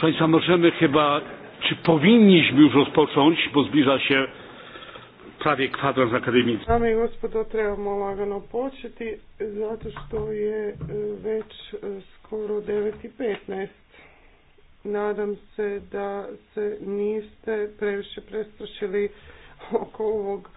Państwa, możemy chyba, czy powinniśmy już rozpocząć, bo zbliża się prawie kwadrans akademicki. Dame i gospodo, trebamo lagano početi, zato što je e, već e, skoro 9.15. Nadam se da se niste previše prestrašili oko ovog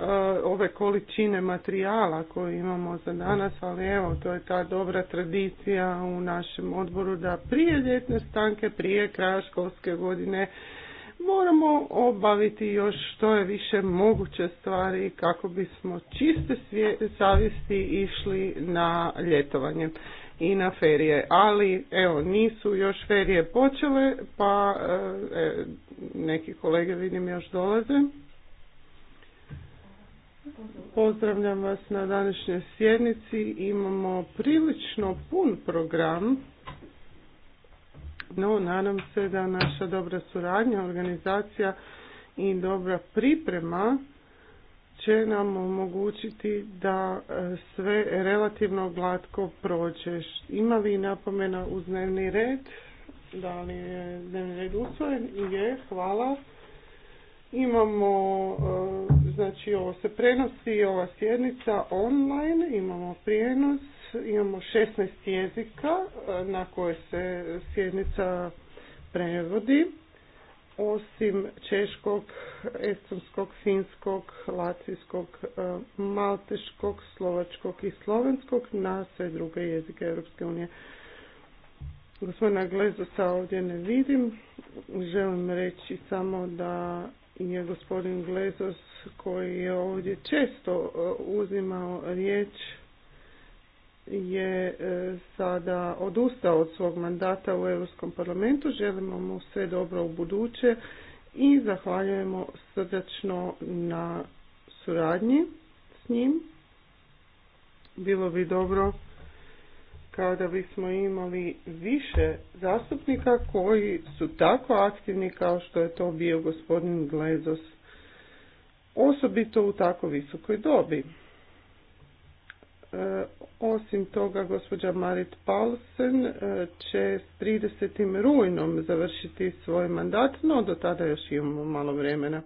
E, ove količine materijala koje imamo za danas, ali evo, to je ta dobra tradicija u našem odboru da prije ljetne stanke, prije kraja školske godine moramo obaviti još što je više moguće stvari kako bismo čiste savjesti išli na ljetovanje i na ferije. Ali evo nisu još ferije počele pa e, e, neki kolege vidim još dolaze. Pozdravljam vas na današnjoj sjednici. Imamo prilično pun program, no nadam se da naša dobra suradnja, organizacija i dobra priprema će nam omogućiti da e, sve relativno glatko prođe. Ima li napomena uz dnevni red? Da li je dnevni red usvojen? Je, hvala. Imamo e, Znači ovo se prenosi ova sjednica online, imamo prijenos, imamo 16 jezika e, na koje se sjednica prevodi, osim češkog, estonskog, finskog, latvijskog, e, malteškog, slovačkog i slovenskog na sve druge jezike Europske unije. Gospodina Glezosa ovdje ne vidim. Želim reći samo da je gospodin Glezos koji je ovdje često e, uzimao riječ je e, sada odustao od svog mandata u Europskom parlamentu. Želimo mu sve dobro u buduće i zahvaljujemo srdačno na suradnji s njim. Bilo bi dobro kada bismo imali više zastupnika koji su tako aktivni kao što je to bio gospodin Glezos osobito u tako visokoj dobi. E, osim toga, gospođa Marit Paulsen e, će s 30. rujnom završiti svoj mandat, no do tada još imamo malo vremena.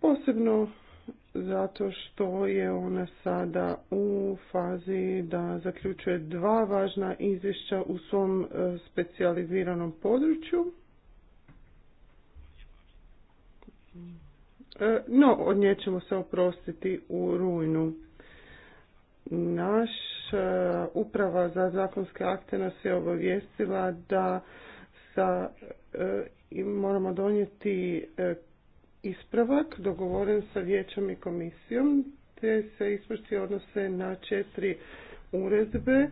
Posebno zato što je ona sada u fazi da zaključuje dva važna izvješća u svom e, specijaliziranom području. E, no od nje ćemo se oprostiti u rujnu. Naša e, uprava za zakonske akte nas je obavijestila da sa, e, moramo donijeti ispravak dogovoren sa vijećem i komisijom, te se ispravci odnose na četiri uredbe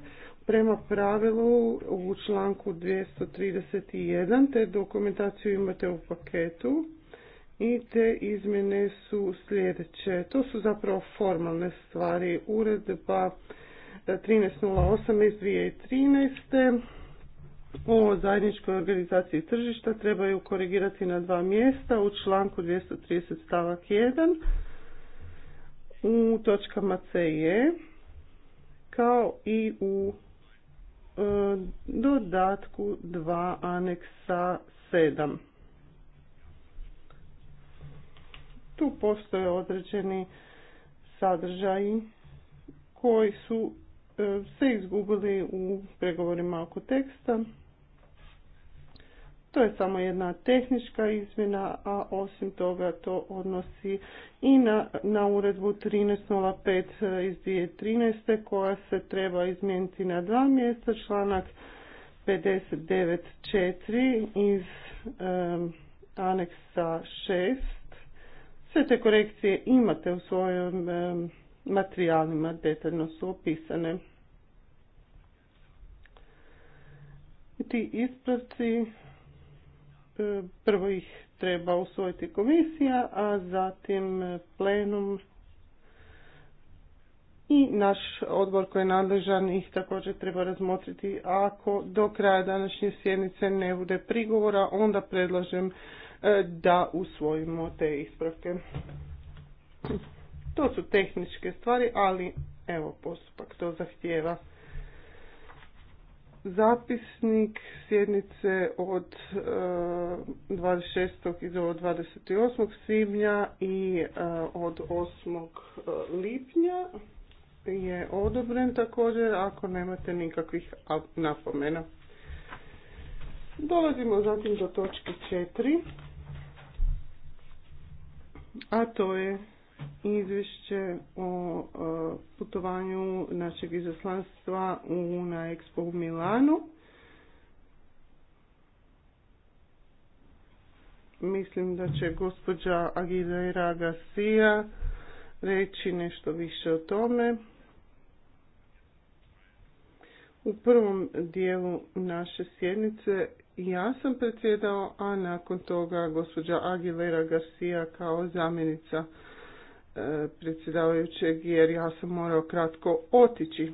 prema pravilu u članku 231, te dokumentaciju imate u paketu i te izmjene su sljedeće. To su zapravo formalne stvari. Uredba 1308 e, iz 2013. o zajedničkoj organizaciji tržišta trebaju korigirati na dva mjesta u članku 230 stavak 1 u točkama C i e, kao i u e, dodatku 2 aneksa 7. postoje određeni sadržaji koji su e, se izgubili u pregovorima oko teksta. To je samo jedna tehnička izmjena, a osim toga to odnosi i na, na uredbu 1305 iz 2013. koja se treba izmijeniti na dva mjesta, članak 59.4 iz aneksa sve te korekcije imate u svojim materijalima, detaljno su opisane. Ti ispravci, e, prvo ih treba usvojiti komisija, a zatim plenum i naš odbor koji je nadležan ih također treba razmotriti. Ako do kraja današnje sjednice ne bude prigovora, onda predlažem E, da usvojimo te ispravke. To su tehničke stvari, ali evo postupak to zahtjeva Zapisnik sjednice od 26. E, i do 28. svibnja i e, od 8. lipnja je odobren također ako nemate nikakvih napomena. Dolazimo zatim do točke 4 a to je izvješće o e, putovanju našeg izaslanstva u, na Expo u Milanu. Mislim da će gospođa Aguilera Garcia reći nešto više o tome. U prvom dijelu naše sjednice ja sam predsjedao, a nakon toga gospođa Aguilera Garcia kao zamjenica e, predsjedavajućeg jer ja sam morao kratko otići.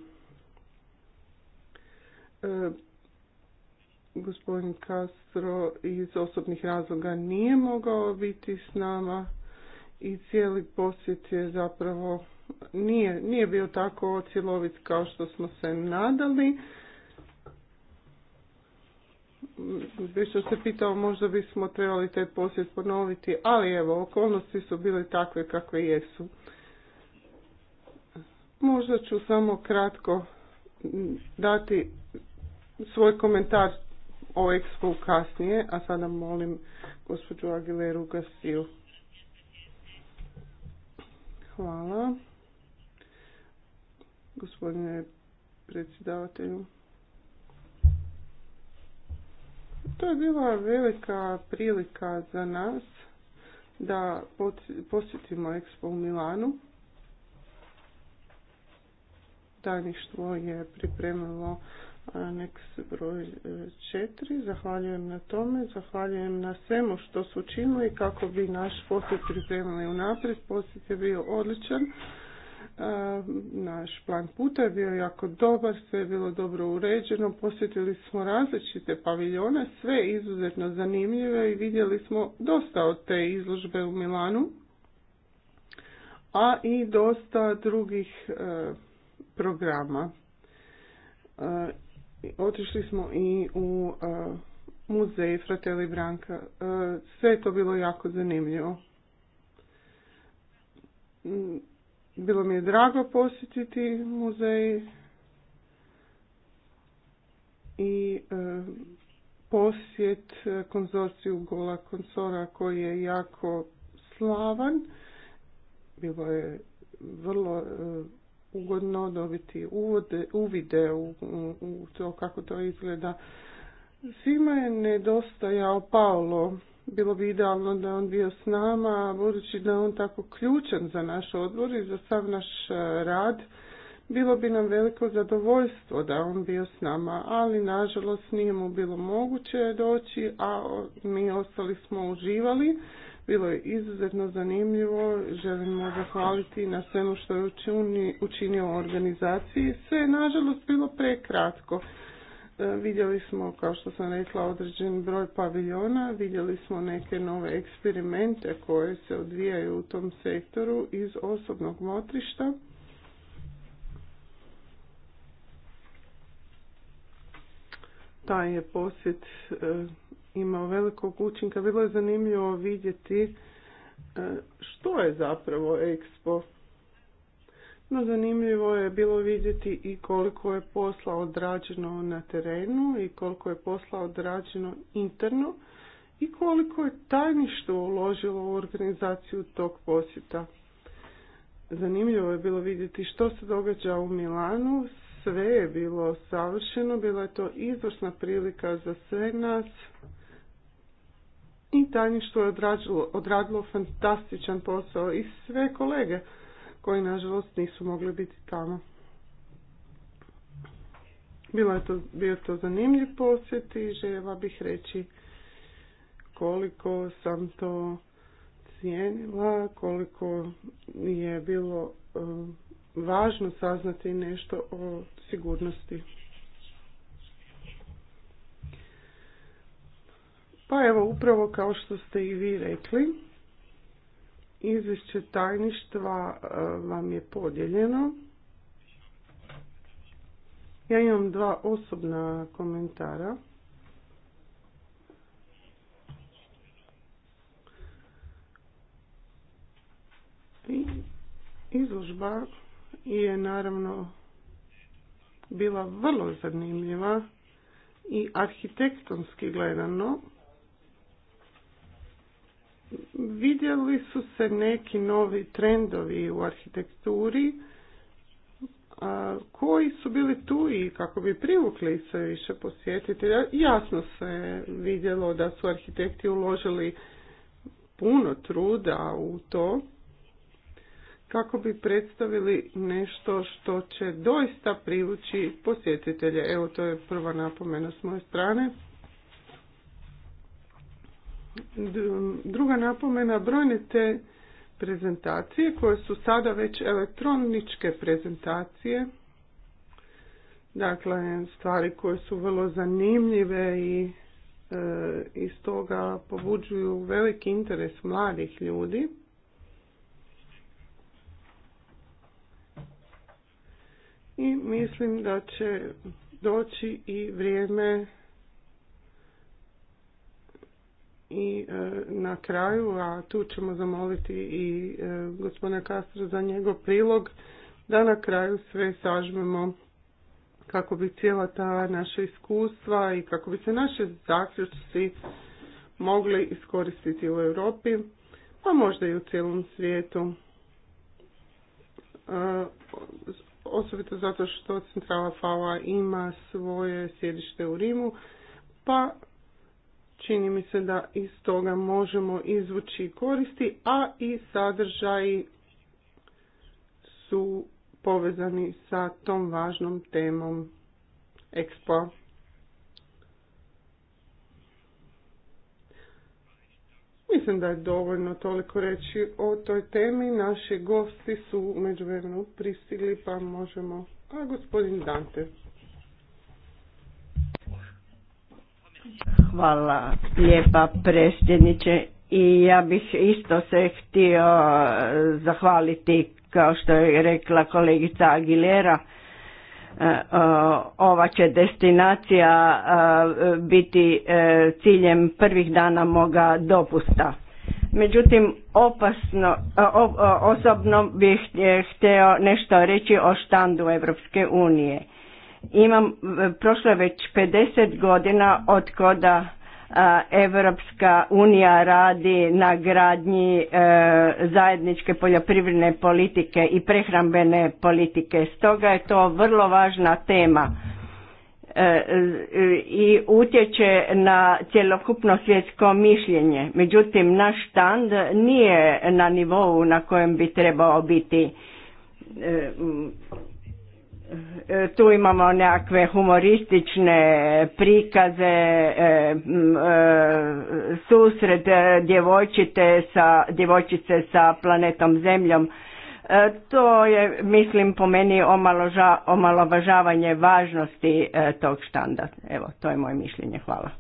E, gospodin Castro iz osobnih razloga nije mogao biti s nama i cijeli posjet je zapravo nije, nije bio tako cjelovit kao što smo se nadali više se pitao možda bismo trebali taj posjet ponoviti, ali evo, okolnosti su bile takve kakve jesu. Možda ću samo kratko dati svoj komentar o ekspo kasnije, a sada molim gospođu Agileru Gasiju. Hvala. Gospodine predsjedavatelju. To je bila velika prilika za nas da posjetimo Expo u Milanu. Tajništvo je pripremilo aneks broj e, četiri. Zahvaljujem na tome, zahvaljujem na svemu što su učinili kako bi naš posjet pripremili u naprijed. Posjet je bio odličan naš plan puta je bio jako dobar, sve je bilo dobro uređeno, posjetili smo različite paviljone, sve izuzetno zanimljive i vidjeli smo dosta od te izložbe u Milanu, a i dosta drugih e, programa. E, otišli smo i u e, muzej Fratelli Branka. Sve je to bilo jako zanimljivo bilo mi je drago posjetiti muzej i e, posjet konzorciju Gola Konsora koji je jako slavan. Bilo je vrlo e, ugodno dobiti uvode, uvide u, u to kako to izgleda. Svima je nedostajao Paolo bilo bi idealno da on bio s nama, budući da je on tako ključan za naš odbor i za sav naš e, rad. Bilo bi nam veliko zadovoljstvo da on bio s nama, ali nažalost nije mu bilo moguće doći, a mi ostali smo uživali. Bilo je izuzetno zanimljivo, želimo zahvaliti na svemu što je učinio organizaciji. Sve je nažalost bilo prekratko. E, vidjeli smo, kao što sam rekla, određen broj paviljona, vidjeli smo neke nove eksperimente koje se odvijaju u tom sektoru iz osobnog motrišta. Taj je posjet e, imao velikog učinka. Bilo je zanimljivo vidjeti e, što je zapravo ekspo. No zanimljivo je bilo vidjeti i koliko je posla odrađeno na terenu i koliko je posla odrađeno interno i koliko je tajništvo uložilo u organizaciju tog posjeta. Zanimljivo je bilo vidjeti što se događa u Milanu, sve je bilo savršeno, bila je to izvrsna prilika za sve nas i tajništvo je odradilo odradilo fantastičan posao i sve kolege koji nažalost nisu mogli biti tamo. Bilo je to, bio to zanimljiv posjet i željela bih reći koliko sam to cijenila, koliko je bilo um, važno saznati nešto o sigurnosti. Pa evo, upravo kao što ste i vi rekli, Izvješće tajništva e, vam je podijeljeno. Ja imam dva osobna komentara. Izložba je naravno bila vrlo zanimljiva i arhitektonski gledano vidjeli su se neki novi trendovi u arhitekturi koji su bili tu i kako bi privukli sve više posjetitelja. Jasno se vidjelo da su arhitekti uložili puno truda u to kako bi predstavili nešto što će doista privući posjetitelje. Evo to je prva napomena s moje strane. Druga napomena, brojne te prezentacije koje su sada već elektroničke prezentacije, dakle stvari koje su vrlo zanimljive i e, iz toga pobuđuju veliki interes mladih ljudi. I mislim da će doći i vrijeme I e, na kraju, a tu ćemo zamoliti i e, gospodina Kastra za njegov prilog, da na kraju sve sažmemo kako bi cijela ta naša iskustva i kako bi se naše zaključci mogli iskoristiti u Europi, pa možda i u cijelom svijetu. E, osobito zato što centrala FAO ima svoje sjedište u Rimu, pa Čini mi se da iz toga možemo izvući koristi, a i sadržaji su povezani sa tom važnom temom Expo. Mislim da je dovoljno toliko reći o toj temi. Naši gosti su međuvremenu pristigli, pa možemo... A gospodin Dante. Hvala lijepa predsjedniče i ja bih isto se htio e, zahvaliti kao što je rekla kolegica Aguilera e, e, ova će destinacija biti ciljem prvih dana moga dopusta. Međutim, opasno, osobno bih htio nešto reći o štandu Europske unije. Imam, e, prošlo je već 50 godina od koda e, Evropska unija radi na gradnji e, zajedničke poljoprivredne politike i prehrambene politike. Stoga je to vrlo važna tema i utječe na cjelokupno svjetsko mišljenje. Međutim, naš stand nije na nivou na kojem bi trebao biti E, tu imamo nekakve humoristične prikaze, e, e, susret djevojčice sa, djevojčice sa planetom Zemljom. To je, mislim, po meni omaloža, omalovažavanje važnosti tog štanda. Evo, to je moje mišljenje. Hvala.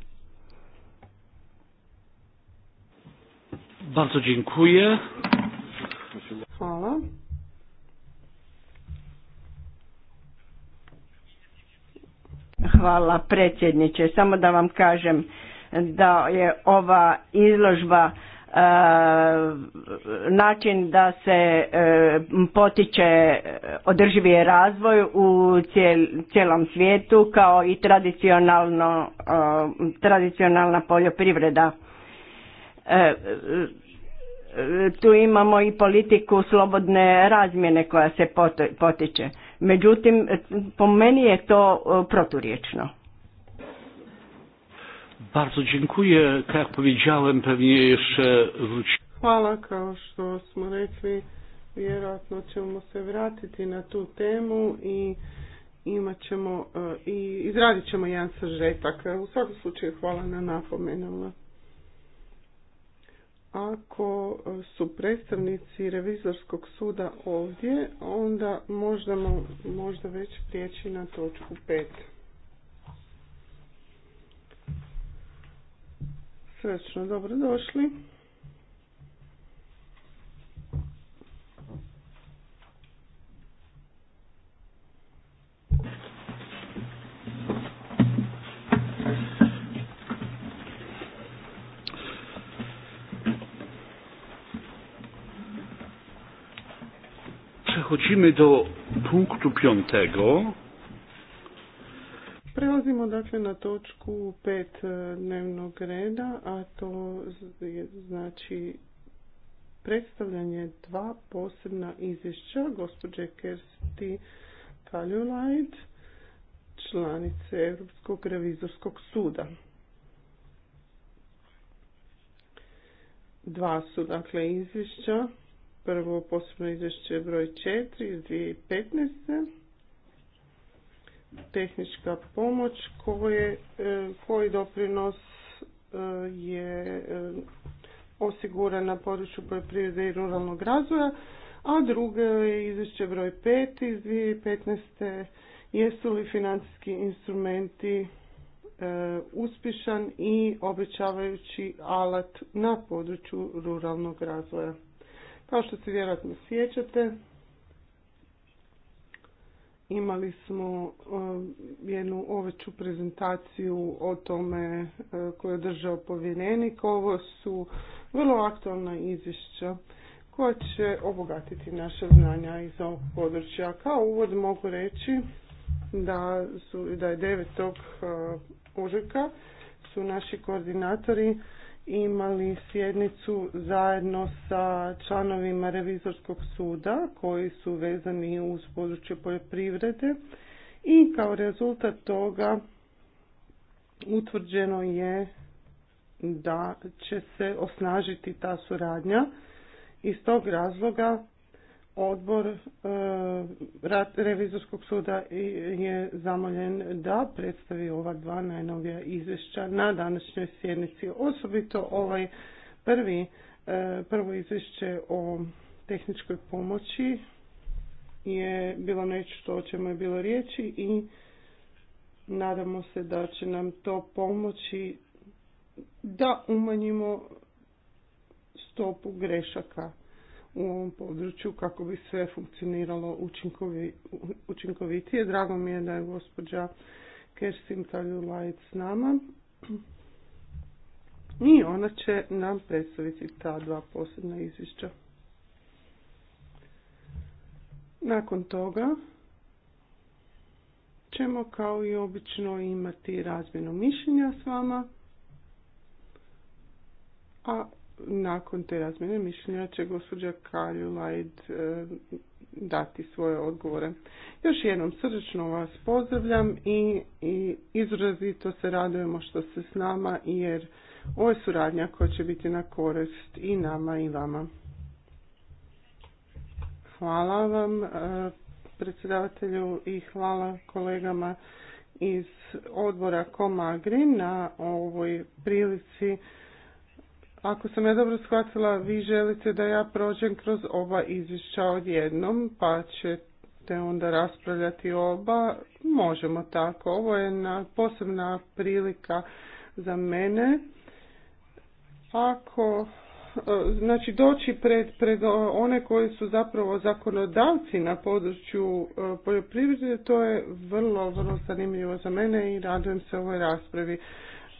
Bardzo dziękuję. Hvala. Hvala predsjedniče. Samo da vam kažem da je ova izložba e, način da se e, potiče održivi razvoj u cijelom svijetu kao i e, tradicionalna poljoprivreda. Tu imamo i politiku slobodne razmjene koja se potiče Međutim, po meni je to e, proturječno. Bardzo dziękuję. Tak jak powiedziałem, pewnie jeszcze wrócimy. Hvala, kao što smo rekli, vjerojatno ćemo se vratiti na tu temu i imat ćemo e, i izradit ćemo jedan sažetak. E, u svakom slučaju hvala na napomenama ako su predstavnici revizorskog suda ovdje, onda možemo možda već prijeći na točku 5. Srećno dobrodošli. Przechodzimy do punktu piątego. Prelazimo dakle na točku pet e, dnevnog reda, a to je znači predstavljanje dva posebna izvješća gospođe Kersti Kaljulajt članice Europskog revizorskog suda. Dva su dakle izvješća prvo posebno izvješće broj 4 iz 2015. Tehnička pomoć e, koji doprinos e, je e, osiguran na području poljoprivrede i ruralnog razvoja, a drugo je izvješće broj 5 iz 2015. Jesu li financijski instrumenti uspješan i obećavajući alat na području ruralnog razvoja. Kao što se vjerojatno sjećate, imali smo e, jednu oveću prezentaciju o tome e, koju je držao povjerenik. Ovo su vrlo aktualna izvješća koja će obogatiti naše znanja iz ovog područja. Kao uvod mogu reći da, su, da je 9. E, ožujka su naši koordinatori imali sjednicu zajedno sa članovima revizorskog suda koji su vezani uz područje poljoprivrede i kao rezultat toga utvrđeno je da će se osnažiti ta suradnja. Iz tog razloga odbor e, revizorskog suda je zamoljen da predstavi ova dva najnovija izvješća na današnjoj sjednici. Osobito ovaj prvi, e, prvo izvješće o tehničkoj pomoći je bilo nešto o čemu je bilo riječi i nadamo se da će nam to pomoći da umanjimo stopu grešaka u ovom području kako bi sve funkcioniralo učinkovi, učinkovitije. Drago mi je da je gospođa Kerstin Taljulajic s nama. I ona će nam predstaviti ta dva posebna izvješća. Nakon toga ćemo kao i obično imati razmjenu mišljenja s vama. A nakon te razmjene mišljenja će gospođa Kaljulajd e, dati svoje odgovore. Još jednom srdečno vas pozdravljam i, i izrazito se radujemo što ste s nama jer ovo je suradnja koja će biti na korist i nama i vama. Hvala vam e, predsjedavatelju i hvala kolegama iz odbora Komagri na ovoj prilici ako sam ja dobro shvatila, vi želite da ja prođem kroz oba izvješća odjednom, pa ćete onda raspravljati oba. Možemo tako. Ovo je na posebna prilika za mene. Ako e, znači doći pred, pred one koji su zapravo zakonodavci na području e, poljoprivrede, to je vrlo, vrlo zanimljivo za mene i radujem se ovoj raspravi.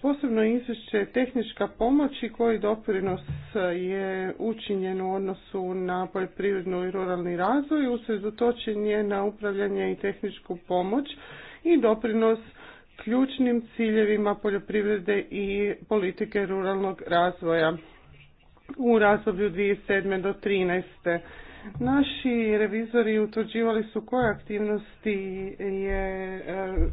Posebno izvješće tehnička pomoć i koji doprinos e, je učinjen u odnosu na poljoprivrednu i ruralni razvoj, usredotočen je na upravljanje i tehničku pomoć i doprinos ključnim ciljevima poljoprivrede i politike ruralnog razvoja u razdoblju 2007. do 2013. Naši revizori utvrđivali su koje aktivnosti je, e,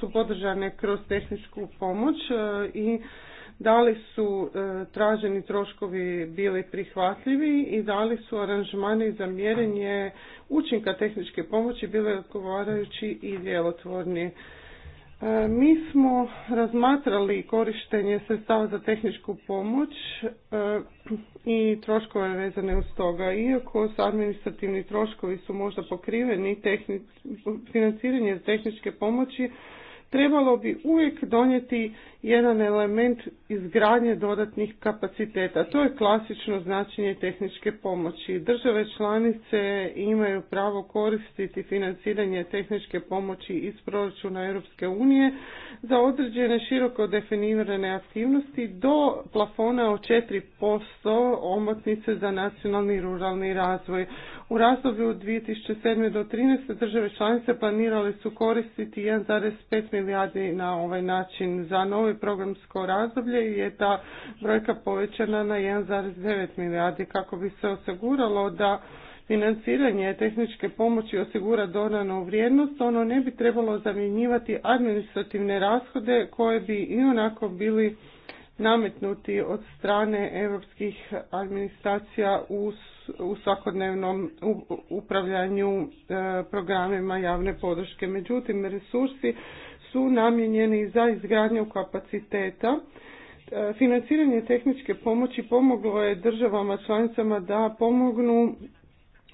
su podržane kroz tehničku pomoć e, i da li su e, traženi troškovi bili prihvatljivi i da li su aranžmani za mjerenje učinka tehničke pomoći bili odgovarajući i djelotvorni. E, mi smo razmatrali korištenje sredstava za tehničku pomoć e, i troškove vezane uz toga. Iako su administrativni troškovi su možda pokriveni, financiranje tehničke pomoći trebalo bi uvijek donijeti jedan element izgradnje dodatnih kapaciteta. To je klasično značenje tehničke pomoći. Države članice imaju pravo koristiti financiranje tehničke pomoći iz proračuna Europske unije za određene široko definirane aktivnosti do plafona od 4% omotnice za nacionalni ruralni razvoj. U razdoblju 2007. do 2013. države članice planirale su koristiti 1,5 milijardi na ovaj način. Za novi programsko razdoblje je ta brojka povećana na 1,9 milijardi kako bi se osiguralo da financiranje tehničke pomoći osigura donanu vrijednost, ono ne bi trebalo zamjenjivati administrativne rashode koje bi i onako bili nametnuti od strane europskih administracija u u svakodnevnom upravljanju e, programima javne podrške. Međutim, resursi su namijenjeni za izgradnju kapaciteta. E, financiranje tehničke pomoći pomoglo je državama članicama da pomognu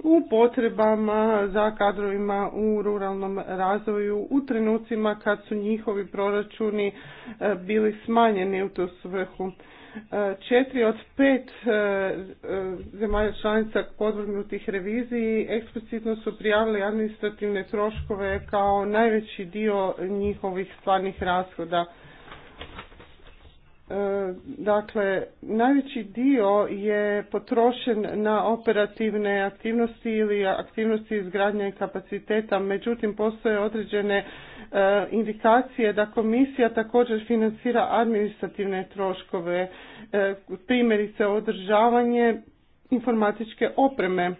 u potrebama za kadrovima u ruralnom razvoju u trenucima kad su njihovi proračuni e, bili smanjeni u tu svrhu. Četiri od pet e, e, zemalja članica podvrgnutih reviziji eksplicitno su prijavili administrativne troškove kao najveći dio njihovih stvarnih rashoda. E, dakle, najveći dio je potrošen na operativne aktivnosti ili aktivnosti izgradnje kapaciteta, međutim postoje određene e, indikacije da komisija također financira administrativne troškove, e, primjerice održavanje informatičke opreme.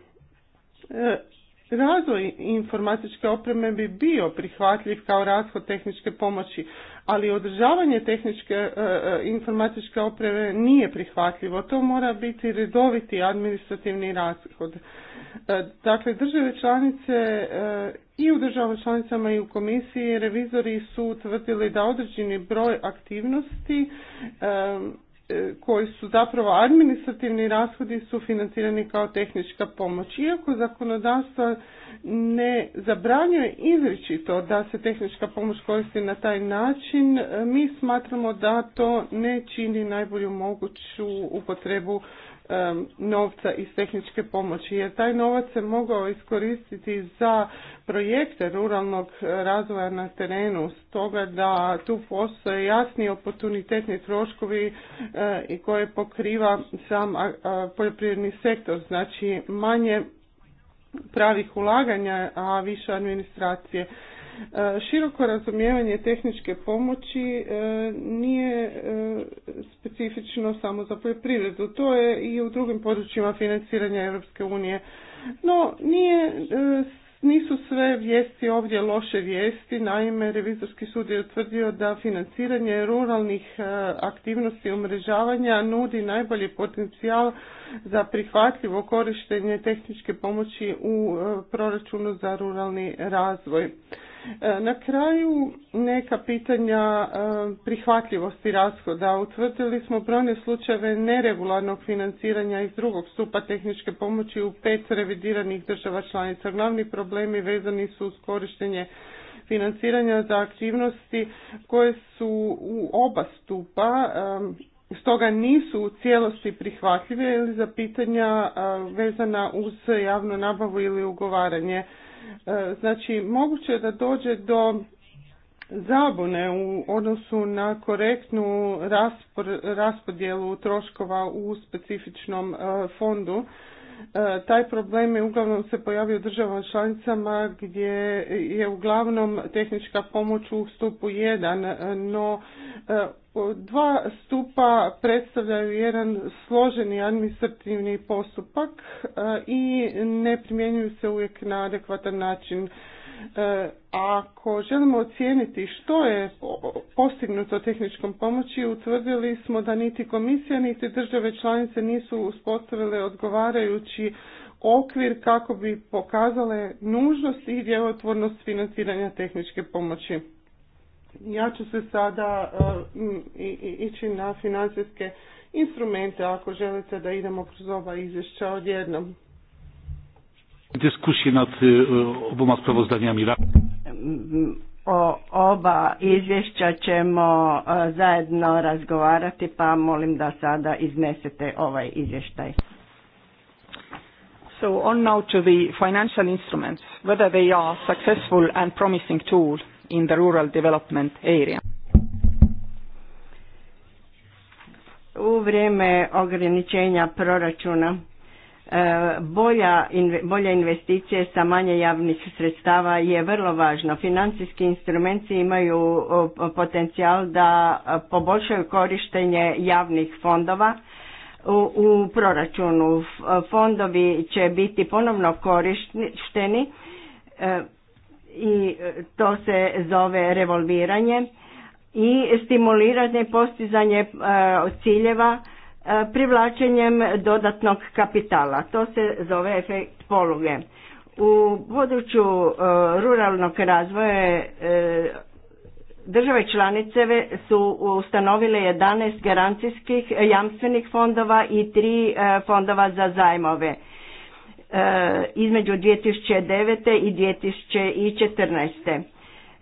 Razvoj informatičke opreme bi bio prihvatljiv kao rashod tehničke pomoći, ali održavanje tehničke e, e, informatičke opreme nije prihvatljivo. To mora biti redoviti administrativni rashod. E, dakle, države članice i u državama članicama i u komisiji revizori su utvrdili da određeni broj aktivnosti E, koji su zapravo administrativni rashodi su financirani kao tehnička pomoć. Iako zakonodavstvo ne zabranjuje izričito da se tehnička pomoć koristi na taj način, e, mi smatramo da to ne čini najbolju moguću upotrebu novca iz tehničke pomoći jer taj novac se mogao iskoristiti za projekte ruralnog e, razvoja na terenu stoga da tu postoje jasni oportunitetni troškovi e, i koje pokriva sam poljoprivredni sektor znači manje pravih ulaganja a više administracije E, široko razumijevanje tehničke pomoći e, nije e, specifično samo za poljoprivredu. To je i u drugim područjima financiranja Europske unije. No, nije nisu sve vijesti ovdje loše vijesti. Naime, revizorski sud je utvrdio da financiranje ruralnih aktivnosti umrežavanja nudi najbolji potencijal za prihvatljivo korištenje tehničke pomoći u proračunu za ruralni razvoj. E, na kraju neka pitanja e, prihvatljivosti rashoda. Utvrdili smo brojne slučajeve neregularnog financiranja iz drugog stupa tehničke pomoći u pet revidiranih država članica. Glavni problemi vezani su uz korištenje financiranja za aktivnosti koje su u oba stupa e, stoga nisu u cijelosti prihvatljive ili za pitanja vezana uz javnu nabavu ili ugovaranje. E, znači, moguće je da dođe do zabune u odnosu na korektnu raspodjelu troškova u specifičnom e, fondu E, taj problem je uglavnom se pojavio u državama članicama gdje je uglavnom tehnička pomoć u stupu 1, e, no e, dva stupa predstavljaju jedan složeni administrativni postupak i ne primjenjuju se uvijek na adekvatan način E, ako želimo ocijeniti što je postignuto tehničkom pomoći, utvrdili smo da niti komisija niti države članice nisu uspostavile odgovarajući okvir kako bi pokazale nužnost i djelotvornost financiranja tehničke pomoći. Ja ću se sada e, ići na financijske instrumente ako želite da idemo kroz ova izvješća odjednom. Dyskusje nad oboma sprawozdanjami. O oba izvješća ćemo e, zajedno razgovarati, pa molim da sada iznesete ovaj izvještaj. So on now to the financial instruments, whether they are successful and promising tool in the rural development area. U vrijeme ograničenja proračuna E, bolja, bolje investicije sa manje javnih sredstava je vrlo važno. Financijski instrumenti imaju potencijal da e, poboljšaju korištenje javnih fondova u, u proračunu. Fondovi će biti ponovno korišteni e, i to se zove revolviranje i stimuliranje postizanje ciljeva privlačenjem dodatnog kapitala. To se zove efekt poluge. U području e, ruralnog razvoja e, države članice su ustanovile 11 garancijskih jamstvenih fondova i 3 e, fondova za zajmove između 2009. i 2014.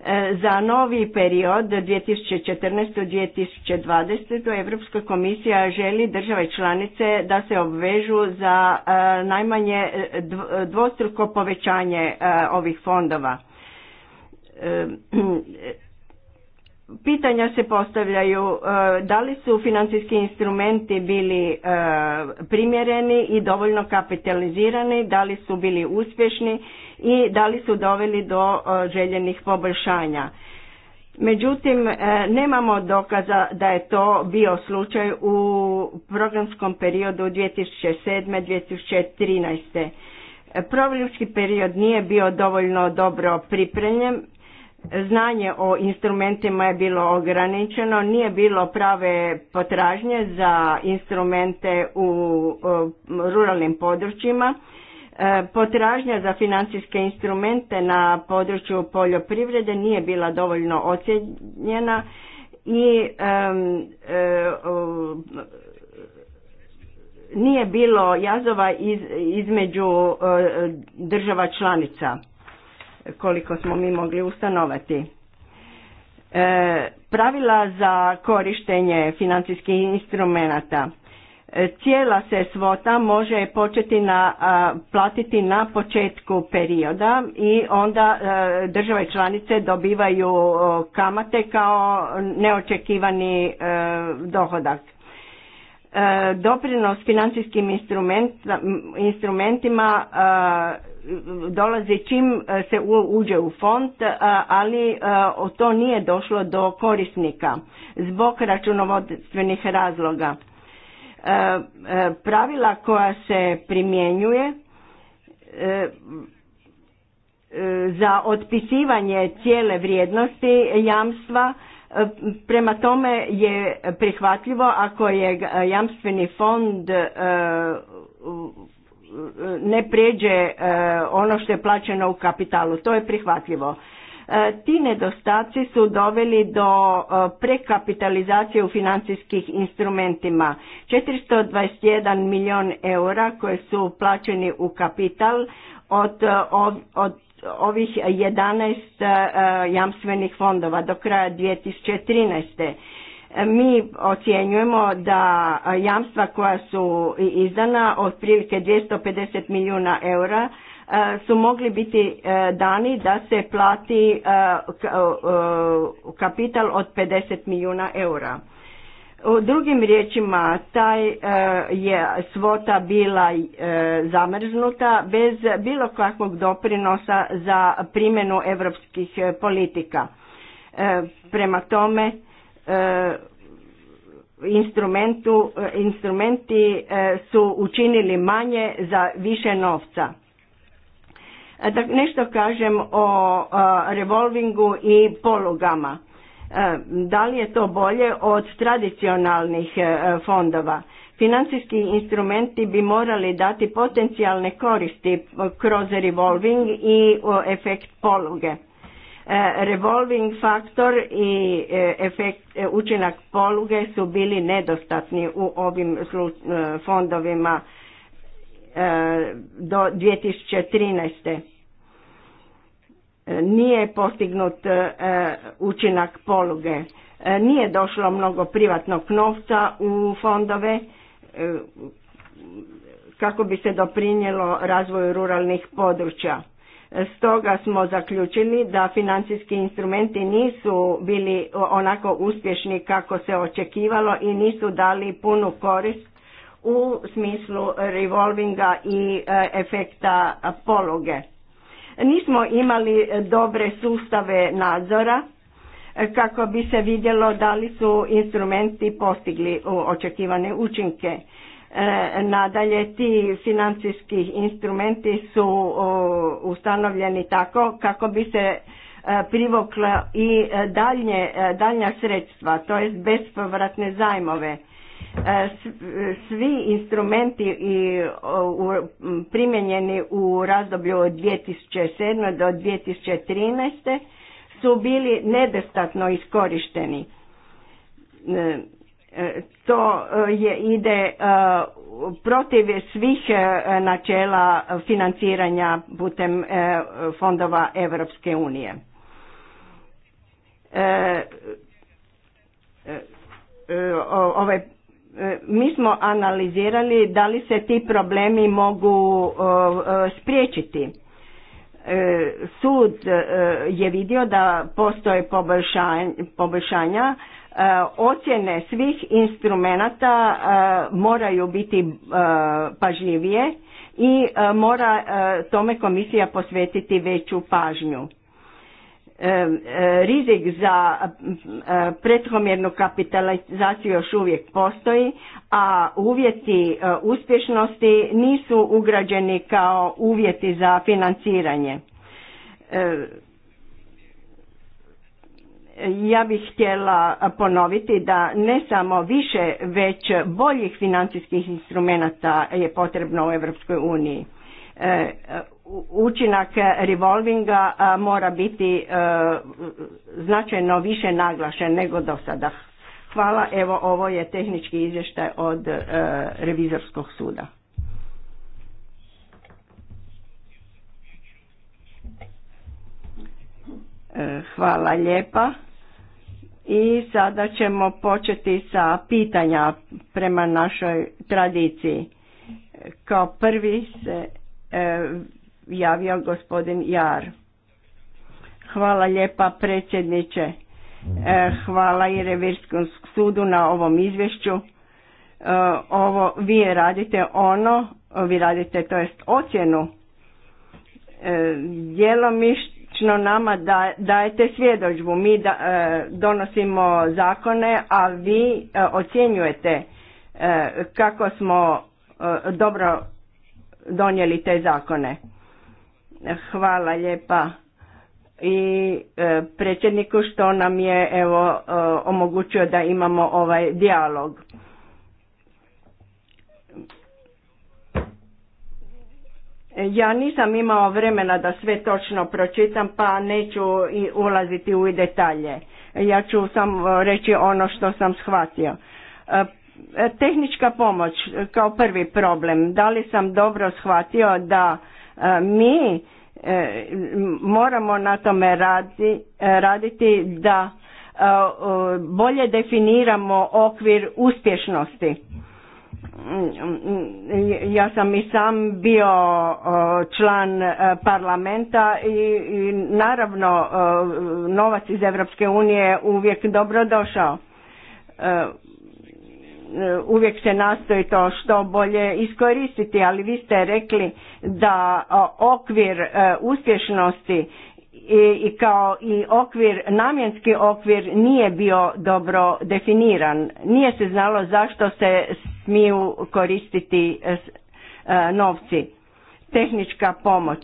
E, za novi period 2014-2020 Evropska komisija želi države članice da se obvežu za e, najmanje e, dvostruko povećanje ovih fondova. Pitanja se postavljaju da li su financijski instrumenti bili primjereni i dovoljno kapitalizirani, da li su bili uspješni i da li su doveli do e, željenih poboljšanja. Međutim, e, nemamo dokaza da je to bio slučaj u programskom periodu 2007-2013. E, Programski period nije bio dovoljno dobro pripremljen, znanje o instrumentima je bilo ograničeno, nije bilo prave potražnje za instrumente u ruralnim područjima E, potražnja za financijske instrumente na području poljoprivrede nije bila dovoljno ocjenjena i e, nije bilo jazova između e, država članica koliko smo mi mogli ustanovati. pravila za korištenje financijskih instrumenata E, cijela se svota može početi na, platiti na početku perioda i onda e, države članice dobivaju kamate kao neočekivani e, dohodak. Doprinos financijskim instrument, instrumentima dolazi čim se uđe u fond, ali to nije došlo do korisnika zbog računovodstvenih razloga pravila koja se primjenjuje e, e, za otpisivanje cijele vrijednosti jamstva e, prema tome je prihvatljivo ako je jamstveni fond ne prijeđe ono što je plaćeno u kapitalu to je prihvatljivo E, ti nedostaci su doveli do e, prekapitalizacije u financijskih instrumentima. 421 milijon eura koje su plaćeni u kapital od, e, od ovih 11 jamstvenih fondova do kraja 2013. Mi ocjenjujemo da jamstva koja su izdana otprilike 250 milijuna eura E, su mogli biti e, dani da se plati e, kapital od 50 milijuna eura. U drugim riječima, taj je svota bila zamrznuta bez bilo kakvog doprinosa za primjenu europskih politika. Prema tome, instrumenti su učinili manje za više novca E, da nešto kažem o e, revolvingu i polugama. E, da li je to bolje od tradicionalnih fondova? Financijski instrumenti bi morali dati potencijalne koristi kroz revolving i efekt poluge. Revolving faktor i efekt, učinak poluge su bili nedostatni u ovim fondovima do 2013 nije postignut e, učinak poluge. E, nije došlo mnogo privatnog novca u fondove e, kako bi se doprinjelo razvoju ruralnih područja. Stoga smo zaključili da financijski instrumenti nisu bili onako uspješni kako se očekivalo i nisu dali punu korist u smislu revolvinga i efekta pologe. Nismo imali dobre sustave nadzora kako bi se vidjelo da li su instrumenti postigli očekivane učinke. E, nadalje, ti financijski instrumenti su ustanovljeni tako kako bi se e, privukla i e, daljnja sredstva, to jest bespovratne zajmove. Svi instrumenti primjenjeni u razdoblju od 2007. do 2013. su bili nedostatno iskorišteni. E, e, to e, je, ide protiv svih načela financiranja putem fondova Europske unije. Ovaj E, mi smo analizirali da li se ti problemi mogu spriječiti. E, sud e, je vidio da postoje poboljšanja, ocjene svih instrumenata moraju biti pažljivije i mora tome komisija posvetiti veću pažnju. E, rizik za e, prethomjernu kapitalizaciju još uvijek postoji, a uvjeti e, uspješnosti nisu ugrađeni kao uvjeti za financiranje. Ja bih htjela ponoviti da ne samo više, već boljih financijskih instrumenata je potrebno u EU. uniji učinak e, revolvinga e, mora biti e, značajno više naglašen nego do sada. Hvala, evo ovo je tehnički izvještaj od revizorskog suda. Hvala lijepa. I sada ćemo početi sa pitanja prema našoj tradiciji. Kao prvi se javio gospodin Jar. Hvala lijepa predsjedniče. E, hvala i Revirskom sudu na ovom izvješću. E, ovo vi radite ono, vi radite to jest ocjenu. E, djelomično nama dajete svjedočbu. Mi donosimo zakone, a vi ocjenjujete kako smo dobro donijeli te zakone. Hvala lijepa i e, predsjedniku što nam je evo e, omogućio da imamo ovaj dijalog. Ja nisam imao vremena da sve točno pročitam pa neću i ulaziti u detalje. Ja ću samo e, reći ono što sam shvatio. Tehnička pomoć kao prvi problem. Da li sam dobro shvatio da E, mi e, moramo na tome radi, e, raditi da bolje definiramo okvir uspješnosti. Mm, ja sam i sam bio član parlamenta i naravno novac iz Europske unije uvijek dobro došao. E, uvijek se nastoji to što bolje iskoristiti, ali vi ste rekli da e, okvir e, uspješnosti i kao i okvir, namjenski okvir nije bio dobro definiran. Nije se znalo zašto se smiju koristiti novci. Tehnička pomoć.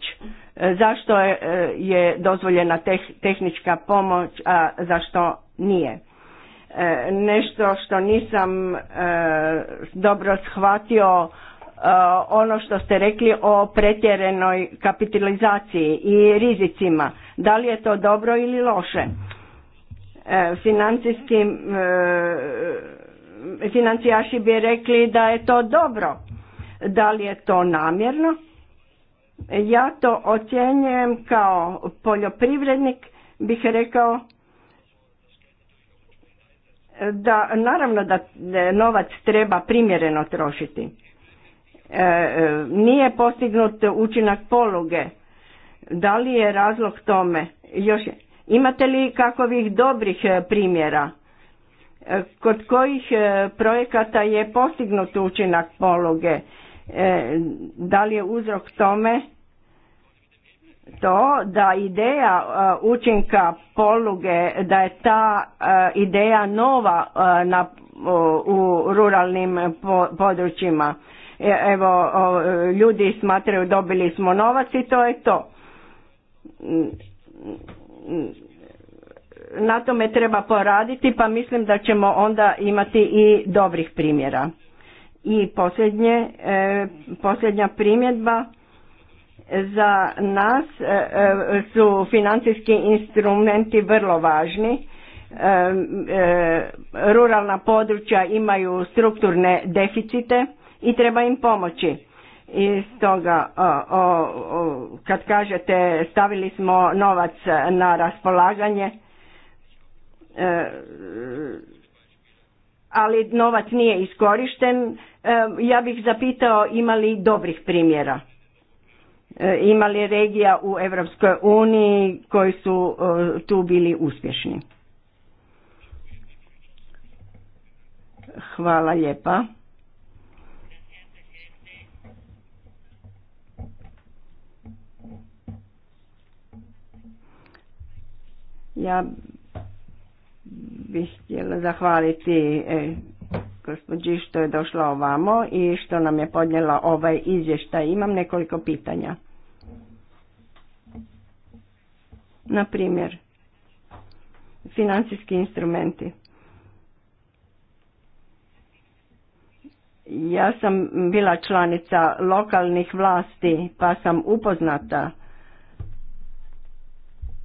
Zašto je dozvoljena tehnička pomoć, a zašto nije? E, nešto što nisam e, dobro shvatio e, ono što ste rekli o pretjerenoj kapitalizaciji i rizicima. Da li je to dobro ili loše? Financijski financijaši bi rekli da je to dobro. Da li je to namjerno? Ja to ocjenjujem kao poljoprivrednik bih rekao da naravno da novac treba primjereno trošiti. E, e, nije postignut učinak poluge. Da li je razlog tome? Još, imate li kakovih dobrih e, primjera? kod kojih projekata je postignut učinak poluge? da li je uzrok tome to da ideja e, učinka poluge, da je ta e, ideja nova e, na, u ruralnim područjima. Evo, ljudi smatraju dobili smo novac i to je to. Na tome treba poraditi pa mislim da ćemo onda imati i dobrih primjera. I posljednje, posljednja primjedba za nas e, e, su financijski instrumenti vrlo važni. E, ruralna područja imaju strukturne deficite i treba im pomoći. I stoga kad kažete stavili smo novac na raspolaganje, ali novac nije iskorišten, ja bih zapitao ima li dobrih primjera. E, imali regija u Europskoj uniji koji su e, tu bili uspješni. Hvala lijepa. Ja bih htjela zahvaliti e, gospođi što je došla ovamo i što nam je podnijela ovaj izvještaj. Imam nekoliko pitanja. na primjer financijski instrumenti. Ja sam bila članica lokalnih vlasti pa sam upoznata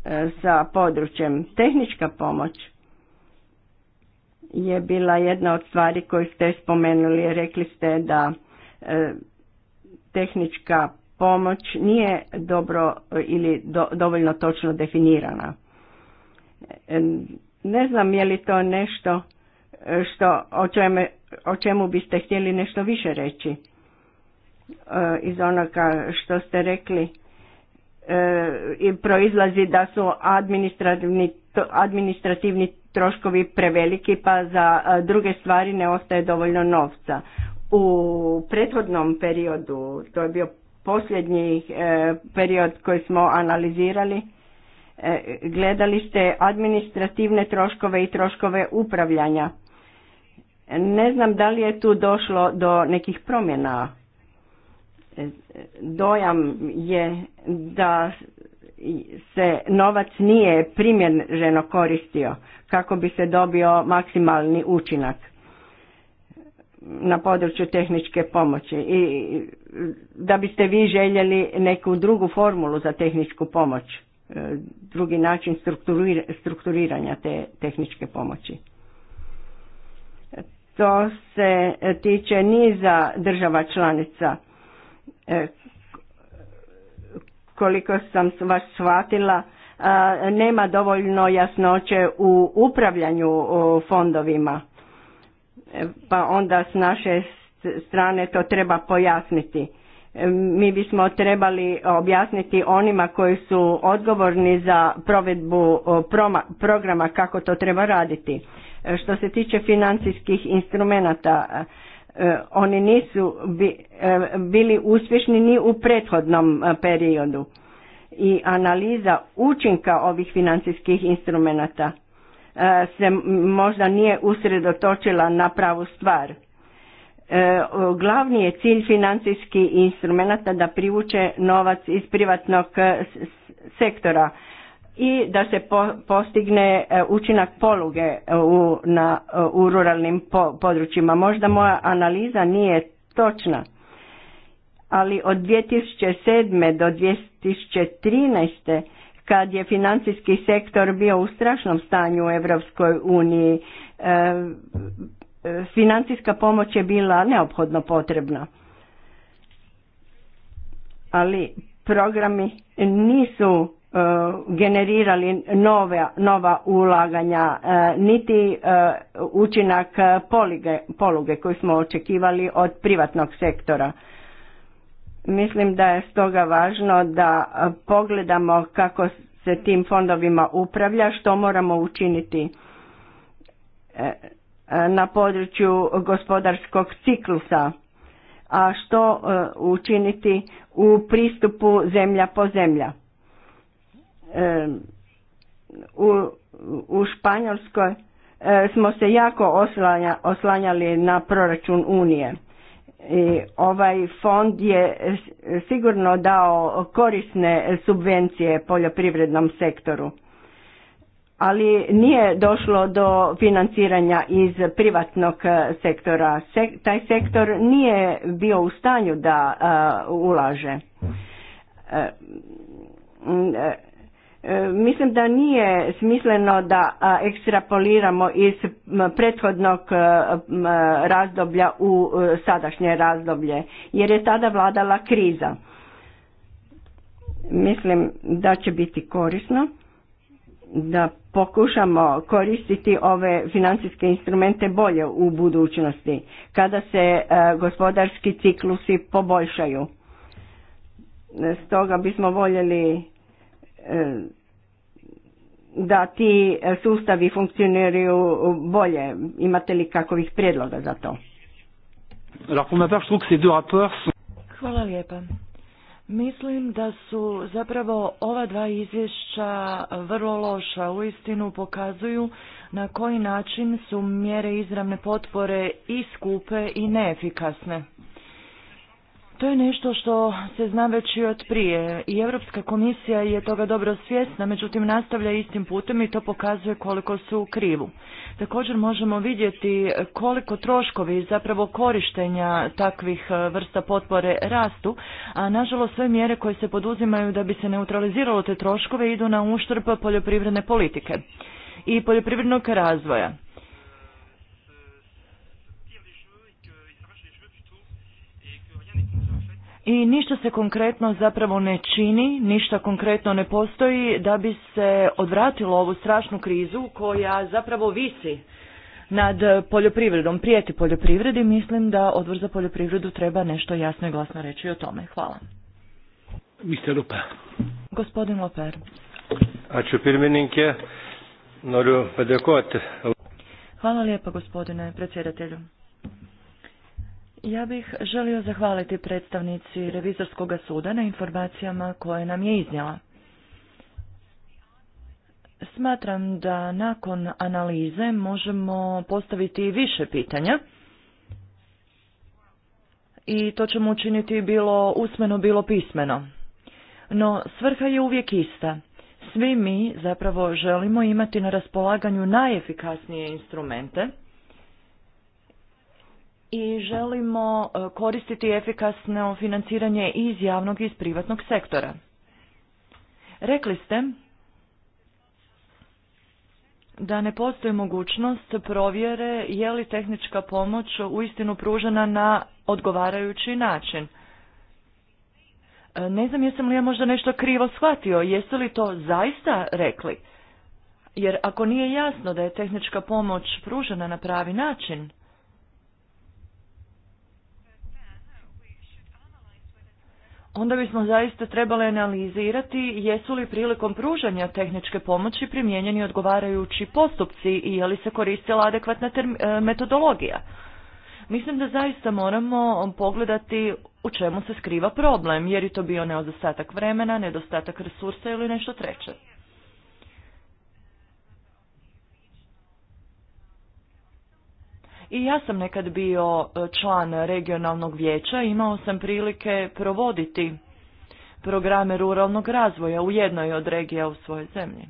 e, sa područjem. Tehnička pomoć je bila jedna od stvari koju ste spomenuli. Rekli ste da e, tehnička pomoć nije dobro e, ili dovoljno točno definirana. E, ne znam je li to nešto e, što, o, čemu, o čemu biste htjeli nešto više reći iz onoga što ste rekli i proizlazi da su administrativni, administrativni troškovi preveliki pa za druge stvari ne ostaje dovoljno novca. U prethodnom periodu, to je bio posljednji e, period koji smo analizirali, e, gledali ste administrativne troškove i troškove upravljanja. Ne znam da li je tu došlo do nekih promjena. E, dojam je da se novac nije primjereno koristio kako bi se dobio maksimalni učinak na području tehničke pomoći i da biste vi željeli neku drugu formulu za tehničku pomoć, e, drugi način strukturiranja te tehničke pomoći. To se tiče niza država članica. E, koliko sam vas shvatila, e, nema dovoljno jasnoće u upravljanju fondovima pa onda s naše strane to treba pojasniti. E, mi bismo trebali objasniti onima koji su odgovorni za provedbu programa kako to treba raditi. E, što se tiče financijskih instrumenata, e, oni nisu bili uspješni ni u prethodnom periodu. I analiza učinka ovih financijskih instrumenata E, se možda nije usredotočila na pravu stvar. E, glavni je cilj financijski instrumenta da privuče novac iz privatnog e, sektora i da se postigne učinak poluge u, na, u ruralnim područjima. Možda moja analiza nije točna, ali od 2007. do 2013 kad je financijski sektor bio u strašnom stanju u Europskoj uniji, e, financijska pomoć je bila neophodno potrebna. Ali programi nisu e, generirali nove, nova ulaganja, e, niti učinak poluge koju smo očekivali od privatnog sektora. Mislim da je stoga važno da pogledamo kako se tim fondovima upravlja, što moramo učiniti e, e, na području gospodarskog ciklusa, a što e, učiniti u pristupu zemlja po zemlja. U, u Španjolskoj smo se jako oslanja, oslanjali na proračun Unije. I ovaj fond je sigurno dao korisne subvencije poljoprivrednom sektoru, ali nije došlo do financiranja iz privatnog e, sektora. taj sektor nije bio u stanju da e, ulaže. E, E, mislim da nije smisleno da ekstrapoliramo iz prethodnog e, razdoblja u e, sadašnje razdoblje, jer je tada vladala kriza. Mislim da će biti korisno da pokušamo koristiti ove financijske instrumente bolje u budućnosti, kada se gospodarski ciklusi poboljšaju. Stoga bismo voljeli E, da ti sustavi funkcioniraju bolje. Imate li kakovih prijedloga za to? Hvala lijepa. Mislim da su zapravo ova dva izvješća vrlo loša. Uistinu pokazuju na koji način su mjere izravne potpore i skupe i neefikasne. To je nešto što se zna već i od prije i Europska komisija je toga dobro svjesna, međutim nastavlja istim putem i to pokazuje koliko su u krivu. Također možemo vidjeti koliko troškovi zapravo korištenja takvih e, vrsta potpore rastu, a nažalost sve mjere koje se poduzimaju da bi se neutraliziralo te troškove idu na uštrb poljoprivredne politike i poljoprivrednog razvoja. i ništa se konkretno zapravo ne čini, ništa konkretno ne postoji da bi se odvratilo ovu strašnu krizu koja zapravo visi nad poljoprivredom, prijeti poljoprivredi. Mislim da odbor za poljoprivredu treba nešto jasno i glasno reći o tome. Hvala. Mr. Gospodin Hvala lijepa gospodine predsjedatelju. Ja bih želio zahvaliti predstavnici Revizorskog suda na informacijama koje nam je iznjela. Smatram da nakon analize možemo postaviti više pitanja i to ćemo učiniti bilo usmeno, bilo pismeno. No svrha je uvijek ista. Svi mi zapravo želimo imati na raspolaganju najefikasnije instrumente – i želimo e, koristiti efikasno financiranje iz javnog i iz privatnog sektora. Rekli ste da ne postoji mogućnost provjere je li tehnička pomoć uistinu pružena na odgovarajući način. E, ne znam jesam li ja možda nešto krivo shvatio, jeste li to zaista rekli? Jer ako nije jasno da je tehnička pomoć pružena na pravi način, onda bismo zaista trebali analizirati jesu li prilikom pružanja tehničke pomoći primijenjeni odgovarajući postupci i je li se koristila adekvatna e, metodologija. Mislim da zaista moramo pogledati u čemu se skriva problem, jer je to bio neodostatak vremena, nedostatak resursa ili nešto treće. I ja sam nekad bio e, član regionalnog vijeća, imao sam prilike provoditi programe ruralnog razvoja u jednoj od regija u svojoj zemlji.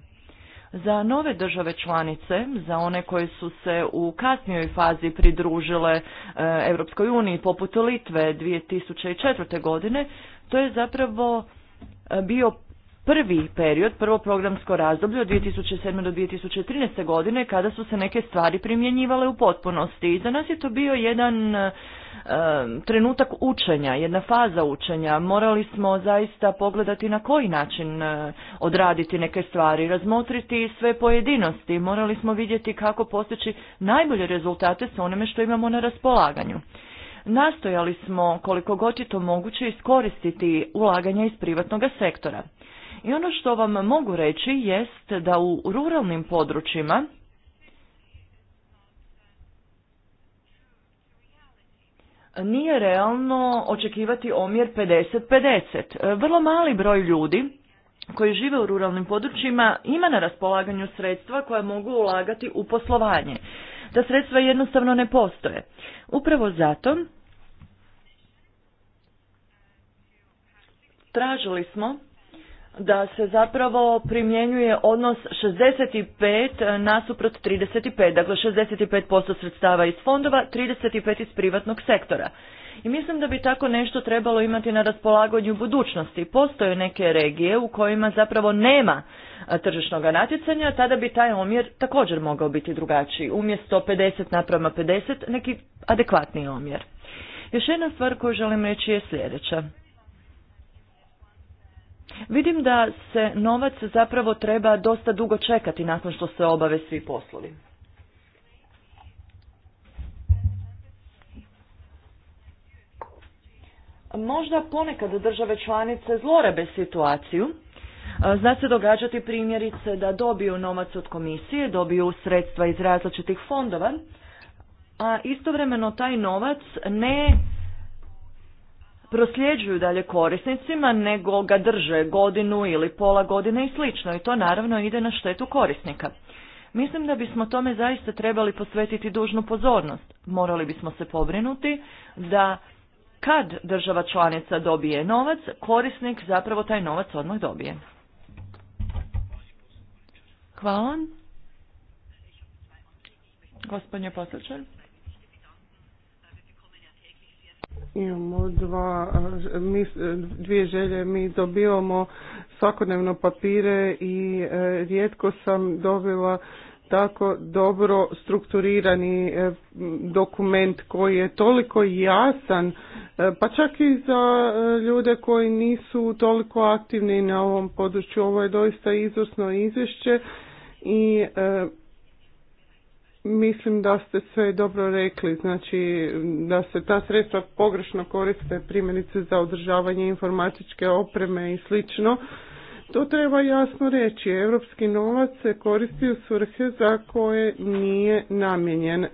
Za nove države članice, za one koje su se u kasnijoj fazi pridružile e, Europskoj uniji poput Litve 2004. godine, to je zapravo e, bio prvi period, prvo programsko razdoblje od 2007. do 2013. godine kada su se neke stvari primjenjivale u potpunosti. I za nas je to bio jedan e, trenutak učenja, jedna faza učenja. Morali smo zaista pogledati na koji način e, odraditi neke stvari, razmotriti sve pojedinosti. Morali smo vidjeti kako postići najbolje rezultate sa onime što imamo na raspolaganju. Nastojali smo koliko god je to moguće iskoristiti ulaganja iz privatnog sektora. I ono što vam mogu reći jest da u ruralnim područjima nije realno očekivati omjer 50-50. Vrlo mali broj ljudi koji žive u ruralnim područjima ima na raspolaganju sredstva koja mogu ulagati u poslovanje. Ta sredstva jednostavno ne postoje. Upravo zato tražili smo da se zapravo primjenjuje odnos 65 nasuprot 35, dakle 65% sredstava iz fondova, 35 iz privatnog sektora. I mislim da bi tako nešto trebalo imati na raspolaganju u budućnosti. Postoje neke regije u kojima zapravo nema tržišnog natjecanja, tada bi taj omjer također mogao biti drugačiji. Umjesto 50 naprama 50, neki adekvatni omjer. Još jedna stvar koju želim reći je sljedeća. Vidim da se novac zapravo treba dosta dugo čekati nakon što se obave svi poslovi. Možda ponekad države članice zlorebe situaciju. Zna se događati primjerice da dobiju novac od komisije, dobiju sredstva iz različitih fondova, a istovremeno taj novac ne prosljeđuju dalje korisnicima, nego ga drže godinu ili pola godine i slično i to naravno ide na štetu korisnika. Mislim da bismo tome zaista trebali posvetiti dužnu pozornost. Morali bismo se pobrinuti da kad država članica dobije novac, korisnik zapravo taj novac odmah dobije. Hvala. Gospodin Imamo dva, eh, mi, eh, dvije želje, mi dobivamo svakodnevno papire i eh, rijetko sam dobila tako dobro strukturirani dokument koji je toliko jasan, pa čak i za ljude koji nisu toliko aktivni na ovom području. Ovo je doista izvrsno izvješće i Mislim da ste sve dobro rekli, znači da se ta sredstva pogrešno koriste primjerice za održavanje informatičke opreme i slično. To treba jasno reći, europski novac se koristi u svrhe za koje nije namijenjen.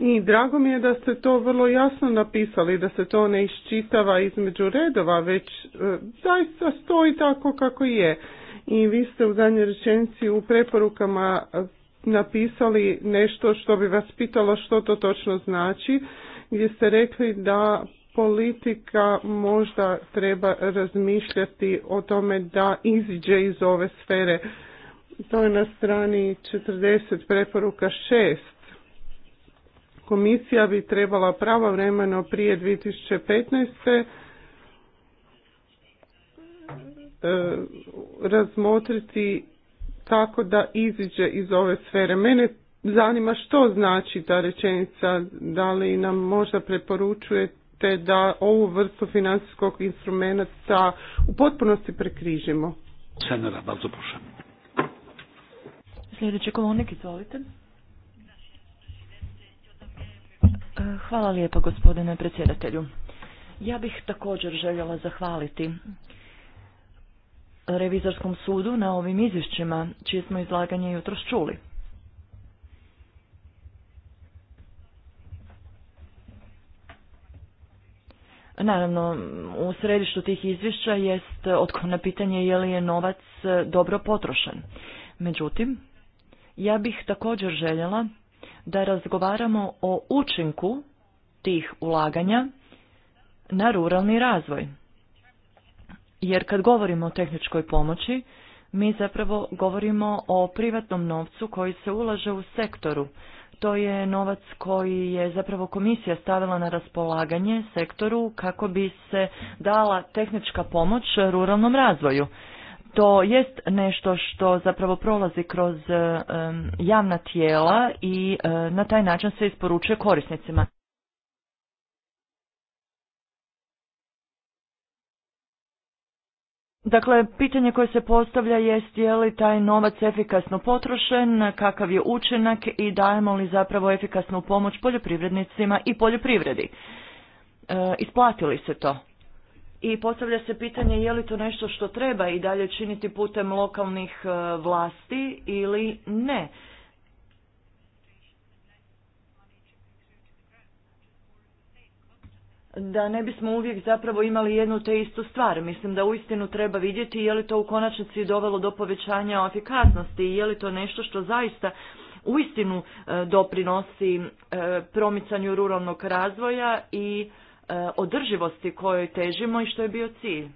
I drago mi je da ste to vrlo jasno napisali, da se to ne iščitava između redova, već e, zaista stoji tako kako je. I vi ste u zadnjoj rečenici u preporukama napisali nešto što bi vas pitalo što to točno znači, gdje ste rekli da politika možda treba razmišljati o tome da iziđe iz ove sfere. To je na strani 40 preporuka 6. Komisija bi trebala pravovremeno prije 2015 e, razmotriti tako da iziđe iz ove sfere. Mene zanima što znači ta rečenica, da li nam možda preporučujete da ovu vrstu financijskog instrumenta u potpunosti prekrižimo. Senera, bardzo proszę. Sljedeći kolonik, izvolite. E, hvala lijepa gospodine predsjedatelju. Ja bih također željela zahvaliti revizorskom sudu na ovim izvješćima, čije smo izlaganje jutros čuli. Naravno, u središtu tih izvješća jest otkona pitanje je li je novac e, dobro potrošen. Međutim, ja bih također željela da razgovaramo o učinku tih ulaganja na ruralni razvoj. Jer kad govorimo o tehničkoj pomoći, mi zapravo govorimo o privatnom novcu koji se ulaže u sektoru. To je novac koji je zapravo komisija stavila na raspolaganje sektoru kako bi se dala tehnička pomoć ruralnom razvoju. To jest nešto što zapravo prolazi kroz javna tijela i e, na taj način se isporučuje korisnicima. Dakle, pitanje koje se postavlja jest je li taj novac efikasno potrošen, kakav je učinak i dajemo li zapravo efikasnu pomoć poljoprivrednicima i poljoprivredi. E, isplatili se to? I postavlja se pitanje je li to nešto što treba i dalje činiti putem lokalnih e, vlasti ili ne. da ne bismo uvijek zapravo imali jednu te istu stvar. Mislim da uistinu treba vidjeti je li to u konačnici dovelo do povećanja efikasnosti i je li to nešto što zaista uistinu e, doprinosi e, promicanju ruralnog razvoja i e, održivosti kojoj težimo i što je bio cilj.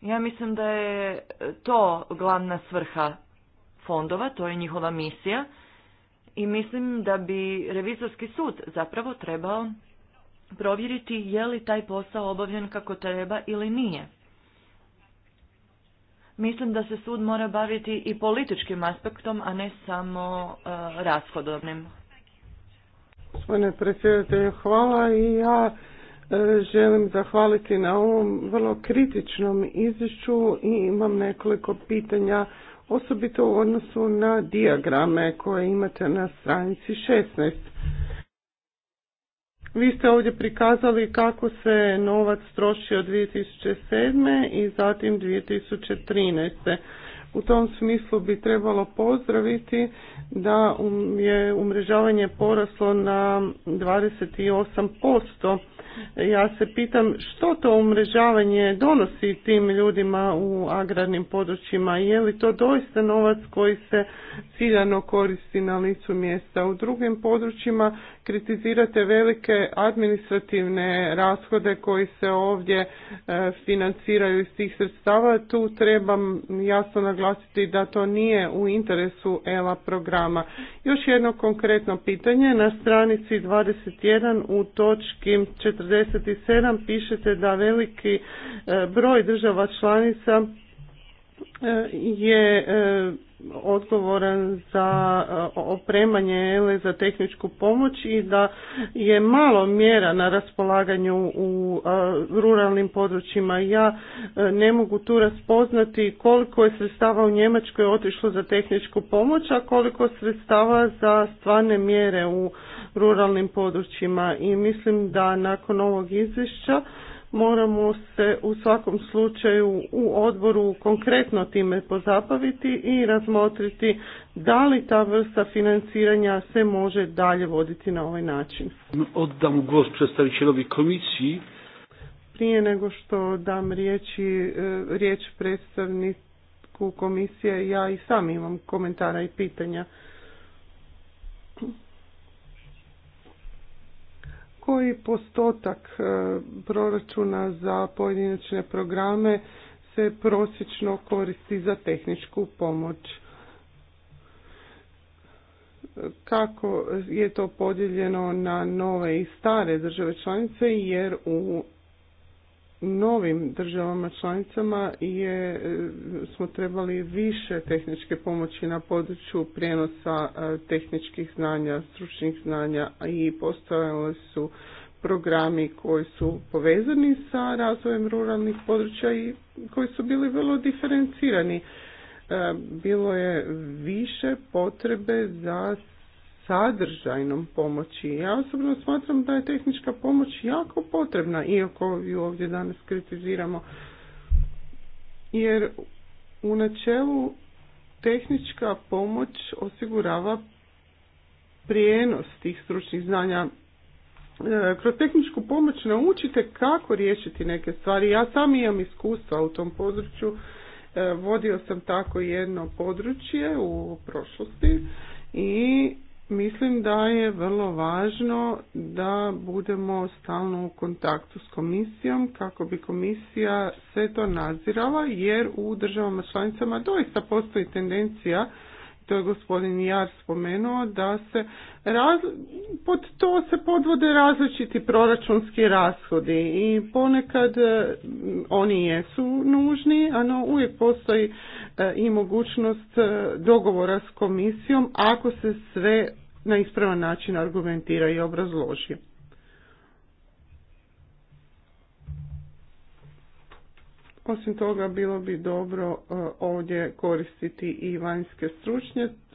Ja mislim da je to glavna svrha fondova, to je njihova misija i mislim da bi revizorski sud zapravo trebao provjeriti je li taj posao obavljen kako treba ili nije. Mislim da se sud mora baviti i političkim aspektom, a ne samo e, rashodovnim. Gospodine predsjedatelju, hvala i ja e, želim zahvaliti na ovom vrlo kritičnom izvješću i imam nekoliko pitanja, osobito u odnosu na diagrame koje imate na stranici 16. Vi ste ovdje prikazali kako se novac troši od 2007. i zatim 2013. U tom smislu bi trebalo pozdraviti da um, je umrežavanje poraslo na 28%. Ja se pitam što to umrežavanje donosi tim ljudima u agrarnim područjima. Je li to doista novac koji se ciljano koristi na licu mjesta u drugim područjima? kritizirate velike administrativne rashode koji se ovdje e, financiraju iz tih sredstava. Tu trebam jasno naglasiti da to nije u interesu ELA programa. Još jedno konkretno pitanje. Na stranici 21 u točki 47 pišete da veliki e, broj država članica e, je odgovoran za e, opremanje ELE za tehničku pomoć i da je malo mjera na raspolaganju u e, ruralnim područjima. Ja e, ne mogu tu raspoznati koliko je sredstava u Njemačkoj otišlo za tehničku pomoć, a koliko sredstava za stvarne mjere u ruralnim područjima i mislim da nakon ovog izvješća moramo se u svakom slučaju u odboru konkretno time pozabaviti i razmotriti da li ta vrsta financiranja se može dalje voditi na ovaj način. Oddam gost predstavitelovi komisiji. Prije nego što dam riječi, e, riječ predstavniku komisije, ja i sam imam komentara i pitanja. koji postotak e, proračuna za pojedinačne programe se prosječno koristi za tehničku pomoć. Kako je to podijeljeno na nove i stare države članice jer u novim državama članicama je, e, smo trebali više tehničke pomoći na području prijenosa e, tehničkih znanja, stručnih znanja i postavili su programi koji su povezani sa razvojem ruralnih područja i koji su bili vrlo diferencirani. E, bilo je više potrebe za sadržajnom pomoći. Ja osobno smatram da je tehnička pomoć jako potrebna, iako ju ovdje danas kritiziramo. Jer u načelu tehnička pomoć osigurava prijenos tih stručnih znanja. E, kroz tehničku pomoć naučite kako riješiti neke stvari. Ja sam imam iskustva u tom području. E, vodio sam tako jedno područje u prošlosti i Mislim da je vrlo važno da budemo stalno u kontaktu s komisijom kako bi komisija sve to nadzirala jer u državama članicama doista postoji tendencija to je gospodin Jar spomenuo, da se pod to se podvode različiti proračunski rashodi i ponekad e, oni jesu nužni, a no uvijek postoji e, i mogućnost e, dogovora s komisijom ako se sve na ispravan način argumentira i obrazloži. Osim toga, bilo bi dobro e, ovdje koristiti i vanjske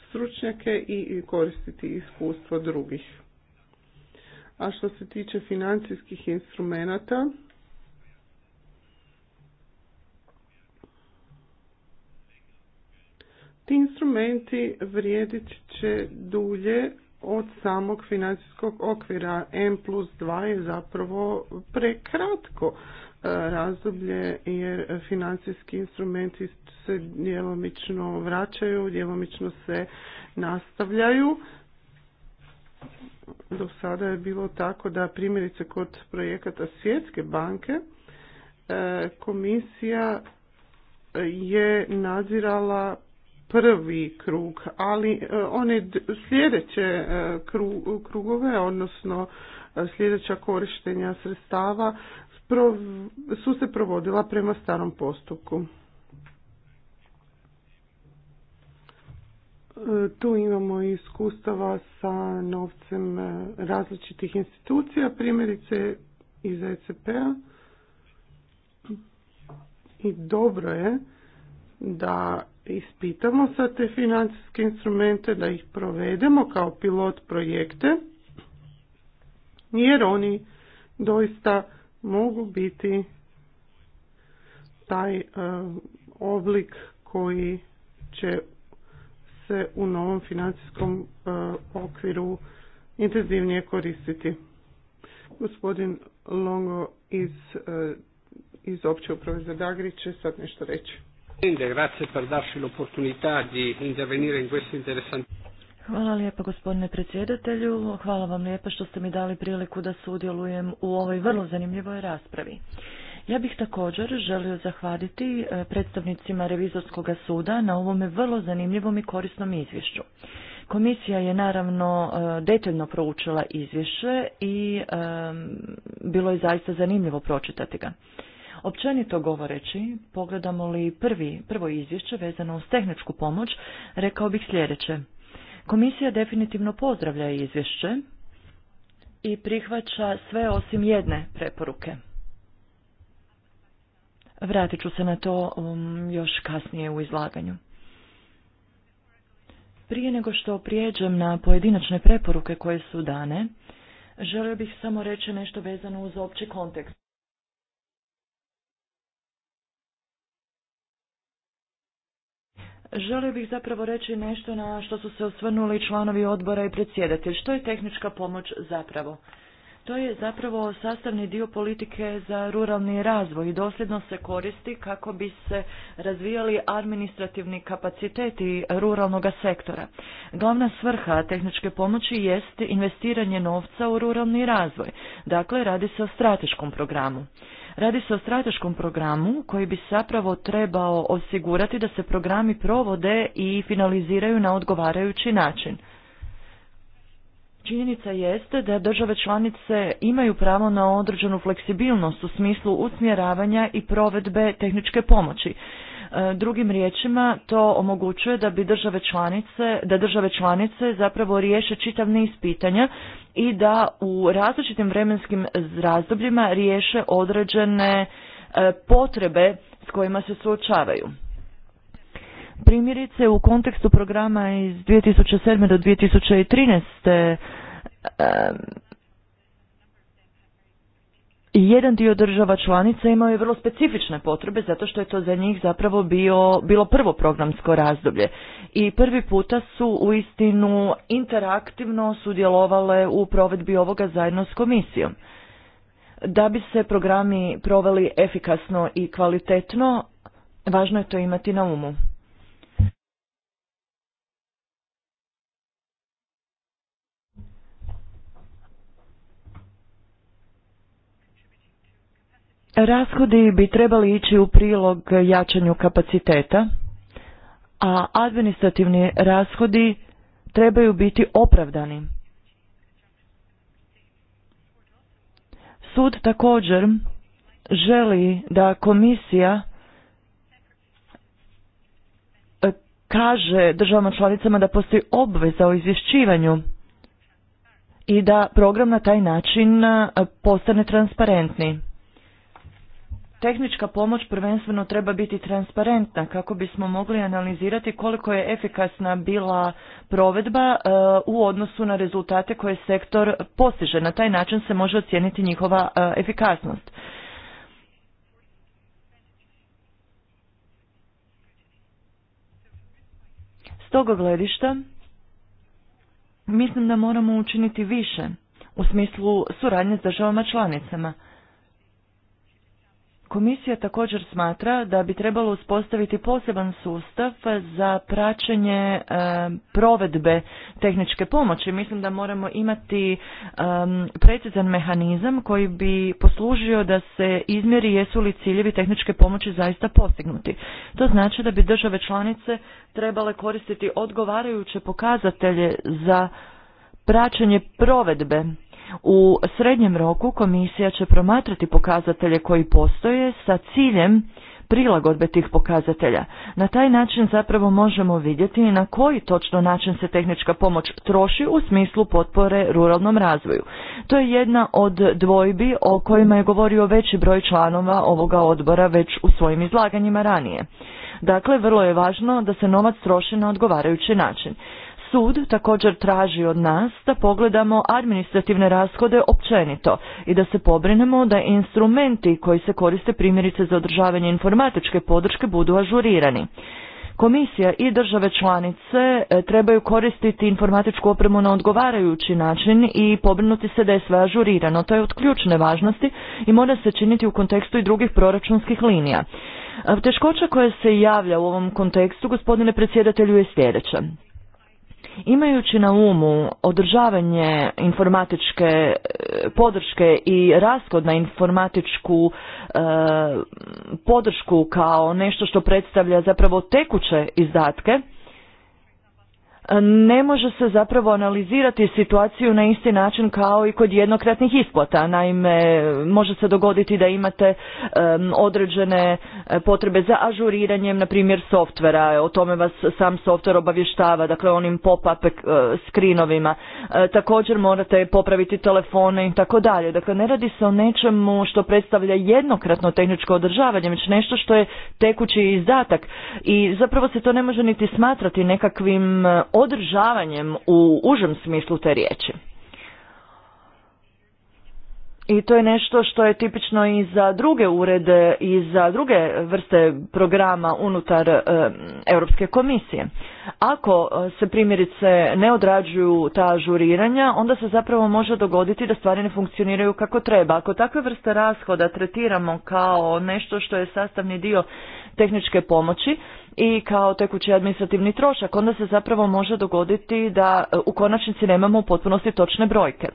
stručnjake i koristiti iskustvo drugih. A što se tiče financijskih instrumenata, ti instrumenti vrijedit će dulje od samog financijskog okvira. M plus 2 je zapravo prekratko razdoblje jer financijski instrumenti se djelomično vraćaju, djelomično se nastavljaju. Do sada je bilo tako da primjerice kod projekata Svjetske banke e, komisija je nadzirala prvi krug, ali e, one sljedeće e, krugove, odnosno sljedeća korištenja sredstava su se provodila prema starom postupku. E, tu imamo iskustava sa novcem e, različitih institucija, primjerice iz ECP-a. I dobro je da ispitamo sa te financijske instrumente, da ih provedemo kao pilot projekte, jer oni doista mogu biti taj e, oblik koji će se u novom financijskom e, okviru intenzivnije koristiti. Gospodin Longo e, iz, opće uprave za Dagri će sad nešto reći. Grazie per darci l'opportunità di intervenire in questo interessante Hvala lijepa gospodine predsjedatelju. Hvala vam lijepa što ste mi dali priliku da sudjelujem u ovoj vrlo zanimljivoj raspravi. Ja bih također želio zahvaliti e, predstavnicima Revizorskog suda na ovome vrlo zanimljivom i korisnom izvješću. Komisija je naravno e, detaljno proučila izvješće i e, bilo je zaista zanimljivo pročitati ga. Općenito govoreći, pogledamo li prvi, prvo izvješće vezano uz tehničku pomoć, rekao bih sljedeće. Komisija definitivno pozdravlja izvješće i prihvaća sve osim jedne preporuke. Vratit ću se na to um, još kasnije u izlaganju. Prije nego što prijeđem na pojedinačne preporuke koje su dane, želio bih samo reći nešto vezano uz opći kontekst. Želio bih zapravo reći nešto na što su se osvrnuli članovi odbora i predsjedatelj. Što je tehnička pomoć zapravo? To je zapravo sastavni dio politike za ruralni razvoj i dosljedno se koristi kako bi se razvijali administrativni kapaciteti ruralnog sektora. Glavna svrha tehničke pomoći jest investiranje novca u ruralni razvoj. Dakle, radi se o strateškom programu. Radi se o strateškom programu koji bi zapravo trebao osigurati da se programi provode i finaliziraju na odgovarajući način. Činjenica jeste da države članice imaju pravo na određenu fleksibilnost u smislu usmjeravanja i provedbe tehničke pomoći. E, drugim riječima to omogućuje da bi države članice, da države članice zapravo riješe čitav niz pitanja i da u različitim vremenskim razdobljima riješe određene e, potrebe s kojima se suočavaju. Primjerice u kontekstu programa iz 2007. do 2013. Jedan dio država članica imao je vrlo specifične potrebe zato što je to za njih zapravo bio, bilo prvo programsko razdoblje i prvi puta su u istinu interaktivno sudjelovale u provedbi ovoga zajedno s komisijom. Da bi se programi proveli efikasno i kvalitetno, važno je to imati na umu. Rashodi bi trebali ići u prilog jačanju kapaciteta, a administrativni rashodi trebaju biti opravdani. Sud također želi da komisija e, kaže državama članicama da postoji obveza o izvješćivanju i da program na taj način e, postane transparentni. Tehnička pomoć prvenstveno treba biti transparentna kako bismo mogli analizirati koliko je efikasna bila provedba e, u odnosu na rezultate koje sektor postiže. Na taj način se može ocijeniti njihova e, efikasnost. S toga gledišta mislim da moramo učiniti više u smislu suradnje s državama članicama. Komisija također smatra da bi trebalo uspostaviti poseban sustav za praćenje e, provedbe tehničke pomoći. Mislim da moramo imati precizan mehanizam koji bi poslužio da se izmjeri jesu li ciljevi tehničke pomoći zaista postignuti. To znači da bi države članice trebale koristiti odgovarajuće pokazatelje za praćenje provedbe u srednjem roku komisija će promatrati pokazatelje koji postoje sa ciljem prilagodbe tih pokazatelja. Na taj način zapravo možemo vidjeti na koji točno način se tehnička pomoć troši u smislu potpore ruralnom razvoju. To je jedna od dvojbi o kojima je govorio veći broj članova ovoga odbora već u svojim izlaganjima ranije. Dakle, vrlo je važno da se novac troši na odgovarajući način. Sud također traži od nas da pogledamo administrativne rashode općenito i da se pobrinemo da instrumenti koji se koriste primjerice za održavanje informatičke podrške budu ažurirani. Komisija i države članice e, trebaju koristiti informatičku opremu na odgovarajući način i pobrinuti se da je sve ažurirano. To je od ključne važnosti i mora se činiti u kontekstu i drugih proračunskih linija. E, teškoća koja se javlja u ovom kontekstu, gospodine predsjedatelju, je sljedeća. Imajući na umu održavanje informatičke e, podrške i raskod na informatičku e, podršku kao nešto što predstavlja zapravo tekuće izdatke, ne može se zapravo analizirati situaciju na isti način kao i kod jednokratnih isplata. Naime, može se dogoditi da imate određene e, potrebe za ažuriranjem, na primjer, softvera. O tome vas sam softver obavještava, dakle, onim pop-up e, screenovima. E, također morate popraviti telefone i tako dalje. Dakle, ne radi se o nečemu što predstavlja jednokratno tehničko održavanje, već nešto što je tekući izdatak. I zapravo se to ne može niti smatrati nekakvim održavanjem u užem smislu te riječi. I to je nešto što je tipično i za druge urede i za druge vrste programa unutar eh, Europske komisije. Ako eh, se primjerice ne odrađuju ta ažuriranja, onda se zapravo može dogoditi da stvari ne funkcioniraju kako treba. Ako takve vrste rashoda tretiramo kao nešto što je sastavni dio tehničke pomoći, i kao tekući administrativni trošak, onda se zapravo može dogoditi da e, u konačnici nemamo u potpunosti točne brojke.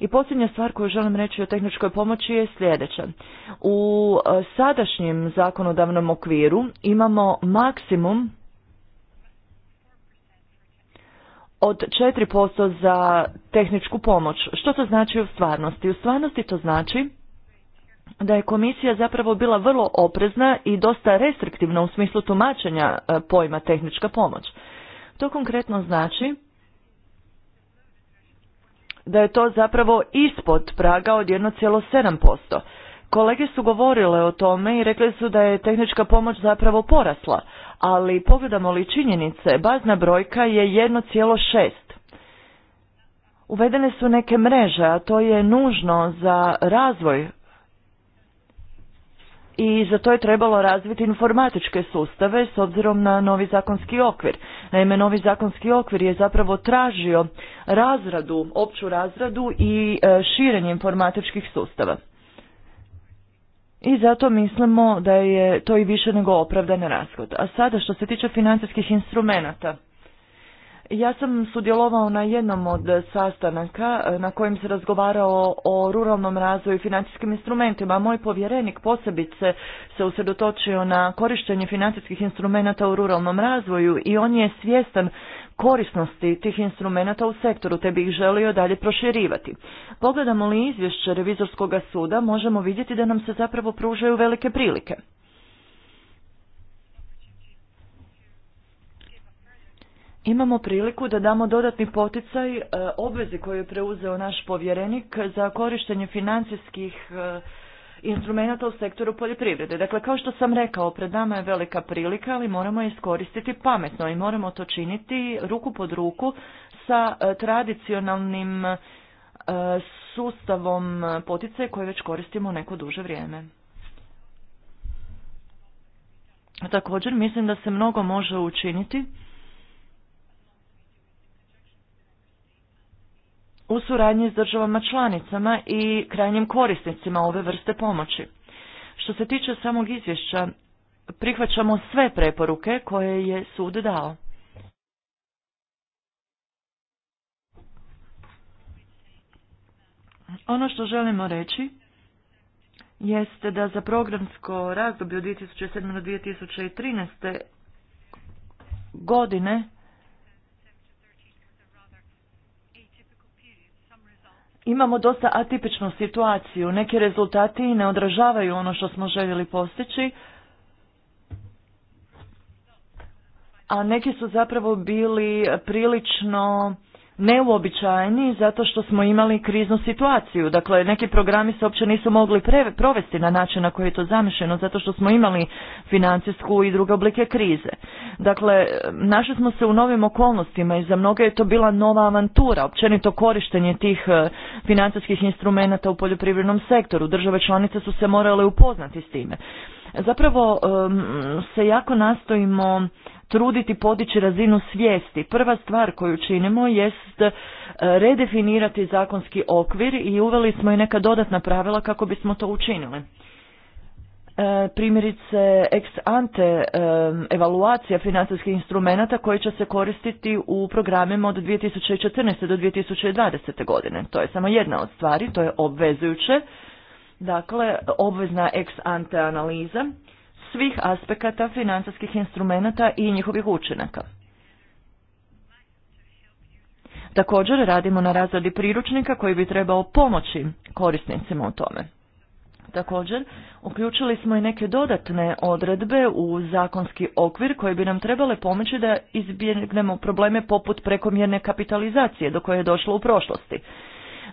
I posljednja stvar koju želim reći o tehničkoj pomoći je sljedeća. U e, sadašnjem zakonodavnom okviru imamo maksimum od 4% za tehničku pomoć. Što to znači u stvarnosti? U stvarnosti to znači da je komisija zapravo bila vrlo oprezna i dosta restriktivna u smislu tumačenja e, pojma tehnička pomoć. To konkretno znači da je to zapravo ispod praga od 1,7%. Kolege su govorile o tome i rekli su da je tehnička pomoć zapravo porasla, ali pogledamo li činjenice, bazna brojka je 1,6. Uvedene su neke mreže, a to je nužno za razvoj i za to je trebalo razviti informatičke sustave s obzirom na novi zakonski okvir. Naime, novi zakonski okvir je zapravo tražio razradu, opću razradu i e, širenje informatičkih sustava. I zato mislimo da je to i više nego opravdan rashod. A sada što se tiče financijskih instrumenata. Ja sam sudjelovao na jednom od sastanaka e, na kojem se razgovarao o ruralnom razvoju i financijskim instrumentima. Moj povjerenik posebice se usredotočio na korištenje financijskih instrumenata u ruralnom razvoju i on je svjestan korisnosti tih instrumenata u sektoru, te bi ih želio dalje proširivati. Pogledamo li izvješće Revizorskog suda, možemo vidjeti da nam se zapravo pružaju velike prilike. imamo priliku da damo dodatni poticaj e, obvezi koje je preuzeo naš povjerenik za korištenje financijskih e, instrumenta u sektoru poljoprivrede. Dakle, kao što sam rekao, pred nama je velika prilika, ali moramo je iskoristiti pametno i moramo to činiti ruku pod ruku sa e, tradicionalnim sustavom poticaja koje već koristimo neko duže vrijeme. Također mislim da se mnogo može učiniti u suradnji s državama članicama i krajnjim korisnicima ove vrste pomoći. Što se tiče samog izvješća, prihvaćamo sve preporuke koje je sud dao. Ono što želimo reći jeste da za programsko razdoblje od 2007. do 2013. godine imamo dosta atipičnu situaciju. Neki rezultati ne odražavaju ono što smo željeli postići, a neki su zapravo bili prilično neuobičajeni zato što smo imali kriznu situaciju. Dakle, neki programi se uopće nisu mogli provesti na način na koji je to zamišljeno zato što smo imali financijsku i druge oblike krize. Dakle, našli smo se u novim okolnostima i za mnoge je to bila nova avantura, općenito korištenje tih e, financijskih instrumenata u poljoprivrednom sektoru. Države članice su se morale upoznati s time. Zapravo se jako nastojimo truditi podići razinu svijesti. Prva stvar koju činimo jest eh, redefinirati zakonski okvir i uveli smo i neka dodatna pravila kako bismo to učinili. E, primjerice ex ante evaluacija financijskih instrumenata koji će se koristiti u programima od 2014. do 2020. godine. To je samo jedna od stvari, to je obvezujuće Dakle, obvezna ex ante analiza svih aspekata financijskih instrumenata i njihovih učinaka. Također radimo na razradi priručnika koji bi trebao pomoći korisnicima u tome. Također, uključili smo i neke dodatne odredbe u zakonski okvir koji bi nam trebale pomoći da izbjegnemo probleme poput prekomjerne kapitalizacije do koje je došlo u prošlosti.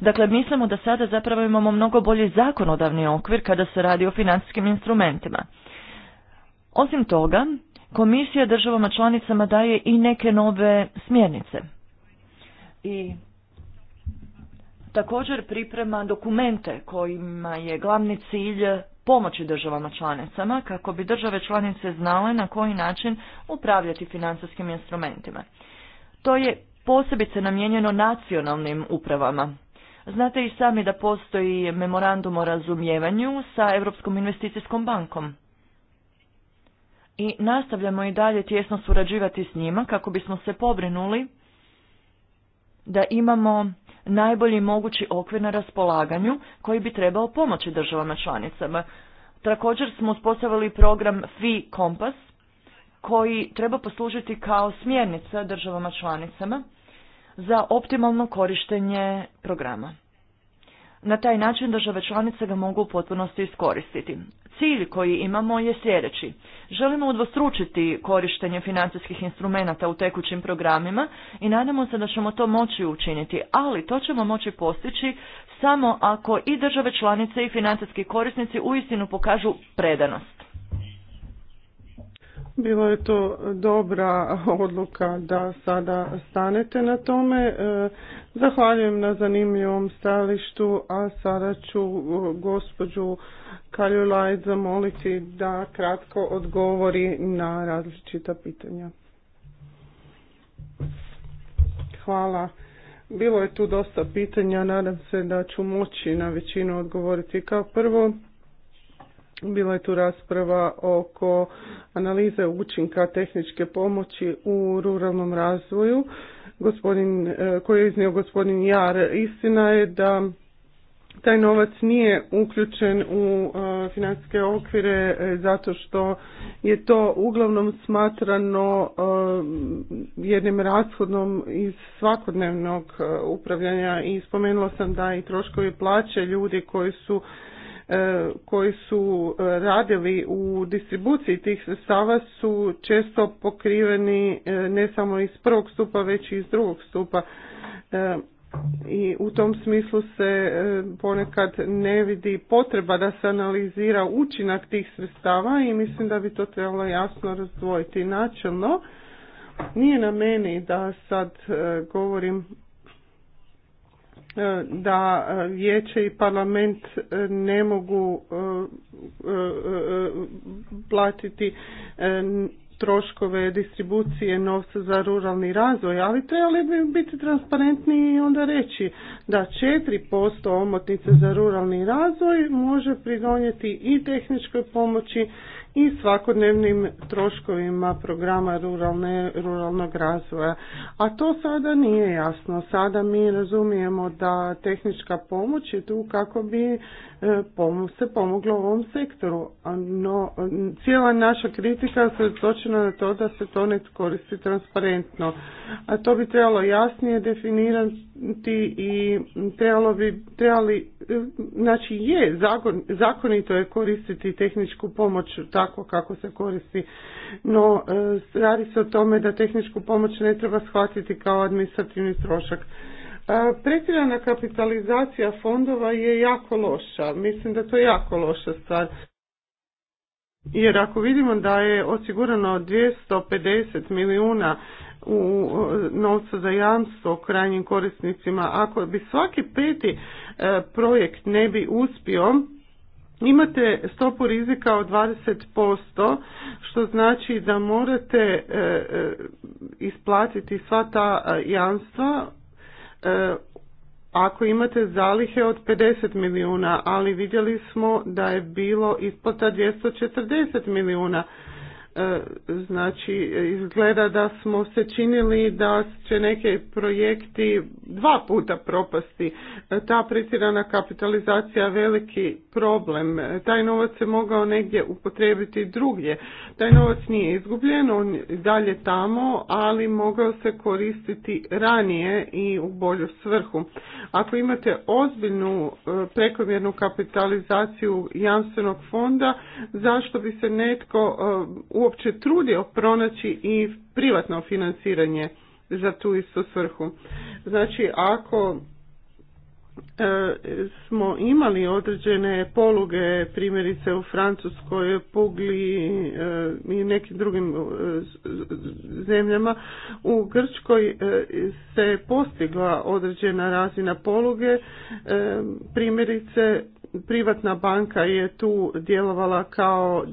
Dakle, mislimo da sada zapravo imamo mnogo bolji zakonodavni okvir kada se radi o financijskim instrumentima. Osim toga, komisija državama članicama daje i neke nove smjernice. I također priprema dokumente kojima je glavni cilj pomoći državama članicama kako bi države članice znale na koji način upravljati financijskim instrumentima. To je posebice namijenjeno nacionalnim upravama Znate i sami da postoji memorandum o razumijevanju sa Europskom investicijskom bankom. I nastavljamo i dalje tjesno surađivati s njima kako bismo se pobrinuli da imamo najbolji mogući okvir na raspolaganju koji bi trebao pomoći državama članicama. Također smo uspostavili program FI Kompas koji treba poslužiti kao smjernica državama članicama za optimalno korištenje programa. Na taj način države članice ga mogu u potpunosti iskoristiti. Cilj koji imamo je sljedeći. Želimo udvostručiti korištenje financijskih instrumenata u tekućim programima i nadamo se da ćemo to moći učiniti, ali to ćemo moći postići samo ako i države članice i financijski korisnici uistinu pokažu predanost. Bilo je to dobra odluka da sada stanete na tome. E, zahvaljujem na zanimljivom stajalištu, a sada ću e, gospođu Kaljulajt zamoliti da kratko odgovori na različita pitanja. Hvala. Bilo je tu dosta pitanja, nadam se da ću moći na većinu odgovoriti. Kao prvo, bila je tu rasprava oko analize učinka tehničke pomoći u ruralnom razvoju gospodin, e, koji je iznio gospodin Jar. Istina je da taj novac nije uključen u e, financijske okvire e, zato što je to uglavnom smatrano jednim rashodnom iz svakodnevnog upravljanja i spomenula sam da i troškovi plaće ljudi koji su E, koji su e, radili u distribuciji tih sredstava su često pokriveni e, ne samo iz prvog stupa već i iz drugog stupa i u tom smislu se ponekad ne vidi potreba da se analizira učinak tih sredstava i mislim da bi to trebalo jasno razdvojiti načelno. Nije na meni da sad govorim E, da e, vijeće i parlament e, ne mogu platiti troškove distribucije novca za ruralni razvoj, ali trebali bi biti transparentni i onda reći da 4% omotnice za ruralni razvoj može pridonijeti i tehničkoj pomoći i svakodnevnim troškovima programa ruralne, ruralnog razvoja. A to sada nije jasno. Sada mi razumijemo da tehnička pomoć je tu kako bi se pomoglo ovom sektoru. No, cijela naša kritika se odsočena na to da se to ne koristi transparentno. A to bi trebalo jasnije definirati i trebalo bi, trebali, znači je, zakonito je koristiti tehničku pomoć tako kako se koristi. No, e, radi se o tome da tehničku pomoć ne treba shvatiti kao administrativni trošak. Pretjerana kapitalizacija fondova je jako loša. Mislim da to je jako loša stvar. Jer ako vidimo da je osigurano 250 milijuna u novca za jamstvo krajnjim korisnicima, ako bi svaki peti e, projekt ne bi uspio, imate stopu rizika od 20%, što znači da morate e, e, isplatiti sva ta jamstva E, ako imate zalihe od 50 milijuna, ali vidjeli smo da je bilo isplata 240 milijuna. E, znači, izgleda da smo se činili da će neke projekti dva puta propasti. E, ta pretjerana kapitalizacija je veliki problem. E, taj novac se mogao negdje upotrijebiti drugdje. Taj novac nije izgubljen, on je dalje tamo, ali mogao se koristiti ranije i u bolju svrhu. Ako imate ozbiljnu prekomjernu kapitalizaciju jamstvenog fonda, zašto bi se netko uopće trudio pronaći i privatno financiranje za tu istu svrhu. Znači ako e, smo imali određene poluge, primjerice u Francuskoj, Pugli e, i nekim drugim e, zemljama. U Grčkoj se postigla određena razina poluge, primjerice privatna banka je tu djelovala kao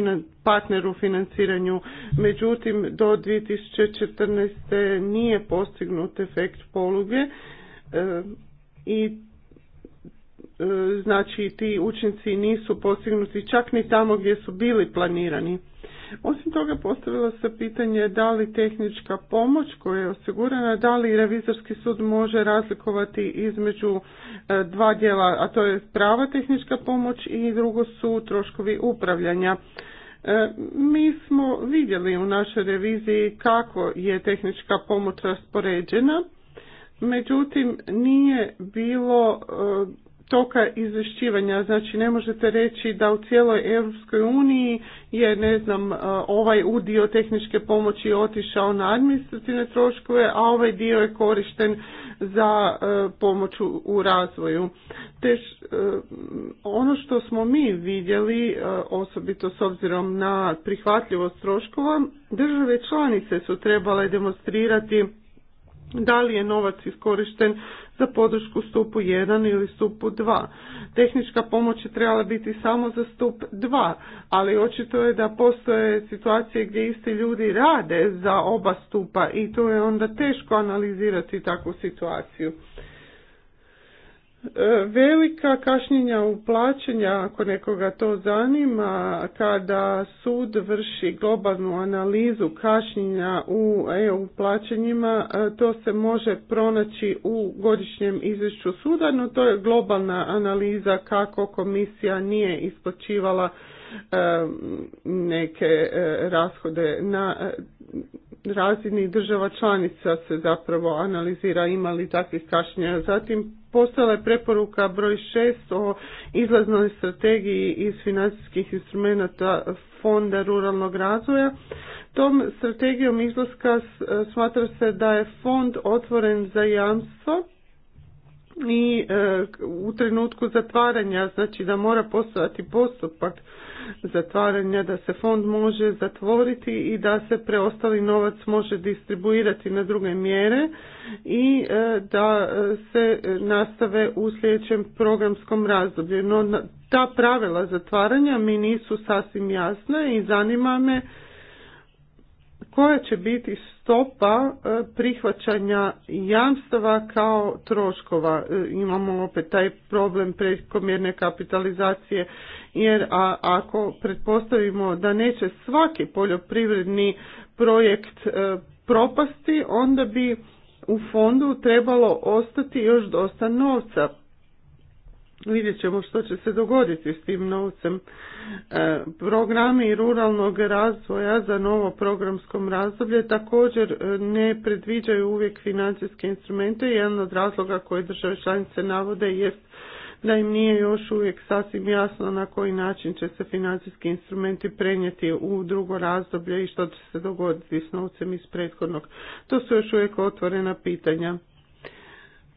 e, partner u financiranju, međutim do 2014. nije postignut efekt poluge e, i e, znači ti učinci nisu postignuti čak ni tamo gdje su bili planirani. Osim toga postavilo se pitanje da li tehnička pomoć koja je osigurana, da li revizorski sud može razlikovati između e, dva dijela, a to je prava tehnička pomoć i drugo su troškovi upravljanja. E, mi smo vidjeli u našoj reviziji kako je tehnička pomoć raspoređena, međutim nije bilo e, toka izvješćivanja. Znači ne možete reći da u cijeloj Europskoj uniji je ne znam e, ovaj udio tehničke pomoći otišao na administrativne troškove, a ovaj dio je korišten za e, pomoć u razvoju. Te e, ono što smo mi vidjeli, osobito s obzirom na prihvatljivost troškova, države članice su trebale demonstrirati da li je novac iskorišten za podršku stupu 1 ili stupu 2. Tehnička pomoć je trebala biti samo za stup 2, ali očito je da postoje situacije gdje isti ljudi rade za oba stupa i to je onda teško analizirati takvu situaciju. E, velika kašnjenja u plaćanja, ako nekoga to zanima, kada sud vrši globalnu analizu kašnjenja u EU plaćanjima, e, to se može pronaći u godišnjem izvješću suda, no to je globalna analiza kako komisija nije isplaćivala e, neke rashode na razini država članica se zapravo analizira ima li takvih kašnjenja. Zatim postala je preporuka broj 6 o izlaznoj strategiji iz financijskih instrumenata Fonda ruralnog razvoja. Tom strategijom izlaska smatra se da je fond otvoren za jamstvo i e, u trenutku zatvaranja, znači da mora postojati postupak zatvaranja, da se fond može zatvoriti i da se preostali novac može distribuirati na druge mjere i e, da e, se nastave u sljedećem programskom razdoblju. No, ta pravila zatvaranja mi nisu sasvim jasna i zanima me koja će biti stopa e, prihvaćanja jamstava kao troškova. Imamo opet taj problem prekomjerne kapitalizacije jer a, ako pretpostavimo da neće svaki poljoprivredni projekt e, propasti, onda bi u fondu trebalo ostati još dosta novca. Vidjet ćemo što će se dogoditi s tim novcem. E, programi ruralnog razvoja za novo programskom razdoblje također e, ne predviđaju uvijek financijske instrumente. Jedan od razloga koje države članice navode jest da im nije još uvijek sasvim jasno na koji način će se financijski instrumenti prenijeti u drugo razdoblje i što će se dogoditi s novcem iz prethodnog. To su još uvijek otvorena pitanja.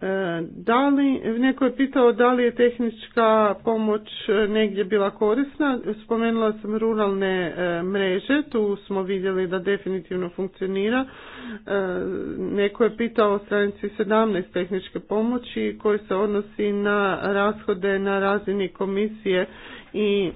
E, da li, neko je pitao da li je tehnička pomoć e, negdje bila korisna. Spomenula sam ruralne e, mreže, tu smo vidjeli da definitivno funkcionira. Neko je pitao o stranici 17 tehničke pomoći koji se odnosi na rashode na razini komisije i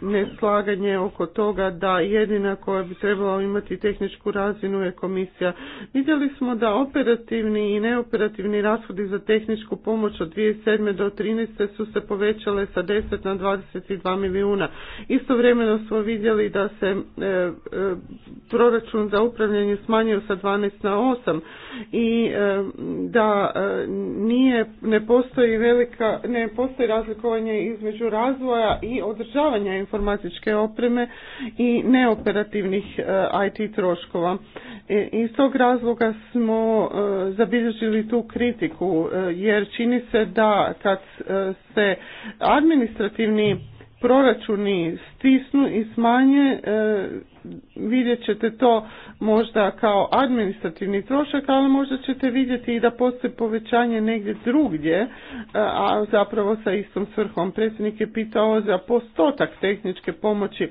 neslaganje oko toga da jedina koja bi trebala imati tehničku razinu je komisija. Vidjeli smo da operativni i neoperativni rashodi za tehničku pomoć od 2007. do 2013. su se povećale sa 10 na 22 milijuna. Istovremeno smo vidjeli da se e, e, proračun za upravljanje smanjio sa 12 na 8 i e, da nije, ne postoji velika, ne postoji razlikovanje između razvoja razvoja i održavanja informatičke opreme i neoperativnih e, IT troškova. E, iz tog razloga smo e, zabilježili tu kritiku jer čini se da kad se administrativni proračuni stisnu i smanje vidjet ćete to možda kao administrativni trošak, ali možda ćete vidjeti i da postoji povećanje negdje drugdje, e, a zapravo sa istom svrhom. Predsjednik je pitao za postotak tehničke pomoći. E,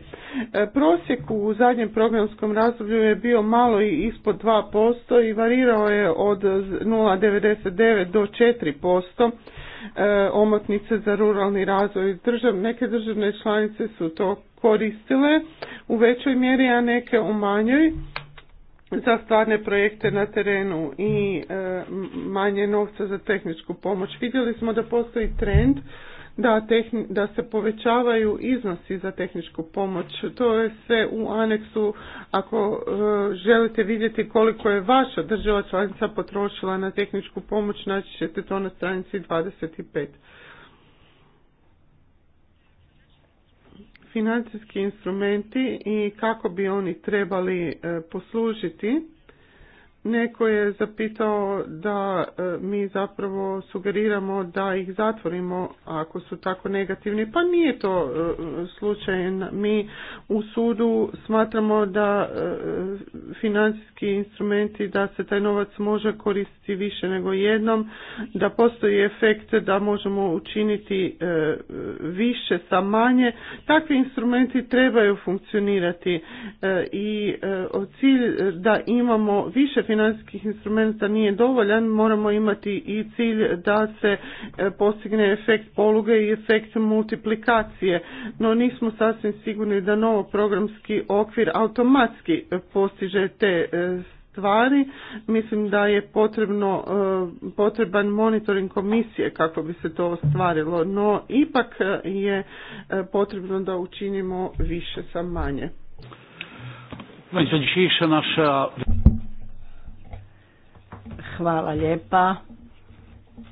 prosjek u zadnjem programskom razdoblju je bio malo i ispod 2% i varirao je od 0,99 do 4%. E, omotnice za ruralni razvoj. Držav, neke državne članice su to koristile u većoj mjeri, a neke u manjoj za stvarne projekte na terenu i e, manje novca za tehničku pomoć. Vidjeli smo da postoji trend da, da se povećavaju iznosi za tehničku pomoć. To je sve u aneksu ako e, želite vidjeti koliko je vaša država članica potrošila na tehničku pomoć, naći ćete to na stranici 25. Financijski instrumenti i kako bi oni trebali e, poslužiti Neko je zapitao da e, mi zapravo sugeriramo da ih zatvorimo ako su tako negativni. Pa nije to e, slučaj. Mi u sudu smatramo da e, financijski instrumenti, da se taj novac može koristiti više nego jednom, da postoji efekt da možemo učiniti više sa manje. Takvi instrumenti trebaju funkcionirati i cilj da imamo više financijskih instrumenta nije dovoljan, moramo imati i cilj da se e, postigne efekt poluge i efekt multiplikacije, no nismo sasvim sigurni da novo programski okvir automatski e, postiže te e, stvari. Mislim da je potrebno, potreban monitoring komisije kako bi se to ostvarilo, no ipak je potrebno da učinimo više sa manje. Hvala lijepa. E,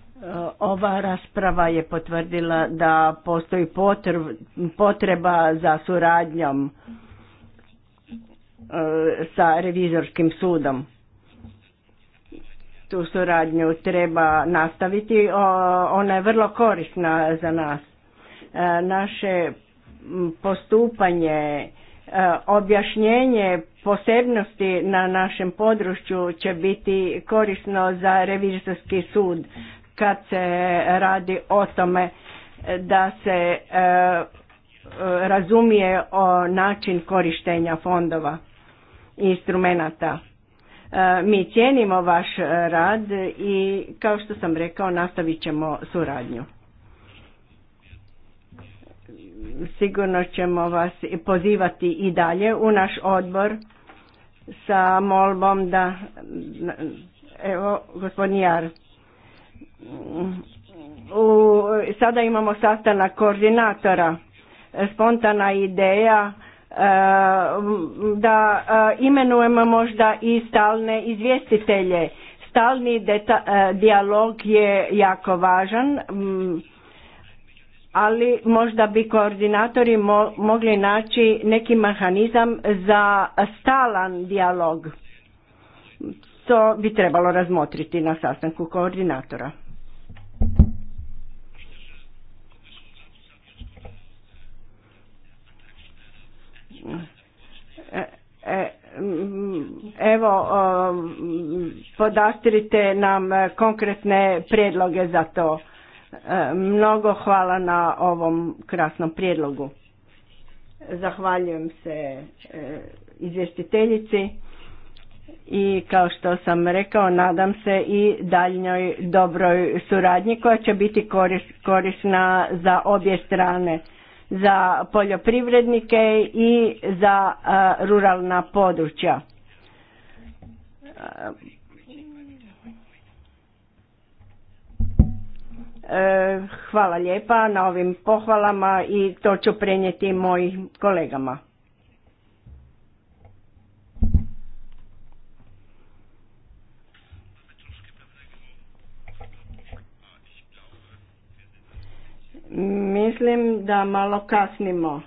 ova rasprava je potvrdila da postoji potreba za suradnjom e, sa revizorskim sudom. Tu suradnju treba nastaviti, ona je vrlo korisna za nas. E, naše postupanje E, objašnjenje posebnosti na našem području će biti korisno za revizorski sud kad se radi o tome da se e, razumije o način korištenja fondova i instrumenata. E, mi cijenimo vaš rad i kao što sam rekao nastavit ćemo suradnju sigurno ćemo vas pozivati i dalje u naš odbor sa molbom da evo gospodin Jar u, sada imamo sastanak koordinatora spontana ideja e, da e, imenujemo možda i stalne izvjestitelje stalni e, dijalog je jako važan ali možda bi koordinatori mogli naći neki mehanizam za stalan dijalog. To bi trebalo razmotriti na sastanku koordinatora. E, e, evo, podastrite nam konkretne prijedloge za to E, mnogo hvala na ovom krasnom prijedlogu. Zahvaljujem se e, izvjestiteljici i kao što sam rekao nadam se i daljnjoj dobroj suradnji koja će biti korisna za obje strane za poljoprivrednike i za e, ruralna područja E, hvala lijepa na ovim pohvalama i to ću prenijeti mojim kolegama. Mislim da malo kasnimo.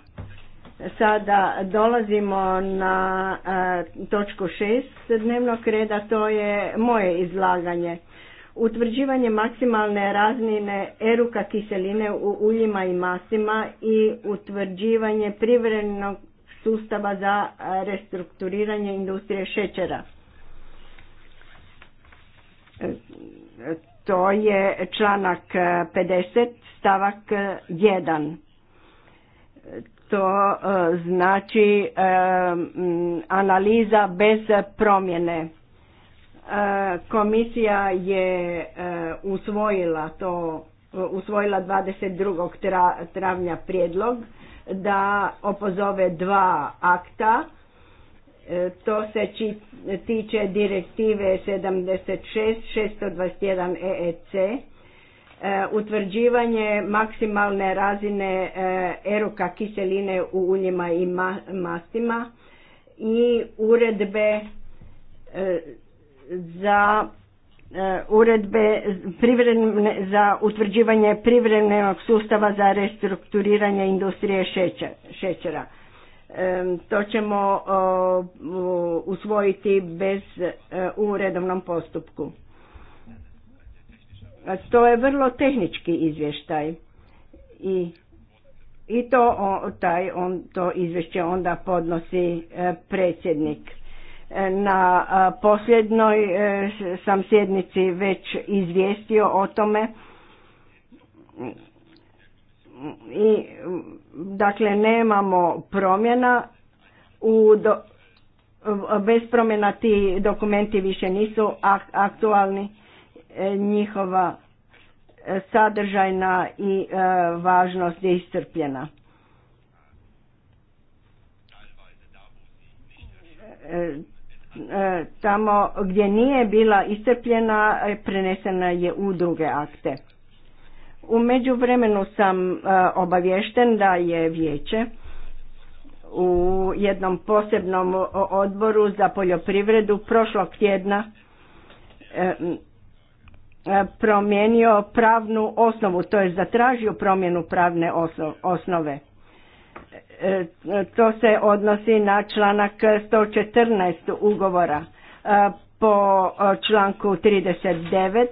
Sada dolazimo na e, točku šest dnevnog reda, to je moje izlaganje. Utvrđivanje maksimalne razmjene eruka kiseline u uljima i masima i utvrđivanje privrednog sustava za restrukturiranje industrije šećera. To je članak 50 stavak 1. To e, znači e, analiza bez promjene E, komisija je e, usvojila to, usvojila 22. travnja prijedlog da opozove dva akta. E, to se tiče direktive 76-621 EEC, utvrđivanje maksimalne razine eruka kiseline u uljima i mastima i uredbe za e, uredbe za utvrđivanje privremenog sustava za restrukturiranje industrije šećera. E, to ćemo usvojiti bez e, u redovnom postupku. To je vrlo tehnički izvještaj i i to taj on to izvješće onda podnosi predsjednik na posljednoj e, sam sjednici već izvijestio o tome i dakle nemamo promjena u do, bez promjena ti dokumenti više nisu aktualni e, njihova e, sadržajna i važnost je iscrpljena E, tamo gdje nije bila iscrpljena e, prenesena je u druge akte. U međuvremenu sam e, obavješten da je vijeće u jednom posebnom odboru za poljoprivredu prošlog tjedna promijenio pravnu osnovu, to je zatražio promjenu pravne osnove. E, to se odnosi na članak 114 ugovora. E, po e, članku 39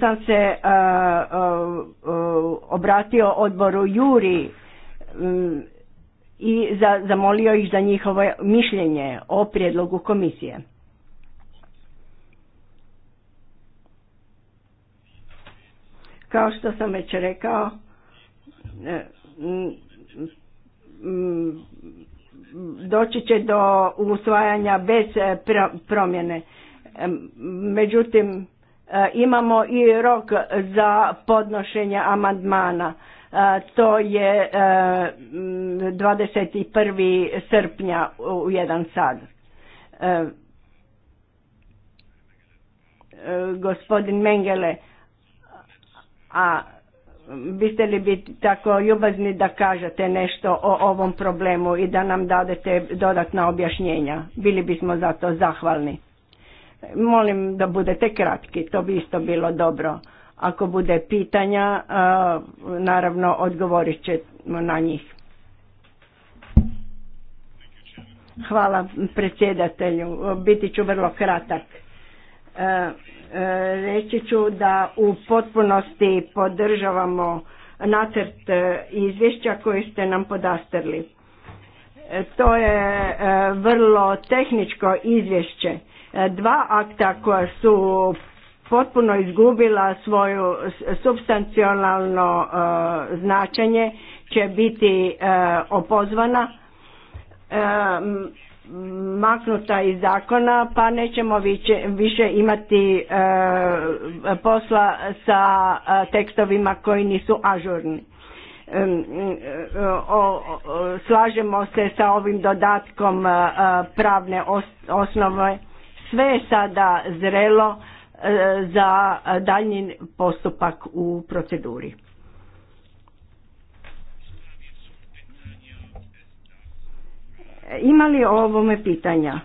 sam se obratio odboru Juri i zamolio ih za njihovo mišljenje o prijedlogu komisije. Kao što sam već rekao, Mm, doći će do usvajanja bez e, promjene. Međutim, e, imamo i rok za podnošenje amandmana. E, to je 21. Mm, srpnja u jedan sad. Gospodin Mengele, a biste li biti tako ljubazni da kažete nešto o ovom problemu i da nam dadete dodatna objašnjenja. Bili bismo za to zahvalni. Molim da budete kratki, to bi isto bilo dobro. Ako bude pitanja, naravno odgovorit ćemo na njih. Hvala predsjedatelju, biti ću vrlo kratak. E, reći ću da u potpunosti podržavamo nacrt e, izvješća koji ste nam podastrli. E, to je vrlo tehničko izvješće. Dva akta koja su potpuno izgubila svoju substancionalno značenje će biti opozvana maknuta iz zakona pa nećemo više, imati e, posla sa e, tekstovima koji nisu ažurni. E, slažemo se sa ovim dodatkom pravne osnove. Sve je sada zrelo za daljnji postupak u proceduri. imali li o ovome pitanja?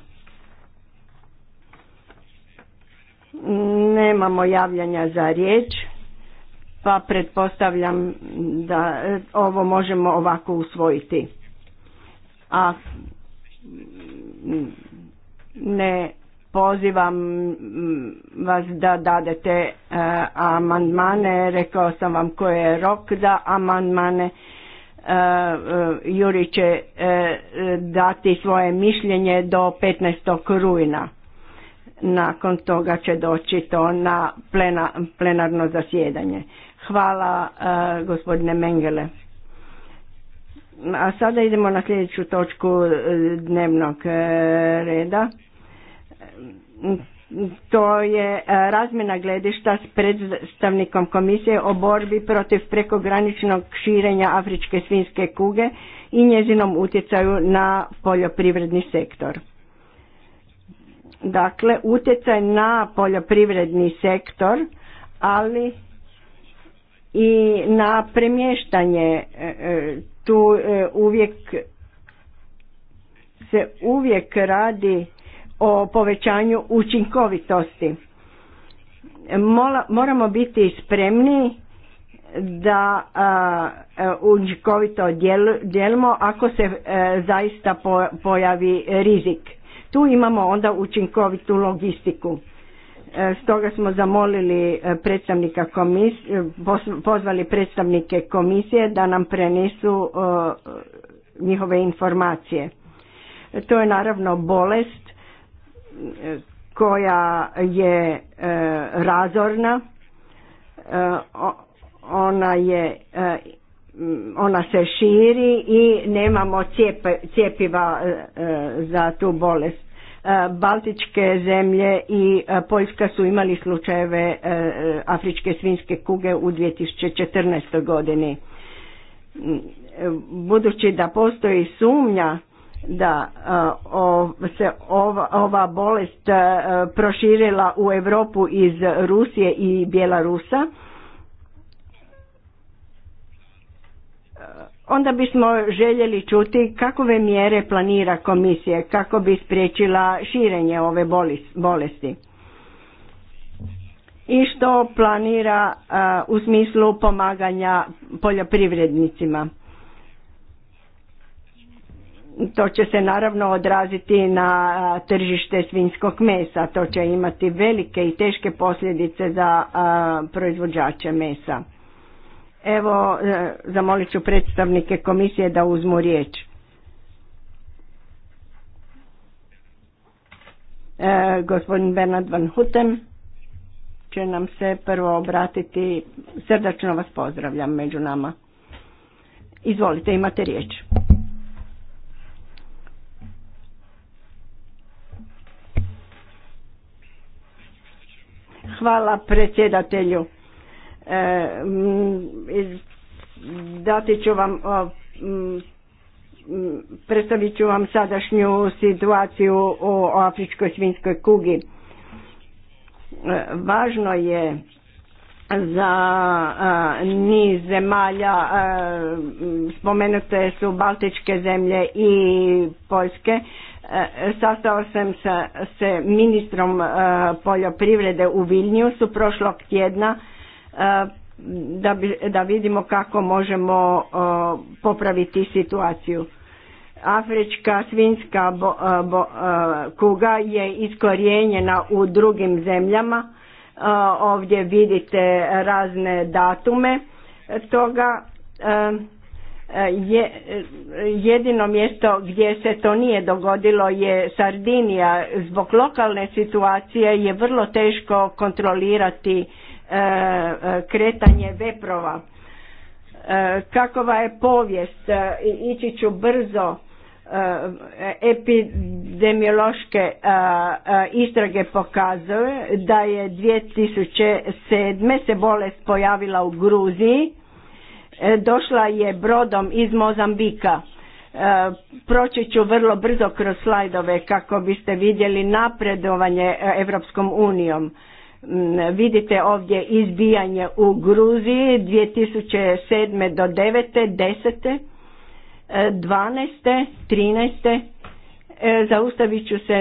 Nemamo javljanja za riječ, pa pretpostavljam da e, ovo možemo ovako usvojiti. A ne pozivam vas da dadete e, amandmane, rekao sam vam koje je rok za amandmane. E, e, Juri će e, dati svoje mišljenje do 15. rujna. Nakon toga će doći to na plena, plenarno zasjedanje. Hvala gospodine Mengele. A sada idemo na sljedeću točku dnevnog reda to je e, razmjena gledišta s predstavnikom komisije o borbi protiv prekograničnog širenja afričke svinske kuge i njezinom utjecaju na poljoprivredni sektor. Dakle, utjecaj na poljoprivredni sektor, ali i na premještanje e, e, tu uvijek se uvijek radi o povećanju učinkovitosti. Moramo biti spremni da e, učinkovito djelimo ako se e, zaista pojavi rizik. Tu imamo onda učinkovitu logistiku. E, stoga smo zamolili predstavnika komisije, pozvali predstavnike komisije da nam prenesu njihove informacije. To je naravno bolest koja je e, razorna e, ona je e, ona se širi i nemamo cijepiva za tu bolest. Baltičke zemlje i Poljska su imali slučajeve afričke svinske kuge u 2014. godini. Budući da postoji sumnja da e, se ova, ova bolest e, proširila u Europu iz Rusije i Bjelarusa e, onda bismo željeli čuti kakove mjere planira komisije kako bi spriječila širenje ove bolesti i što planira u smislu pomaganja poljoprivrednicima to će se naravno odraziti na tržište svinjskog mesa, to će imati velike i teške posljedice za proizvođače mesa. Evo, e, zamolit ću predstavnike komisije da uzmu riječ. E, gospodin Bernard Van Hutem će nam se prvo obratiti. Srdačno vas pozdravljam među nama. Izvolite, imate riječ. Hvala predsjedatelju. E, mm, dati ću vam, mm, mm, predstavit ću vam sadašnju situaciju u afričkoj svinskoj kugi. E, važno je za niz zemalja spomenute su Baltičke zemlje i Poljske Sastao sam sa, se ministrom e, poljoprivrede u su prošlog tjedna e, da, bi, da vidimo kako možemo e, popraviti situaciju. Afrička svinska kuga je iskorijenjena u drugim zemljama. Ovdje vidite razne datume toga je, jedino mjesto gdje se to nije dogodilo je Sardinija. Zbog lokalne situacije je vrlo teško kontrolirati e, kretanje veprova. E, kakova je povijest, e, ići ću brzo, epidemiološke istrage pokazuje da je 2007. se bolest pojavila u Gruziji, E, došla je brodom iz Mozambika. E, proći ću vrlo brzo kroz slajdove kako biste vidjeli napredovanje e, Evropskom unijom. Mm, vidite ovdje izbijanje u Gruziji 2007. do 9. 10. 12. 13. Zaustavit ću se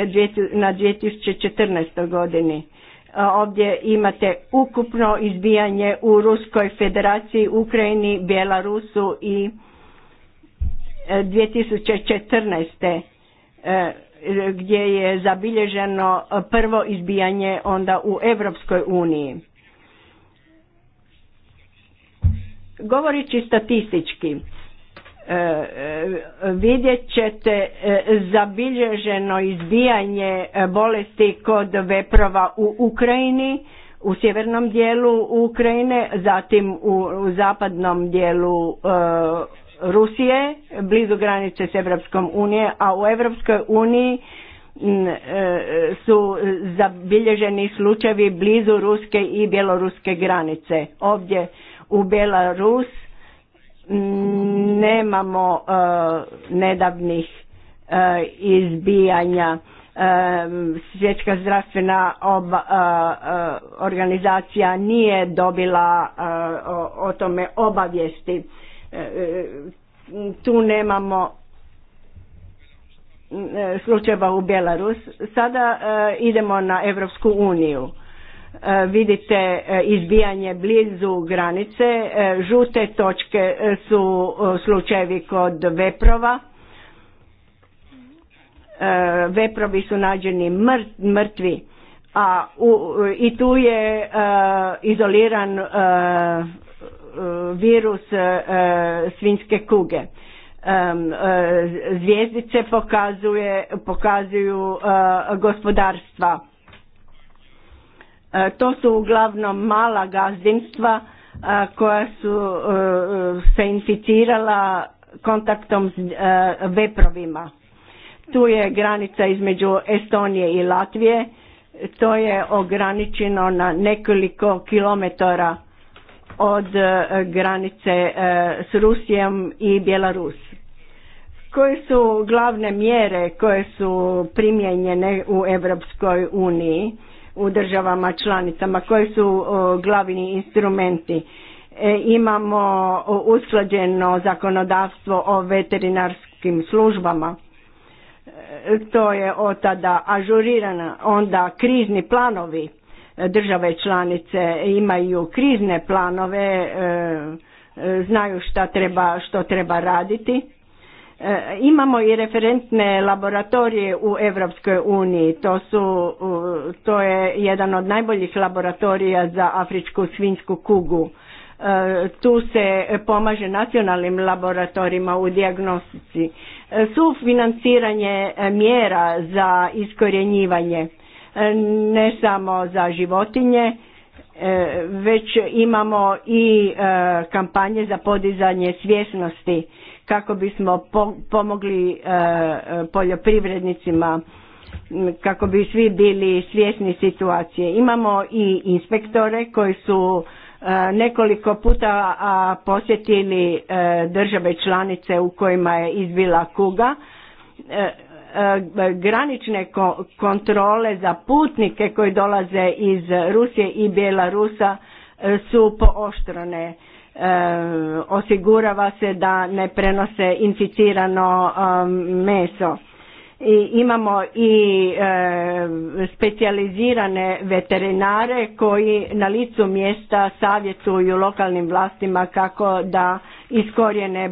na 2014. godini Ovdje imate ukupno izbijanje u Ruskoj federaciji, Ukrajini, Bjelarusu i 2014. E, e, gdje je zabilježeno prvo izbijanje onda u Europskoj uniji. Govoreći statistički, E, e, vidjet ćete e, zabilježeno izbijanje bolesti kod veprova u Ukrajini, u sjevernom dijelu Ukrajine, zatim u zapadnom dijelu Rusije, blizu granice s Evropskom unije, a u Evropskoj uniji su zabilježeni slučajevi blizu ruske i bjeloruske granice. Ovdje u Belarus nemamo e, nedavnih e, izbijanja e, svjetska zdravstvena organizacija nije dobila o, o tome obavijesti tu nemamo slučajeva u Belarus sada idemo na Europsku uniju E, vidite e, izbijanje blizu granice, e, žute točke su slučajevi kod veprova, veprovi su nađeni mrtvi, a i tu je izoliran virus svinjske kuge. Zvijezdice pokazuje, pokazuju gospodarstva E, to su uglavnom mala gazdinstva e, koja su e, se inficirala kontaktom s veprovima. Tu je granica između Estonije i Latvije. To je ograničeno na nekoliko kilometara od granice s Rusijom i Bjelarus. Koje su glavne mjere koje su primijenjene u Europskoj uniji? u državama članicama koji su glavni instrumenti. E, imamo usklađeno zakonodavstvo o veterinarskim službama. E, to je od tada ažurirana. Onda krizni planovi e, države članice imaju krizne planove, znaju što treba raditi E, imamo i referentne laboratorije u Europskoj uniji, to, su, to je jedan od najboljih laboratorija za afričku svinjsku kugu. E, tu se pomaže nacionalnim laboratorijima u dijagnostici. E, financiranje mjera za iskorjenjivanje, ne samo za životinje, već imamo i kampanje za podizanje svjesnosti kako bismo pomogli e, e, poljoprivrednicima kako bi svi bili svjesni situacije. Imamo i inspektore koji su e, nekoliko puta posjetili države članice u kojima je izbila kuga. Granične kontrole za putnike koji dolaze iz Rusije i Bjelarusa su pooštrane Eh, osigurava se da ne prenose inficirano eh, meso. I imamo i eh, specijalizirane veterinare koji na licu mjesta savjetuju lokalnim vlastima kako da iskorijene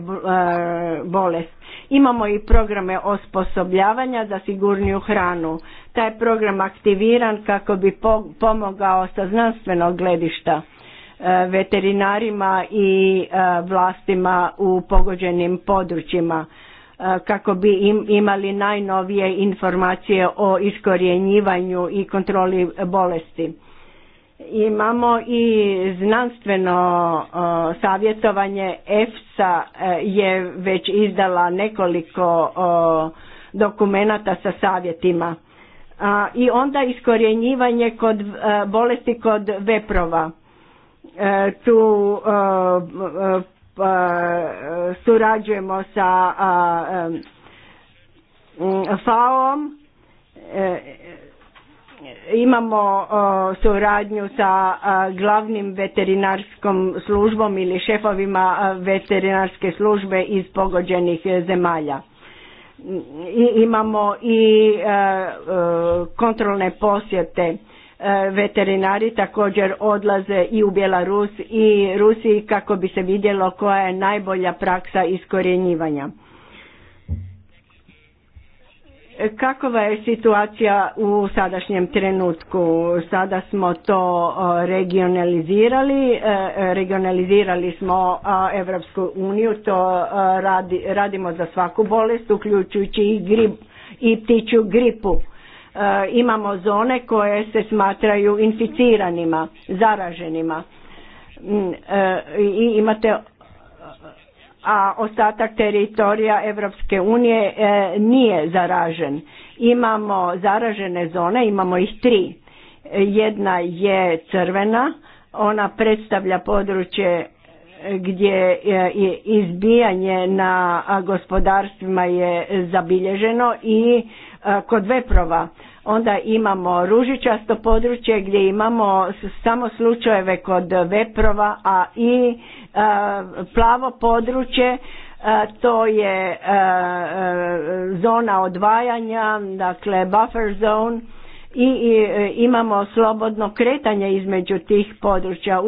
bolest. Imamo i programe osposobljavanja za sigurniju hranu. Taj program aktiviran kako bi pomogao sa znanstvenog gledišta E, veterinarima i e, vlastima u pogođenim područjima e, kako bi imali najnovije informacije o iskorjenjivanju i kontroli bolesti. Imamo i znanstveno savjetovanje. EFSA je već izdala nekoliko dokumenata sa savjetima. I onda iskorjenjivanje kod bolesti kod veprova tu e, e, pa, surađujemo sa FAO-om, e, imamo suradnju sa glavnim veterinarskom službom ili šefovima veterinarske službe iz pogođenih zemalja. I imamo i kontrolne posjete E, veterinari također odlaze i u Bjelarus i Rusiji kako bi se vidjelo koja je najbolja praksa iskorjenjivanja. E, Kakova je situacija u sadašnjem trenutku? Sada smo to regionalizirali, e, regionalizirali smo Evropsku uniju, to radimo za svaku bolest, uključujući i grip i ptiću gripu Eh, imamo zone koje se smatraju inficiranima, zaraženima. Mm, eh, I imate a ostatak teritorija Europske unije eh, nije zaražen. Imamo zaražene zone, imamo ih tri. Jedna je crvena, ona predstavlja područje gdje izbijanje na gospodarstvima je zabilježeno i kod veprova Onda imamo ružičasto područje gdje imamo samo slučajeve kod veprova, a i e, plavo područje e, to je e, zona odvajanja, dakle buffer zone i imamo slobodno kretanje između tih područja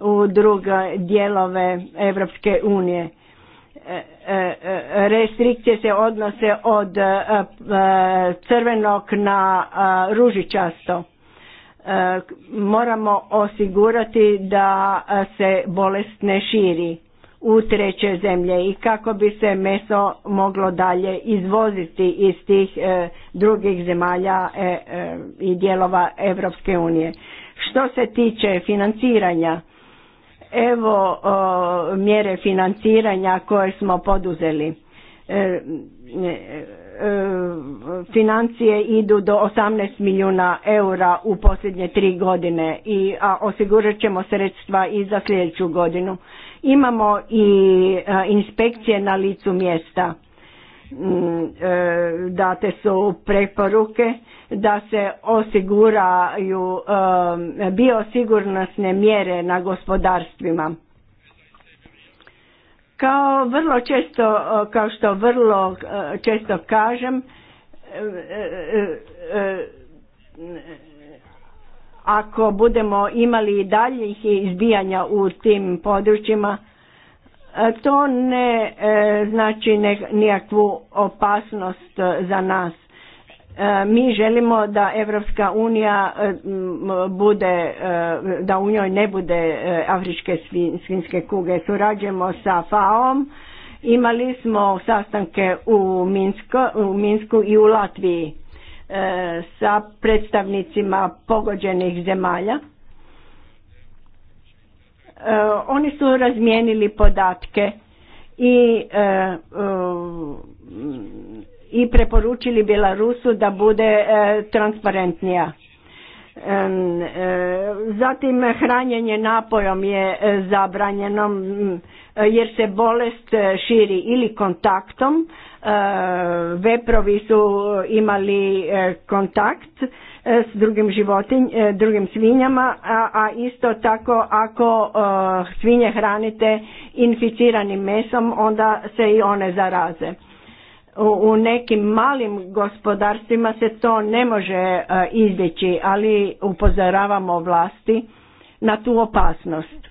u druga u dijelove Europske unije restrikcije se odnose od e, e, crvenog na e, ružičasto. Moramo osigurati da se bolest ne širi u treće zemlje i kako bi se meso moglo dalje izvoziti iz tih drugih zemalja i dijelova Europske unije. Što se tiče financiranja, Evo mjere financiranja koje smo poduzeli. E, e, e, financije idu do 18 milijuna eura u posljednje tri godine i a osigurat ćemo sredstva i za sljedeću godinu. Imamo i inspekcije na licu mjesta. Mm, date su preporuke da se osiguraju um, biosigurnosne mjere na gospodarstvima. Kao vrlo često, uh, kao što vrlo uh, često kažem, uh, ako budemo imali i daljih izbijanja u tim područjima, to ne znači nikakvu opasnost za nas mi želimo da Evropska unija e, bude, e, da u njoj ne bude e, afričke svinske kuge. Surađujemo sa fao imali smo sastanke u Minsku, u Minsku i u Latviji sa predstavnicima pogođenih zemalja. Oni su razmijenili podatke i i preporučili Bjelarusu da bude e, transparentnija. E, zatim hranjenje napojom je e, zabranjeno jer se bolest širi ili kontaktom, veprovi su imali kontakt s drugim životinj, drugim svinjama, a isto tako ako svinje hranite inficiranim mesom onda se i one zaraze u nekim malim gospodarstvima se to ne može e, izbjeći, ali upozoravamo vlasti na tu opasnost.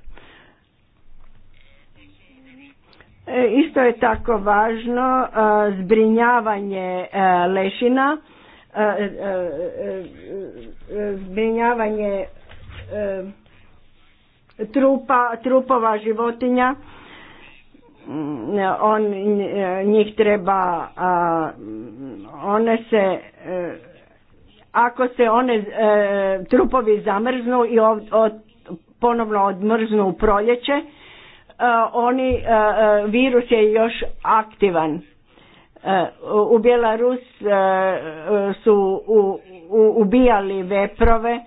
E, isto je tako važno e, zbrinjavanje lešina, zbrinjavanje trupa, trupova životinja Mm, on, e, njih treba, one se, e, ako se one e, trupovi zamrznu i ponovno odmrznu u proljeće, oni, virus je još aktivan. U Bjelarus su ubijali veprove,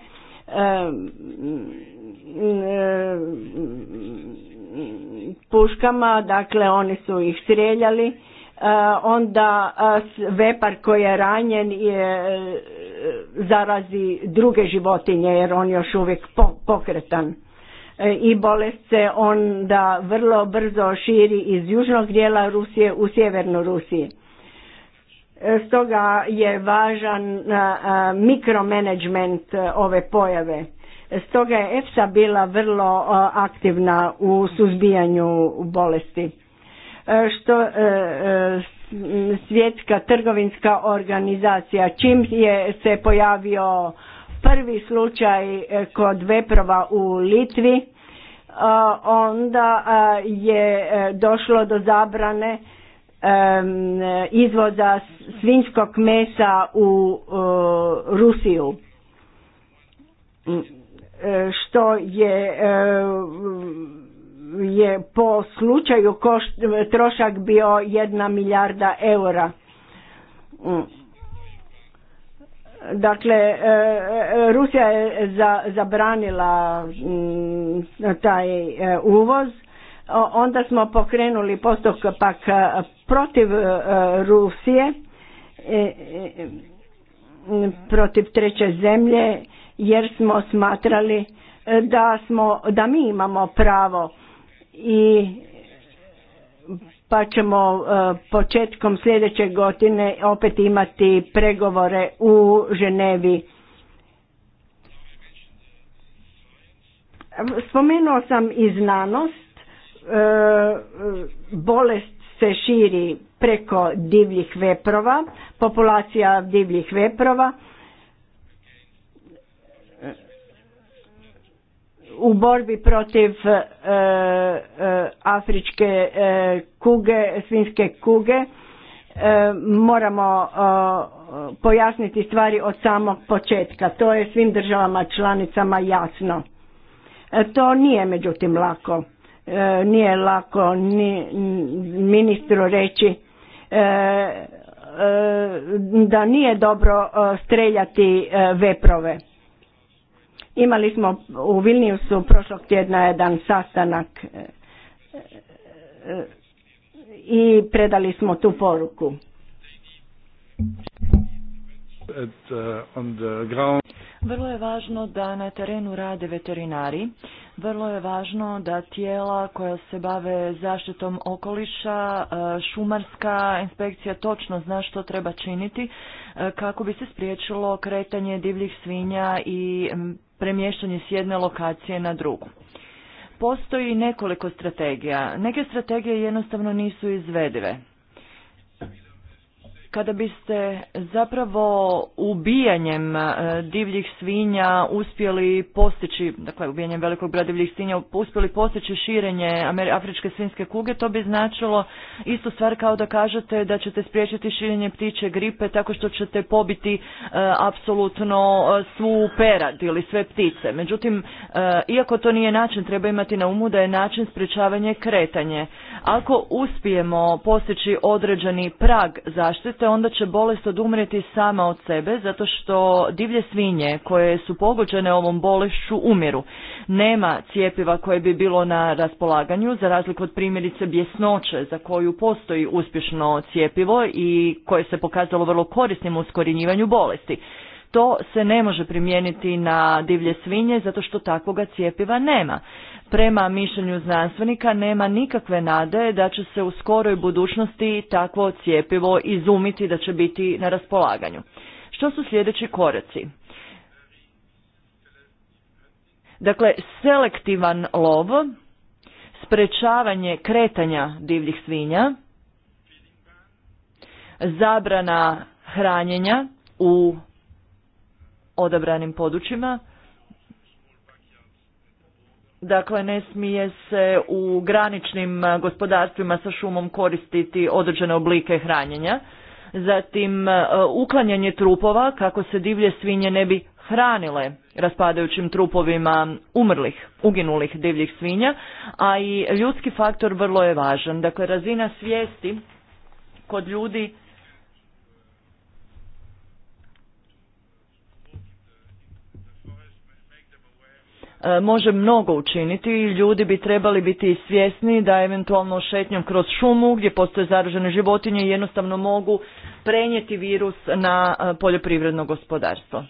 puškama, dakle oni su ih streljali, e, Onda e, vepar koji je ranjen je, e, zarazi druge životinje jer on još uvijek pokretan. I bolest se onda vrlo brzo širi iz južnog dijela Rusije u sjevernu Rusiju. Stoga je važan mikromanagement ove pojave Stoga je EFSA bila vrlo aktivna u suzbijanju bolesti. E, što e, e, svjetska trgovinska organizacija, čim je se pojavio prvi slučaj kod veprova u Litvi, onda je došlo do zabrane izvoza svinjskog mesa u Rusiju E, što je e, je po slučaju trošak bio jedna milijarda eura. Mm. Dakle, e, Rusija je zabranila mm, taj uvoz, onda smo pokrenuli postupak protiv Rusije, protiv treće zemlje jer smo smatrali e, da, smo, da mi imamo pravo i pa ćemo e, početkom sljedeće godine opet imati pregovore u Ženevi. Spomenuo sam i znanost, e, bolest se širi preko divljih veprova, populacija divljih veprova u borbi protiv e, e, afričke e, kuge, svinske kuge. Moramo pojasniti stvari od samog početka. To je svim državama članicama jasno. To nije međutim lako. Nije lako ni ministru reći da nije dobro streljati veprove. Imali smo u Vilniusu prošlog tjedna jedan sastanak e, e, i predali smo tu poruku. Uh, vrlo je važno da na terenu rade veterinari, vrlo je važno da tijela koja se bave zaštitom okoliša, e, šumarska inspekcija točno zna što treba činiti kako bi se spriječilo kretanje divljih svinja i premještanje s jedne lokacije na drugu. Postoji nekoliko strategija. Neke strategije jednostavno nisu izvedive kada biste zapravo ubijanjem e, divljih svinja uspjeli postići, dakle ubijanjem velikog broja divljih svinja uspjeli postići širenje afričke svinske kuge, to bi značilo istu stvar kao da kažete da ćete spriječiti širenje ptiče gripe tako što ćete pobiti e, apsolutno e, svu perad ili sve ptice. Međutim, iako to nije način, treba imati na umu da je način sprječavanje kretanje. Ako uspijemo postići određeni prag zaštite, te onda će bolest odumreti sama od sebe, zato što divlje svinje koje su pogođene ovom bolešću umiru. Nema cijepiva koje bi bilo na raspolaganju, za razliku od primjerice bjesnoće za koju postoji uspješno cijepivo i koje se pokazalo vrlo korisnim u skorinjivanju bolesti. To se ne može primijeniti na divlje svinje zato što takvoga cijepiva nema. Prema mišljenju znanstvenika nema nikakve nade da će se u skoroj budućnosti takvo cijepivo izumiti da će biti na raspolaganju. Što su sljedeći koraci? Dakle, selektivan lov, sprečavanje kretanja divljih svinja, zabrana hranjenja u odabranim područjima. Dakle, ne smije se u graničnim gospodarstvima sa šumom koristiti određene oblike hranjenja. Zatim, e, uklanjanje trupova kako se divlje svinje ne bi hranile raspadajućim trupovima umrlih, uginulih divljih svinja, a i ljudski faktor vrlo je važan. Dakle, razina svijesti kod ljudi E, može mnogo učiniti i ljudi bi trebali biti svjesni da eventualno šetnjom kroz šumu gdje postoje zaražene životinje jednostavno mogu prenijeti virus na e, poljoprivredno gospodarstvo.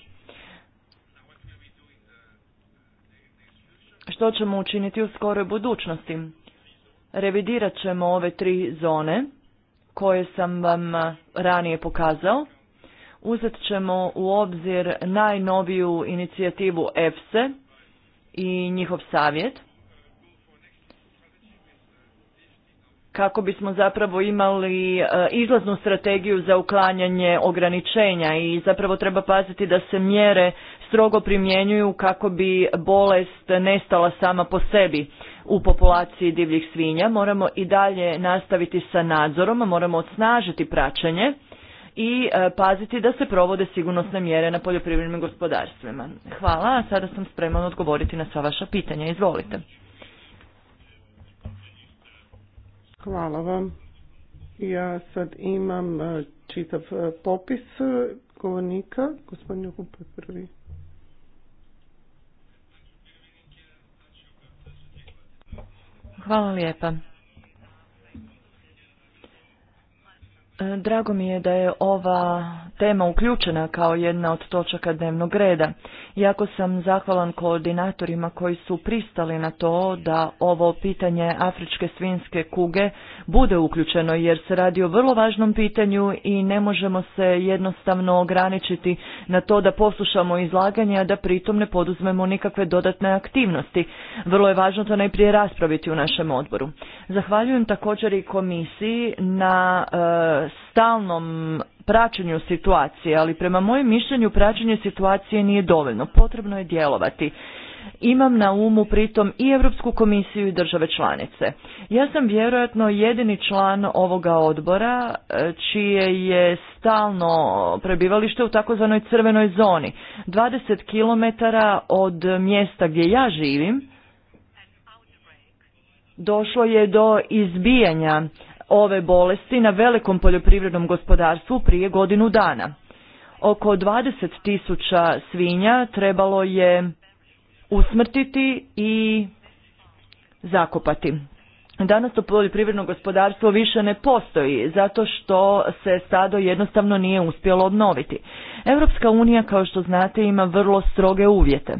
Što ćemo učiniti u skoroj budućnosti? Revidirat ćemo ove tri zone koje sam vam e, ranije pokazao. Uzet ćemo u obzir najnoviju inicijativu EFSE, i njihov savjet kako bismo zapravo imali e, izlaznu strategiju za uklanjanje ograničenja i zapravo treba paziti da se mjere strogo primjenjuju kako bi bolest nestala sama po sebi u populaciji divljih svinja. Moramo i dalje nastaviti sa nadzorom, moramo odsnažiti praćenje i e, paziti da se provode sigurnosne mjere na poljoprivrednim gospodarstvima. Hvala, a sada sam spreman odgovoriti na sva vaša pitanja. Izvolite. Hvala vam. Ja sad imam e, čitav e, popis govornika. Gospodin Jukup prvi. Hvala lijepa. E, drago mi je da je ova tema uključena kao jedna od točaka dnevnog reda. Jako sam zahvalan koordinatorima koji su pristali na to da ovo pitanje afričke svinske kuge bude uključeno jer se radi o vrlo važnom pitanju i ne možemo se jednostavno ograničiti na to da poslušamo izlaganje, a da pritom ne poduzmemo nikakve dodatne aktivnosti. Vrlo je važno to najprije raspraviti u našem odboru. Zahvaljujem također i komisiji na e, stalnom praćenju situacije, ali prema mojem mišljenju praćenje situacije nije dovoljno, potrebno je djelovati. Imam na umu pritom i Europsku komisiju i države članice. Ja sam vjerojatno jedini član ovoga odbora e, čije je stalno prebivalište u takozvanoj crvenoj zoni, 20 km od mjesta gdje ja živim. Došlo je do izbijanja ove bolesti na velikom poljoprivrednom gospodarstvu prije godinu dana. Oko 20 tisuća svinja trebalo je usmrtiti i zakopati. Danas to poljoprivredno gospodarstvo više ne postoji zato što se stado jednostavno nije uspjelo obnoviti. Europska unija kao što znate ima vrlo stroge uvjete.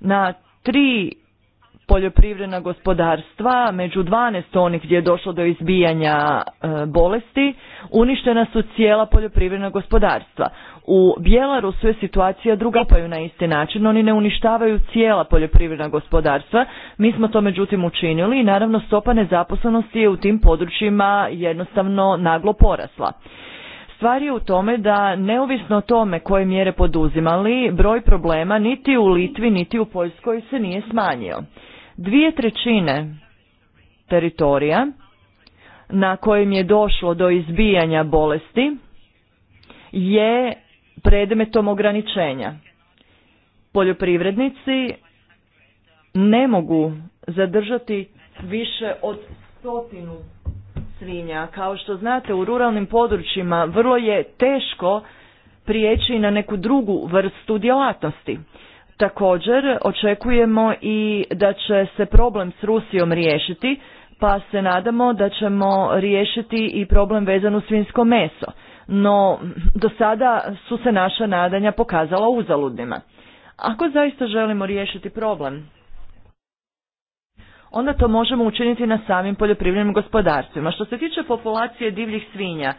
Na tri poljoprivredna gospodarstva, među 12 onih gdje je došlo do izbijanja e, bolesti, uništena su cijela poljoprivredna gospodarstva. U Bjelarusu je situacija druga, pa na isti način, oni ne uništavaju cijela poljoprivredna gospodarstva, mi smo to međutim učinili i naravno stopa nezaposlenosti je u tim područjima jednostavno naglo porasla. Stvar je u tome da neovisno o tome koje mjere poduzimali, broj problema niti u Litvi niti u Poljskoj se nije smanjio. Dvije trećine teritorija na kojem je došlo do izbijanja bolesti je predmetom ograničenja. Poljoprivrednici ne mogu zadržati više od stotinu svinja. Kao što znate, u ruralnim područjima vrlo je teško prijeći na neku drugu vrstu djelatnosti. Također očekujemo i da će se problem s Rusijom riješiti, pa se nadamo da ćemo riješiti i problem vezan u svinsko meso. No, do sada su se naša nadanja pokazala uzaludnima. Ako zaista želimo riješiti problem, onda to možemo učiniti na samim poljoprivrednim gospodarstvima. Što se tiče populacije divljih svinja,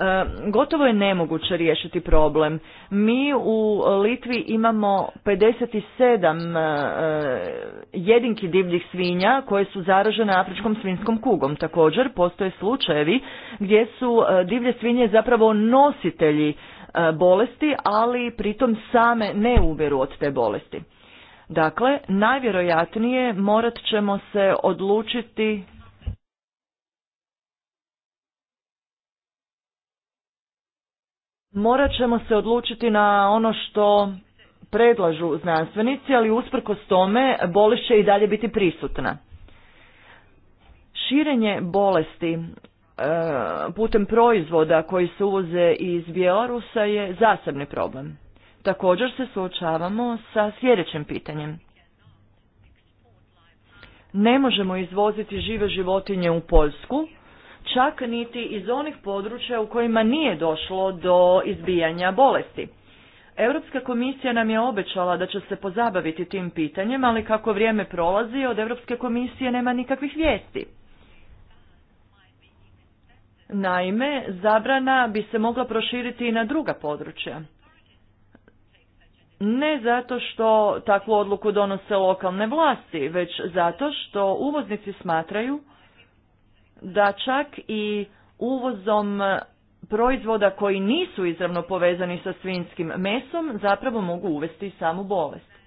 E, gotovo je nemoguće riješiti problem. Mi u Litvi imamo 57 e, jedinki divljih svinja koje su zaražene afričkom svinskom kugom. Također postoje slučajevi gdje su e, divlje svinje zapravo nositelji bolesti, ali pritom same ne uberu od te bolesti. Dakle, najvjerojatnije morat ćemo se odlučiti morat ćemo se odlučiti na ono što predlažu znanstvenici, ali usprkos tome bolest će i dalje biti prisutna. Širenje bolesti e, putem proizvoda koji se uvoze iz Bjelarusa je zasebni problem. Također se suočavamo sa sljedećim pitanjem. Ne možemo izvoziti žive životinje u Poljsku čak niti iz onih područja u kojima nije došlo do izbijanja bolesti. Europska komisija nam je obećala da će se pozabaviti tim pitanjem, ali kako vrijeme prolazi, od Europske komisije nema nikakvih vijesti. Naime, zabrana bi se mogla proširiti i na druga područja. Ne zato što takvu odluku donose lokalne vlasti, već zato što uvoznici smatraju da čak i uvozom e, proizvoda koji nisu izravno povezani sa svinjskim mesom zapravo mogu uvesti samu bolest.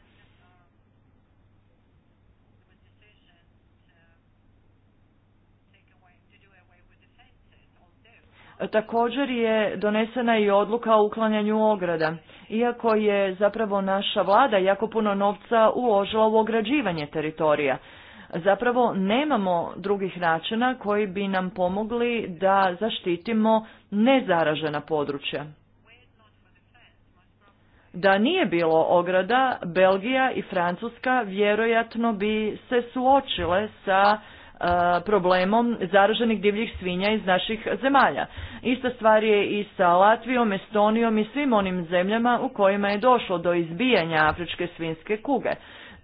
Također je donesena i odluka o uklanjanju ograda, iako je zapravo naša vlada jako puno novca uložila u ograđivanje teritorija zapravo nemamo drugih načina koji bi nam pomogli da zaštitimo nezaražena područja. Da nije bilo ograda, Belgija i Francuska vjerojatno bi se suočile sa e, problemom zaraženih divljih svinja iz naših zemalja. Ista stvar je i sa Latvijom, Estonijom i svim onim zemljama u kojima je došlo do izbijanja afričke svinske kuge.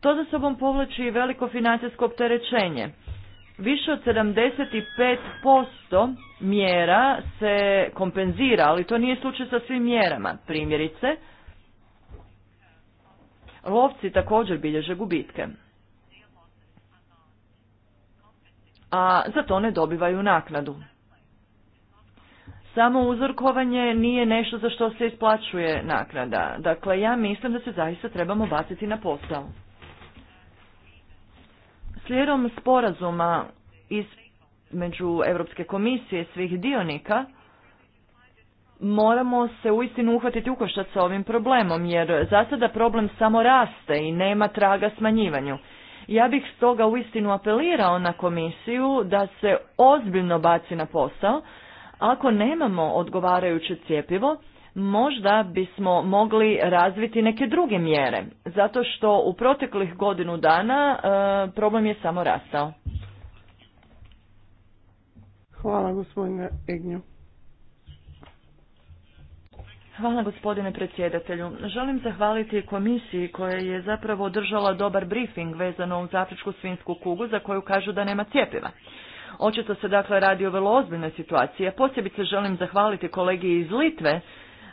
To za sobom povlači veliko financijsko opterećenje. Više od 75% mjera se kompenzira, ali to nije slučaj sa svim mjerama. Primjerice, lovci također bilježe gubitke. A za to ne dobivaju naknadu. Samo uzorkovanje nije nešto za što se isplaćuje naknada. Dakle, ja mislim da se zaista trebamo baciti na posao. Slijedom sporazuma između Europske komisije svih dionika, moramo se uistinu uhvatiti koštac sa ovim problemom, jer za sada problem samo raste i nema traga smanjivanju. Ja bih stoga uistinu apelirao na komisiju da se ozbiljno baci na posao, ako nemamo odgovarajuće cjepivo, možda bismo mogli razviti neke druge mjere, zato što u proteklih godinu dana e, problem je samo rastao. Hvala gospodine Egnju. Hvala gospodine predsjedatelju. Želim zahvaliti komisiji koja je zapravo održala dobar briefing vezano uz afričku svinsku kugu za koju kažu da nema cjepiva. Očito se dakle radi o vrlo ozbiljnoj situaciji, a posebice želim zahvaliti kolegi iz Litve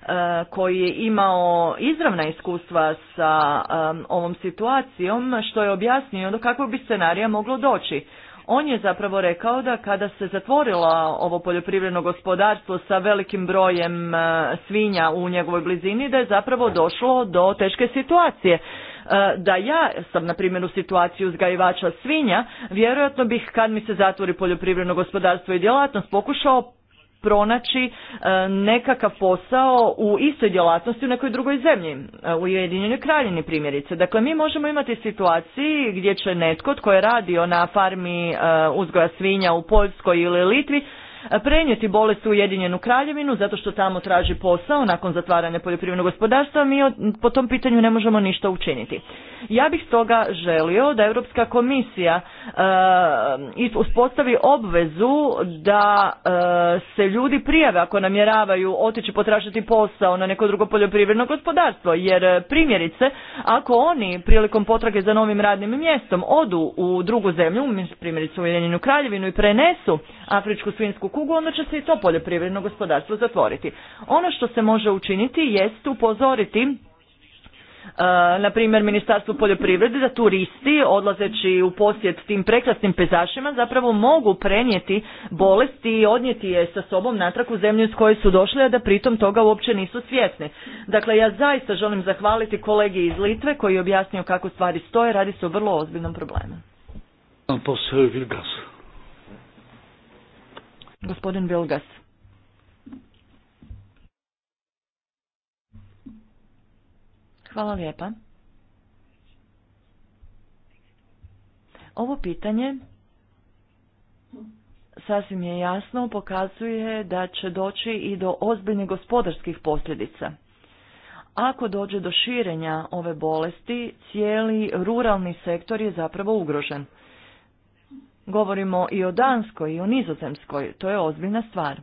Eh, koji je imao izravna iskustva sa eh, ovom situacijom, što je objasnio do kakvog bi scenarija moglo doći. On je zapravo rekao da kada se zatvorilo ovo poljoprivredno gospodarstvo sa velikim brojem eh, svinja u njegovoj blizini, da je zapravo došlo do teške situacije. Da ja sam, na primjer, u situaciji uzgajivača svinja, vjerojatno bih, kad mi se zatvori poljoprivredno gospodarstvo i djelatnost, pokušao pronaći e, nekakav posao u istoj djelatnosti u nekoj drugoj zemlji, e, u Ujedinjenoj kraljini primjerice. Dakle, mi možemo imati situaciji gdje će netko tko je radio na farmi e, uzgoja svinja u Poljskoj ili Litvi prenijeti bolest u Ujedinjenu kraljevinu zato što tamo traži posao nakon zatvaranja poljoprivrednog gospodarstva, mi po tom pitanju ne možemo ništa učiniti. Ja bih stoga želio da Europska komisija e, uspostavi obvezu da e, se ljudi prijave ako namjeravaju otići potražiti posao na neko drugo poljoprivredno gospodarstvo, jer e, primjerice ako oni prilikom potrage za novim radnim mjestom odu u drugu zemlju, primjerice u Ujedinjenu kraljevinu i prenesu afričku svinsku kugu, onda će se i to poljoprivredno gospodarstvo zatvoriti. Ono što se može učiniti jest upozoriti e, na primjer Ministarstvo poljoprivrede da turisti odlazeći u posjet tim prekrasnim pezašima zapravo mogu prenijeti bolesti i odnijeti je sa sobom natrag u zemlju s koje su došli, a da pritom toga uopće nisu svjesni. Dakle, ja zaista želim zahvaliti kolegi iz Litve koji je objasnio kako stvari stoje, radi se o vrlo ozbiljnom problemu. Gospodin Vilgas. Hvala lijepa. Ovo pitanje sasvim je jasno pokazuje da će doći i do ozbiljnih gospodarskih posljedica. Ako dođe do širenja ove bolesti, cijeli ruralni sektor je zapravo ugrožen. Govorimo i o Danskoj i o Nizozemskoj, to je ozbiljna stvar.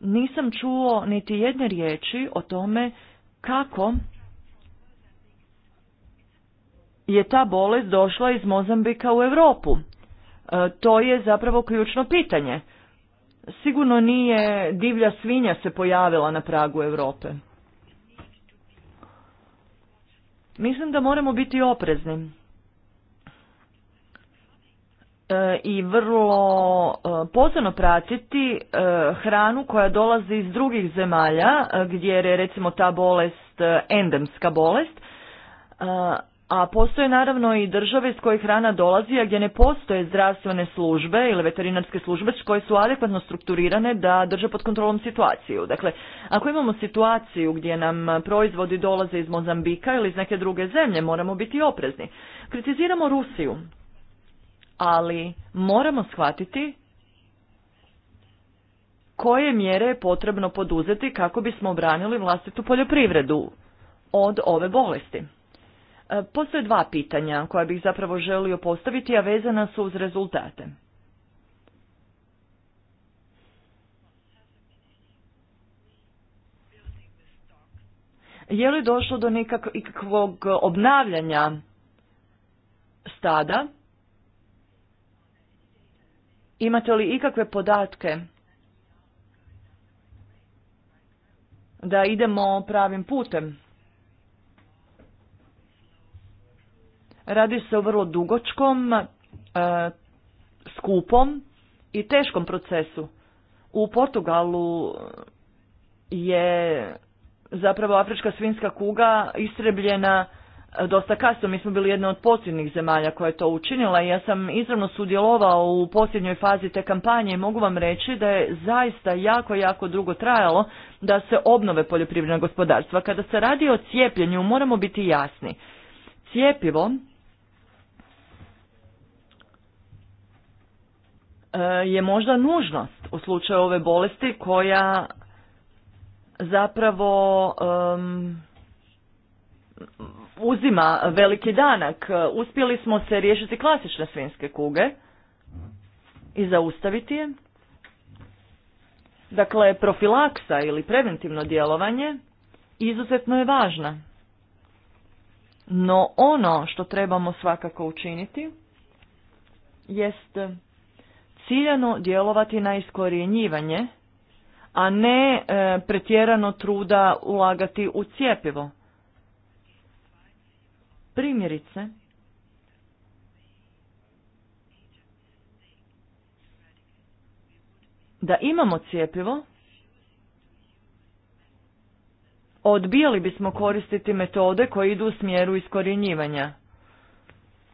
Nisam čuo niti jedne riječi o tome kako je ta bolest došla iz Mozambika u Europu. E, to je zapravo ključno pitanje. Sigurno nije divlja svinja se pojavila na pragu Europe. Mislim da moramo biti oprezni. E, i vrlo e, pozorno pratiti e, hranu koja dolazi iz drugih zemalja gdje je recimo ta bolest endemska bolest, a postoje naravno i države iz kojih hrana dolazi, a gdje ne postoje zdravstvene službe ili veterinarske službe koje su adekvatno strukturirane da drže pod kontrolom situaciju. Dakle, ako imamo situaciju gdje nam proizvodi dolaze iz Mozambika ili iz neke druge zemlje, moramo biti oprezni. Kritiziramo Rusiju ali moramo shvatiti koje mjere je potrebno poduzeti kako bismo obranili vlastitu poljoprivredu od ove bolesti. E, postoje dva pitanja koja bih zapravo želio postaviti, a vezana su uz rezultate. Je li došlo do nekakvog obnavljanja stada Imate li ikakve podatke da idemo pravim putem? Radi se o vrlo dugočkom, e, skupom i teškom procesu. U Portugalu je zapravo afrička svinska kuga istrebljena E, dosta kasno. Mi smo bili jedna od posljednjih zemalja koja je to učinila i ja sam izravno sudjelovao u posljednjoj fazi te kampanje i mogu vam reći da je zaista jako, jako drugo trajalo da se obnove poljoprivredna gospodarstva. Kada se radi o cijepljenju moramo biti jasni. Cijepivo e, je možda nužnost u slučaju ove bolesti koja zapravo uzima veliki danak. Uspjeli smo se riješiti klasične svinske kuge i zaustaviti je. Dakle, profilaksa ili preventivno djelovanje izuzetno je važna. No ono što trebamo svakako učiniti jest ciljano djelovati na iskorjenjivanje, a ne e, pretjerano truda ulagati u cijepivo. Primjerice, da imamo cijepivo, odbijali bismo koristiti metode koje idu u smjeru iskorjenjivanja.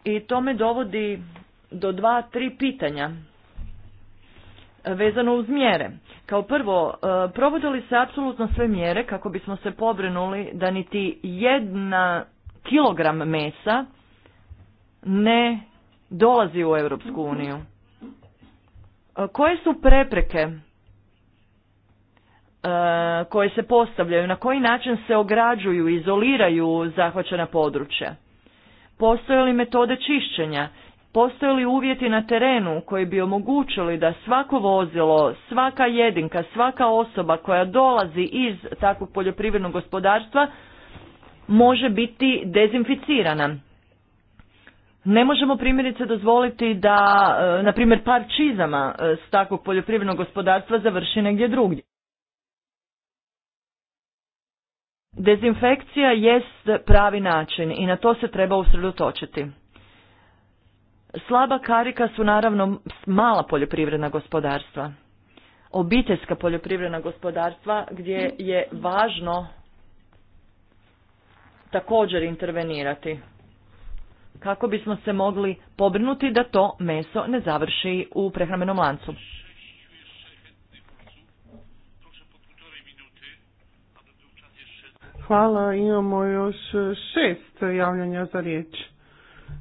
I to me dovodi do dva, tri pitanja vezano uz mjere. Kao prvo, e, provodili se apsolutno sve mjere kako bismo se pobrinuli da niti jedna kilogram mesa ne dolazi u Europsku uniju. E, koje su prepreke e, koje se postavljaju, na koji način se ograđuju, izoliraju zahvaćena područja? Postoje li metode čišćenja? Postoje li uvjeti na terenu koji bi omogućili da svako vozilo, svaka jedinka, svaka osoba koja dolazi iz takvog poljoprivrednog gospodarstva može biti dezinficirana. Ne možemo primjerice dozvoliti da, e, na primjer, par čizama e, s takvog poljoprivrednog gospodarstva završi negdje drugdje. Dezinfekcija jest pravi način i na to se treba usredotočiti. Slaba karika su naravno mala poljoprivredna gospodarstva. Obiteljska poljoprivredna gospodarstva gdje je važno također intervenirati kako bismo se mogli pobrinuti da to meso ne završi u prehrambenom lancu. Hvala, imamo još šest javljanja za riječ.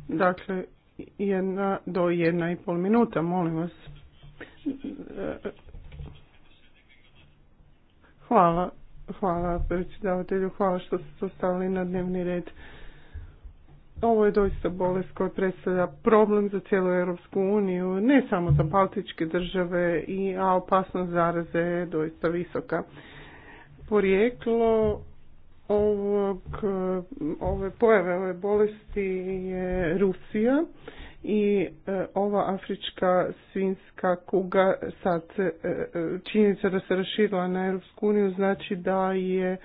Dakle, jedna do jedna i pol minuta, molim vas. Hvala. Hvala predsjedavatelju, hvala što ste stavili na dnevni red. Ovo je doista bolest koja predstavlja problem za cijelu Europsku uniju, ne samo za baltičke države, i, a opasnost zaraze je doista visoka. Porijeklo ovog, ove pojave ove bolesti je Rusija i e, ova afrička svinska kuga sad e, e, činjenica da se raširila na Europsku uniju znači da je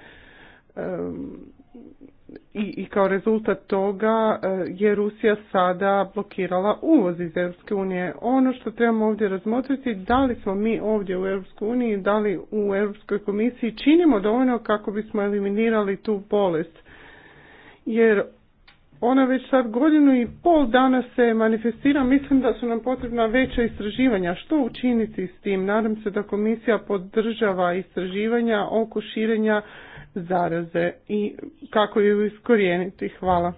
i, i kao rezultat toga je Rusija sada blokirala uvoz iz Europske unije. Ono što trebamo ovdje razmotriti, da li smo mi ovdje u Europskoj uniji, da li u Europskoj komisiji činimo dovoljno kako bismo eliminirali tu bolest. Jer ona već sad godinu i pol dana se manifestira. Mislim da su nam potrebna veća istraživanja. Što učiniti s tim? Nadam se da komisija podržava istraživanja oko širenja zaraze i kako ju iskorijeniti. Hvala.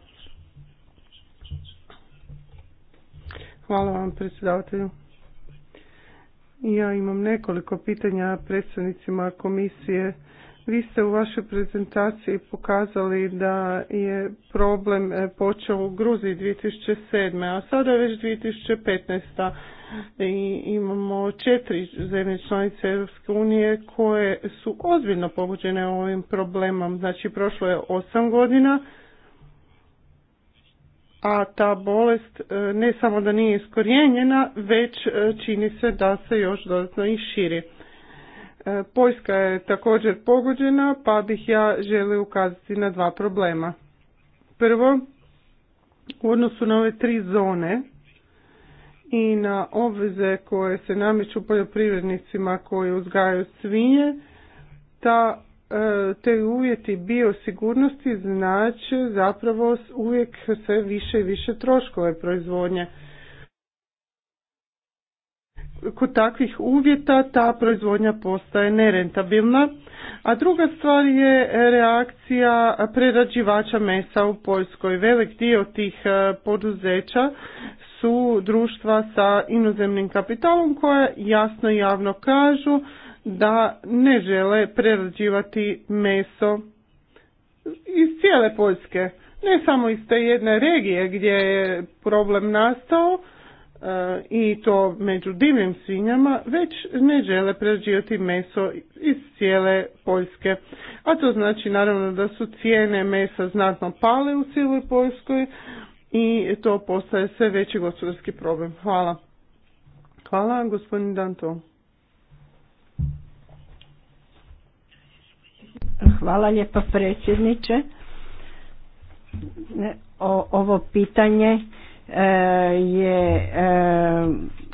Hvala vam predsjedavatelju. Ja imam nekoliko pitanja predstavnicima komisije vi ste u vašoj prezentaciji pokazali da je problem e, počeo u Gruziji 2007. a sada je već 2015. I imamo četiri zemlje članice Europske unije koje su ozbiljno pogođene ovim problemom. Znači prošlo je osam godina, a ta bolest e, ne samo da nije iskorijenjena, već e, čini se da se još dodatno i širi. E, Poljska je također pogođena, pa bih ja želio ukazati na dva problema. Prvo, u odnosu na ove tri zone i na obveze koje se nameću poljoprivrednicima koji uzgajaju svinje, ta e, te uvjeti biosigurnosti znači zapravo uvijek sve više i više troškove proizvodnje kod takvih uvjeta ta proizvodnja postaje nerentabilna. A druga stvar je reakcija prerađivača mesa u Poljskoj. Velik dio tih e, poduzeća su društva sa inozemnim kapitalom koja jasno i javno kažu da ne žele prerađivati meso iz cijele Poljske. Ne samo iz te jedne regije gdje je problem nastao, i to među divljim svinjama, već ne žele prerađivati meso iz cijele Poljske. A to znači naravno da su cijene mesa znatno pale u cijeloj Poljskoj i to postaje sve veći gospodarski problem. Hvala. Hvala, gospodin Danto. Hvala lijepa predsjedniče. O, ovo pitanje E, je e,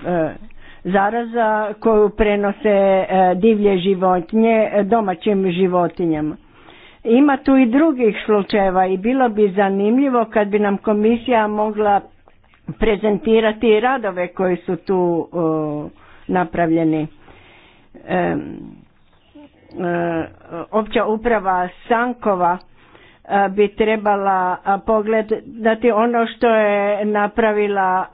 e, zaraza koju prenose divlje životinje domaćim životinjama. Ima tu i drugih slučajeva i bilo bi zanimljivo kad bi nam komisija mogla prezentirati radove koji su tu napravljeni. Opća uprava Sankova bi trebala pogledati ono što je napravila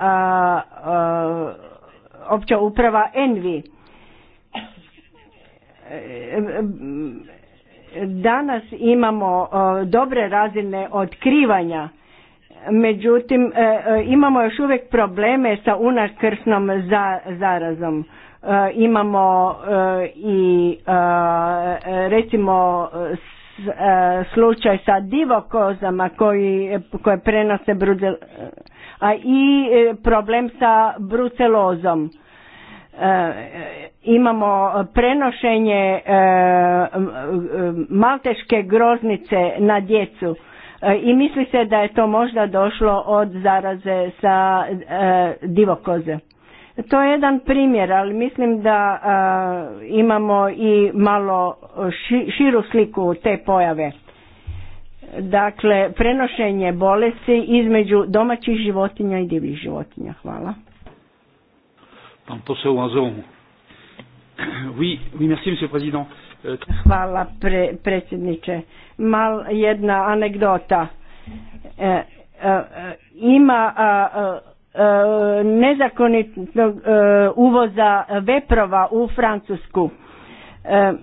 opća uprava Envi. Danas imamo dobre razine otkrivanja, međutim e, e, imamo još uvijek probleme sa unakrsnom zarazom. E, imamo i recimo E, slučaj sa divokozama koji, koje prenose a i e, problem sa brucelozom. E, imamo prenošenje malteške groznice na djecu i misli se da je to možda došlo od zaraze sa divokoze. To je jedan primjer, ali mislim da e, imamo i malo širu sliku te pojave. Dakle, prenošenje bolesti između domaćih životinja i divljih životinja. Hvala. Hvala predsjedniče. Mal jedna anegdota. E, e, e ima nezakonitog e, uvoza veprova u Francusku. E, e,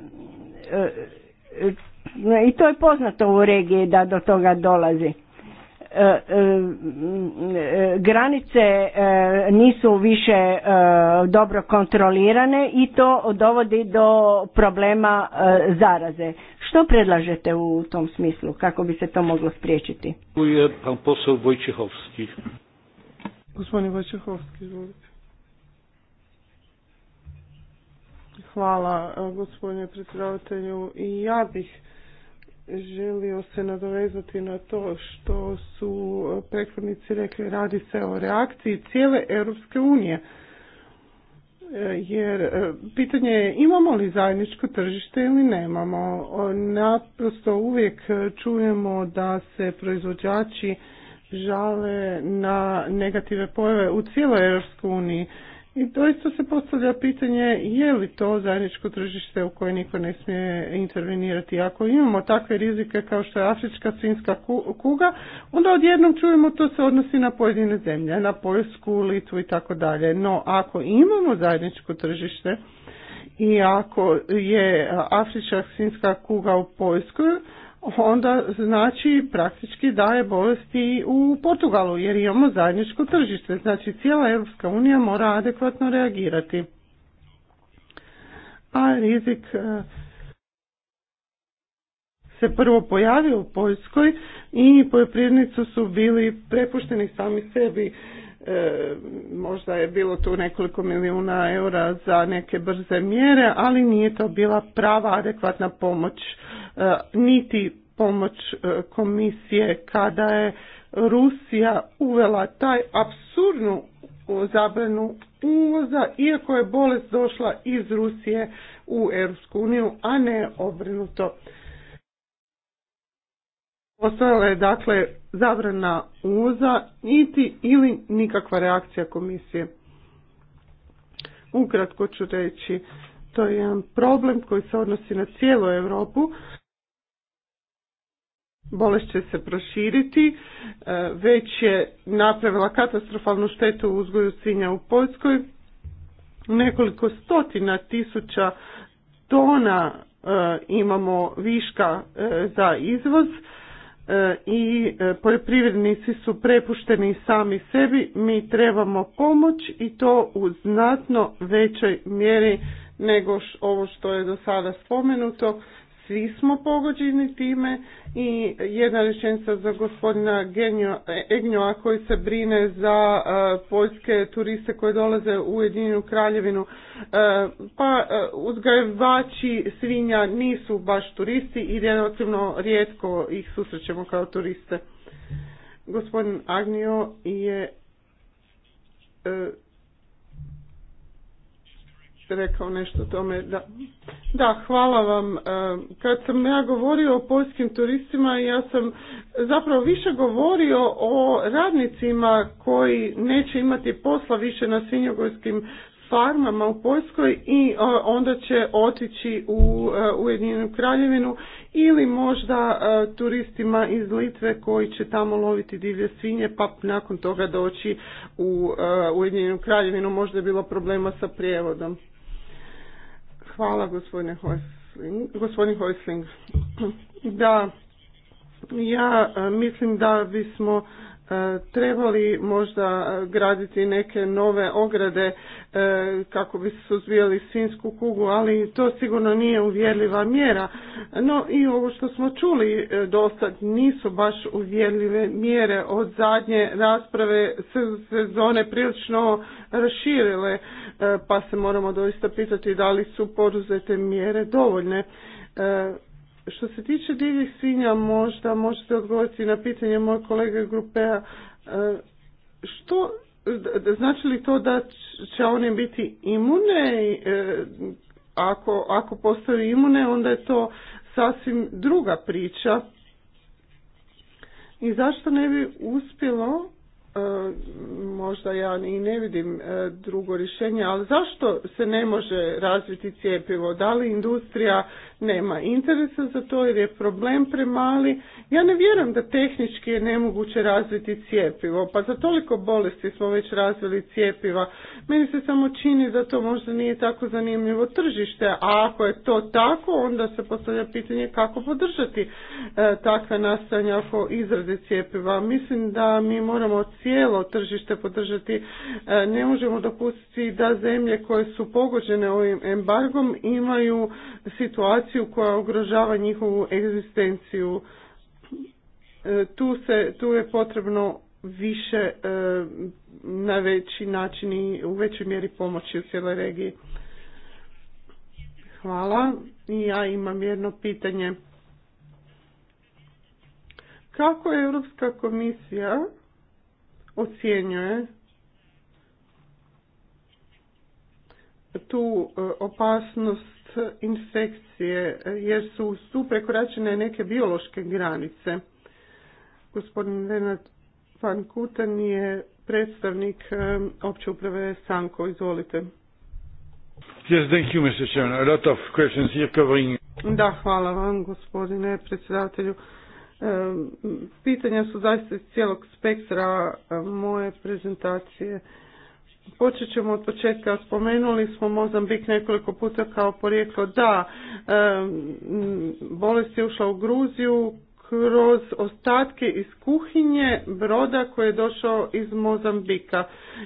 I to je poznato u regiji da do toga dolazi. Granice nisu više dobro kontrolirane i to dovodi do problema zaraze. Što predlažete u tom smislu kako bi se to moglo spriječiti? Gospodin Vojčehovski, izvolite. Hvala e, gospodine predsjedavatelju. I ja bih želio se nadovezati na to što su prethodnici rekli radi se o reakciji cijele Europske unije. E, jer e, pitanje je imamo li zajedničko tržište ili nemamo. Naprosto uvijek čujemo da se proizvođači žale na negative pojave u cijeloj Europskoj uniji. I doista se postavlja pitanje je li to zajedničko tržište u koje niko ne smije intervenirati. Ako imamo takve rizike kao što je afrička svinska kuga, onda odjednom čujemo to se odnosi na pojedine zemlje, na Poljsku, Litvu i tako dalje. No ako imamo zajedničko tržište i ako je afrička Sinska, kuga u Poljskoj, onda znači praktički daje bolesti u Portugalu jer imamo zajedničko tržište. Znači cijela Europska unija mora adekvatno reagirati. A rizik e, se prvo pojavio u Poljskoj i poljoprivrednici su bili prepušteni sami sebi. E, možda je bilo tu nekoliko milijuna eura za neke brze mjere, ali nije to bila prava adekvatna pomoć E, niti pomoć e, komisije kada je Rusija uvela taj absurdnu zabranu uvoza, iako je bolest došla iz Rusije u Europsku uniju, a ne obrnuto. Postojala je dakle zabrana uvoza niti ili nikakva reakcija komisije. Ukratko ću reći, to je jedan problem koji se odnosi na cijelu Europu bolest će se proširiti, e, već je napravila katastrofalnu štetu u uzgoju svinja u Poljskoj. Nekoliko stotina tisuća tona e, imamo viška e, za izvoz i poljoprivrednici su prepušteni sami sebi. Mi trebamo pomoć i to u znatno većoj mjeri nego ovo što je do sada spomenuto svi smo pogođeni time i jedna rečenica za gospodina Egnjoa koji se brine za e, poljske turiste koji dolaze u Ujedinjenu kraljevinu. E, pa e, uzgajivači svinja nisu baš turisti i relativno rijetko ih susrećemo kao turiste. Gospodin Agnio je rekao nešto o tome. Da, da hvala vam. E, kad sam ja govorio o poljskim turistima, ja sam zapravo više govorio o radnicima koji neće imati posla više na svinjogorskim farmama u Poljskoj i e, onda će otići e, u Ujedinjenu kraljevinu ili možda turistima iz Litve koji će tamo loviti divlje svinje pa nakon toga doći u Ujedinjenu kraljevinu. Možda je bilo problema sa prijevodom. Hvala gospodine Hojsling. Gospodin Hojsling. Da, ja e, mislim da bismo E, Trebali možda graditi neke nove ograde e, kako bi suzbijali svinsku kugu, ali to sigurno nije uvjerljiva mjera. No i ovo što smo čuli e, sad nisu baš uvjerljive mjere od zadnje rasprave se sezone prilično raširile, pa se moramo doista pitati da li su poduzete mjere dovoljne što se tiče divih svinja, možda možete odgovoriti na pitanje mojeg kolege Grupea. E, što, znači li to da će oni biti imune? E, ako, ako postaju imune, onda je to sasvim druga priča. I zašto ne bi uspjelo e, možda ja i ne vidim drugo rješenje, ali zašto se ne može razviti cijepivo? Da li industrija nema interesa za to jer je problem premali. Ja ne vjerujem da tehnički je nemoguće razviti cijepivo, pa za toliko bolesti smo već razvili cijepiva. Meni se samo čini da to možda nije tako zanimljivo tržište, a ako je to tako, onda se postavlja pitanje kako podržati e, takve nastojanja oko izrade cijepiva. Mislim da mi moramo cijelo tržište podržati, e, ne možemo dopustiti da zemlje koje su pogođene ovim embargom imaju situaciju koja ugrožava njihovu egzistenciju. E, tu, se, tu je potrebno više e, na veći način i u većoj mjeri pomoći u cijeloj regiji. Hvala. I ja imam jedno pitanje. Kako je Europska komisija ocjenjuje tu e, opasnost infekcije jer su su prekoračene neke biološke granice. Gospodin Renat Van Kutan je predstavnik opće uprave Sanko. Izvolite. Da, hvala vam, gospodine predsjedatelju. Pitanja su zaista iz cijelog spektra moje prezentacije. Počet ćemo od početka. Spomenuli smo Mozambik nekoliko puta kao porijeklo. Da, bolest je ušla u Gruziju kroz ostatke iz kuhinje broda koji je došao iz Mozambika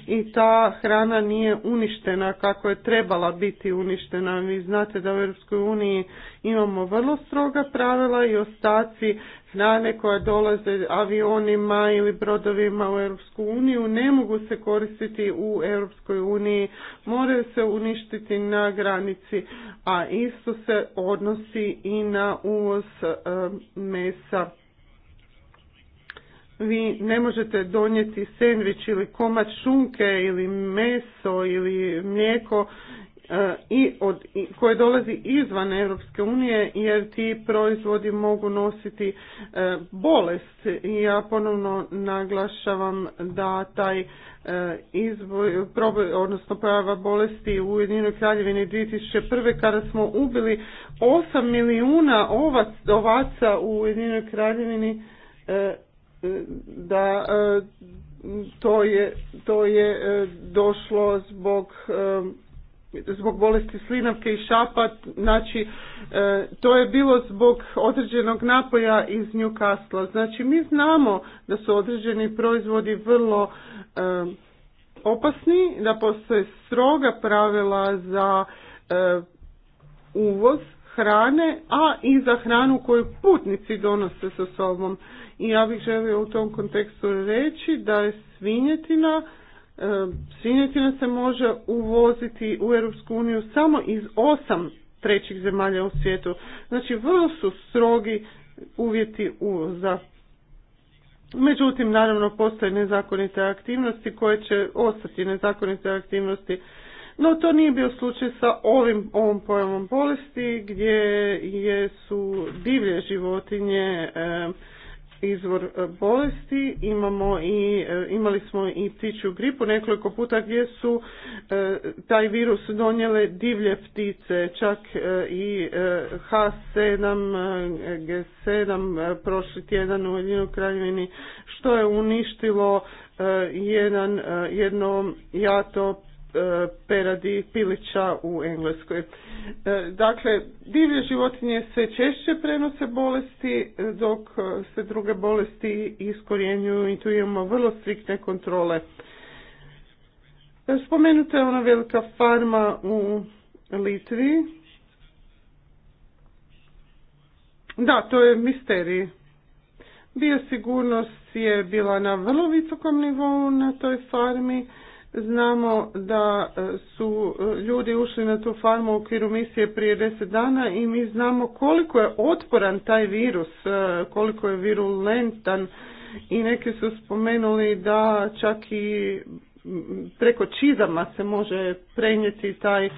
i ta hrana nije uništena kako je trebala biti uništena. Vi znate da u Europskoj uniji imamo vrlo stroga pravila i ostaci hrane koja dolaze avionima ili brodovima u Europsku uniju ne mogu se koristiti u Europskoj uniji, moraju se uništiti na granici, a isto se odnosi i na uvoz e, mesa vi ne možete donijeti sendvič ili komad šunke ili meso ili mlijeko e, i od, koje dolazi izvan Europske unije jer ti proizvodi mogu nositi e, bolest i ja ponovno naglašavam da taj e, izboj, odnosno pojava bolesti u Ujedinjenoj kraljevini 2001. kada smo ubili 8 milijuna ovac, ovaca u Ujedinjenoj kraljevini da e, to je, to je e, došlo zbog e, zbog bolesti slinavke i šapat. znači to je bilo zbog određenog napoja iz Newcastle. Znači mi znamo da su određeni proizvodi vrlo opasni, da postoje stroga pravila za uvoz hrane, a i za hranu koju putnici donose sa sobom. I ja bih želio u tom kontekstu reći da je svinjetina, e, svinjetina se može uvoziti u Europsku uniju samo iz osam trećih zemalja u svijetu. Znači vrlo su strogi uvjeti uvoza. Međutim, naravno, postoje nezakonite aktivnosti koje će ostati nezakonite aktivnosti. No, to nije bio slučaj sa ovim, ovom pojavom bolesti gdje je, su divlje životinje e, izvor e, bolesti. Imamo i, e, imali smo i ptičju gripu nekoliko puta gdje su e, taj virus donijele divlje ptice, čak i H7, G7 prošli tjedan u Ujedinjenoj kraljevini, što je uništilo jedan, jedno jato E, peradi pilića u Engleskoj. E, dakle, divlje životinje sve češće prenose bolesti, e, dok se druge bolesti iskorjenjuju i tu imamo vrlo striktne kontrole. Spomenuta je ona velika farma u Litvi. Da, to je misterij. Biosigurnost je bila na vrlo visokom nivou na toj farmi Znamo da e, su e, ljudi ušli na tu farmu u okviru misije prije deset dana i mi znamo koliko je otporan taj virus, e, koliko je virulentan i neki su spomenuli da čak i preko čizama se može prenijeti taj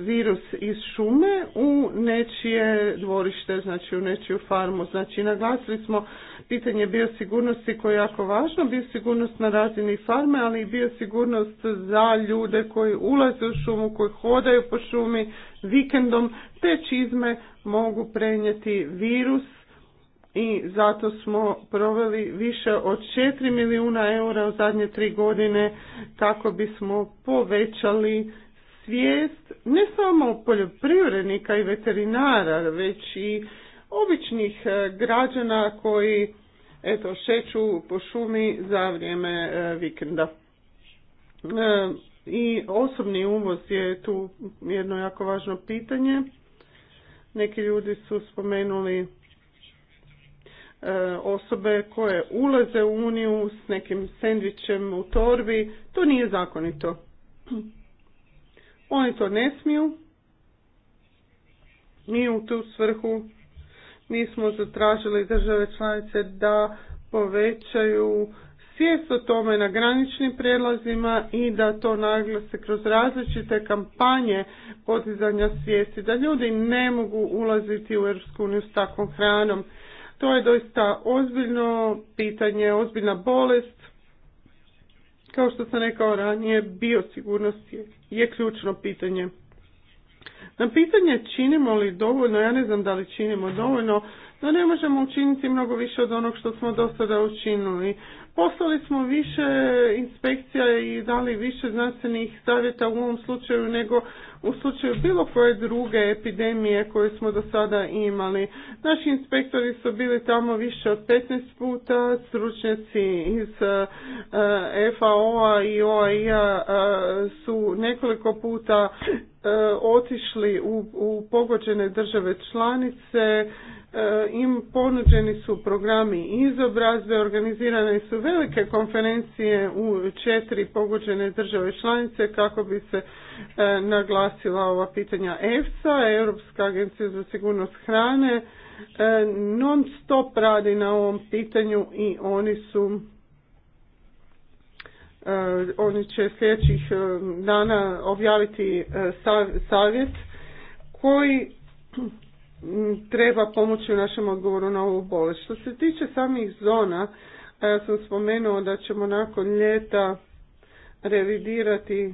virus iz šume u nečije dvorište, znači u nečiju farmu. Znači naglasili smo pitanje biosigurnosti koje je jako važno, biosigurnost na razini farme, ali i biosigurnost za ljude koji ulaze u šumu, koji hodaju po šumi vikendom, te čizme mogu prenijeti virus i zato smo proveli više od 4 milijuna eura u zadnje tri godine kako bismo povećali svijest ne samo poljoprivrednika i veterinara, već i običnih e, građana koji eto, šeću po šumi za vrijeme e, vikenda. E, I osobni uvoz je tu jedno jako važno pitanje. Neki ljudi su spomenuli osobe koje ulaze u Uniju s nekim sendvičem u torbi. To nije zakonito. Oni to ne smiju. Mi u tu svrhu mi smo zatražili države članice da povećaju svijest o tome na graničnim prijelazima i da to naglase kroz različite kampanje podizanja svijesti, da ljudi ne mogu ulaziti u EU s takvom hranom. To je doista ozbiljno pitanje, ozbiljna bolest. Kao što sam rekao ranije, biosigurnost je, je ključno pitanje. Na pitanje činimo li dovoljno, ja ne znam da li činimo dovoljno, da ne možemo učiniti mnogo više od onog što smo do sada učinili. Poslali smo više inspekcija i dali više znanstvenih savjeta u ovom slučaju nego u slučaju bilo koje druge epidemije koje smo do sada imali. Naši inspektori su bili tamo više od 15 puta, stručnjaci iz e, e, FAO-a i OAI-a e, su nekoliko puta otišli u, u pogođene države članice, E, im ponuđeni su programi izobrazbe, organizirane su velike konferencije u četiri pogođene države članice kako bi se e, naglasila ova pitanja EFSA, Europska agencija za sigurnost hrane, e, non stop radi na ovom pitanju i oni su oni će sljedećih dana objaviti savjet koji treba pomoći u našem odgovoru na ovu bolest. Što se tiče samih zona, ja sam spomenuo da ćemo nakon ljeta revidirati e,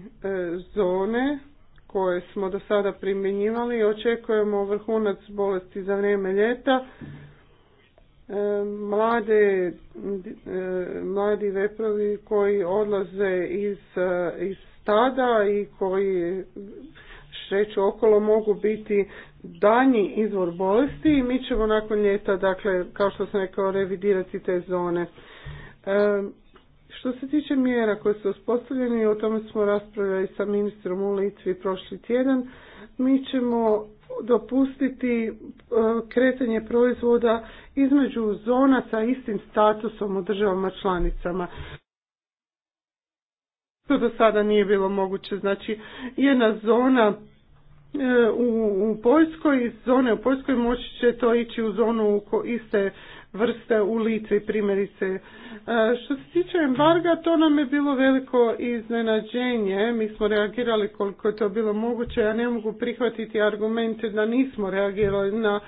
zone koje smo do sada primjenjivali i očekujemo vrhunac bolesti za vrijeme ljeta. E, mlade, e, mladi veprovi koji odlaze iz, iz stada i koji šeću okolo mogu biti danji izvor bolesti i mi ćemo nakon ljeta, dakle, kao što sam rekao, revidirati te zone. E, što se tiče mjera koje su uspostavljene, o tome smo raspravljali sa ministrom u Litvi prošli tjedan, mi ćemo dopustiti e, kretanje proizvoda između zona sa istim statusom u državama članicama. To do sada nije bilo moguće. Znači, jedna zona E, u, u Poljskoj, zone u Poljskoj moći će to ići u zonu ko iste vrste u Litvi primjerice. E, što se tiče embarga, to nam je bilo veliko iznenađenje. Mi smo reagirali koliko je to bilo moguće. Ja ne mogu prihvatiti argumente da nismo reagirali na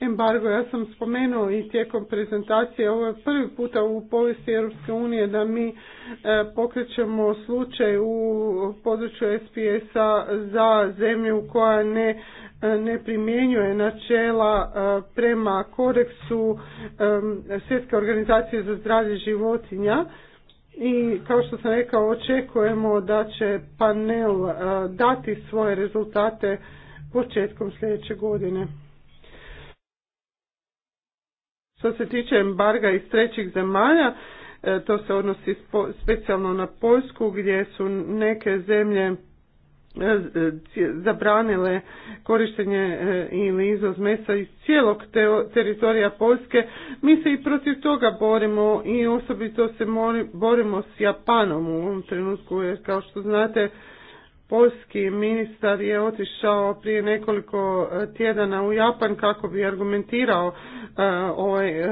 embargo. Ja sam spomenuo i tijekom prezentacije, ovo je prvi puta u povijesti Europske unije da mi e, pokrećemo slučaj u području SPS-a za zemlju koja ne ne primjenjuje načela e, prema kodeksu e, Svjetske organizacije za zdravlje životinja i kao što sam rekao očekujemo da će panel e, dati svoje rezultate početkom sljedeće godine. Što se tiče embarga iz trećih zemalja, to se odnosi specijalno na Poljsku gdje su neke zemlje E, zabranile korištenje e, ili izvoz mesa iz cijelog teritorija Poljske. Mi se i protiv toga borimo i osobito se borimo s Japanom u ovom trenutku jer kao što znate polski ministar je otišao prije nekoliko e, tjedana u Japan kako bi argumentirao ovaj,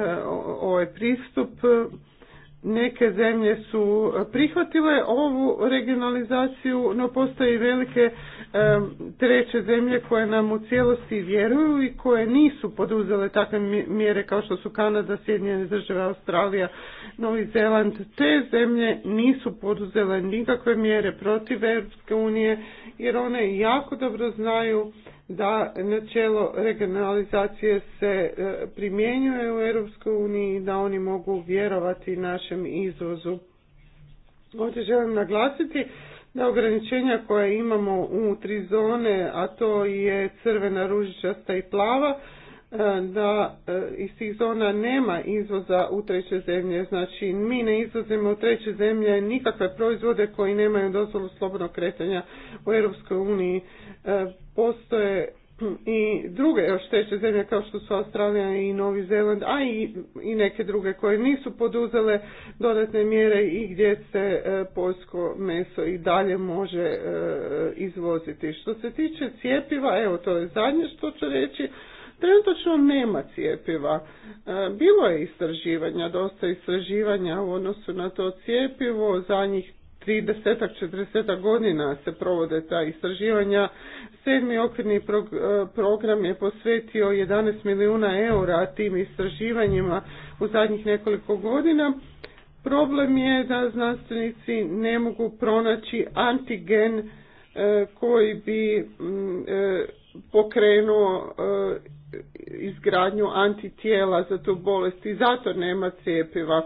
ovaj pristup Neke zemlje su prihvatile ovu regionalizaciju, no postoje velike treće zemlje koje nam u cijelosti vjeruju i koje nisu poduzele takve mjere kao što su Kanada, Sjedinjene države, Australija, Novi Zeland. Te zemlje nisu poduzele nikakve mjere protiv Europske unije jer one jako dobro znaju da načelo regionalizacije se e, primjenjuje u Europskoj uniji i da oni mogu vjerovati našem izvozu. Ovdje želim naglasiti da ograničenja koje imamo u tri zone, a to je crvena, ružičasta i plava, e, da e, iz tih zona nema izvoza u treće zemlje. Znači mi ne izvozimo u treće zemlje nikakve proizvode koji nemaju dozvolu slobodnog kretanja u Europskoj uniji. E, postoje i druge još treće zemlje kao što su Australija i Novi Zeland, a i, i neke druge koje nisu poduzele dodatne mjere i gdje se e, poljsko meso i dalje može e, izvoziti. Što se tiče cijepiva, evo to je zadnje što ću reći, Trenutačno nema cijepiva. E, bilo je istraživanja, dosta istraživanja u odnosu na to cijepivo. Zadnjih 30 40 godina se provode ta istraživanja. Sedmi okvirni e, program je posvetio 11 milijuna eura tim istraživanjima u zadnjih nekoliko godina. Problem je da znanstvenici ne mogu pronaći antigen e, koji bi e, pokrenuo izgradnju antitijela za tu bolest i zato nema cijepiva.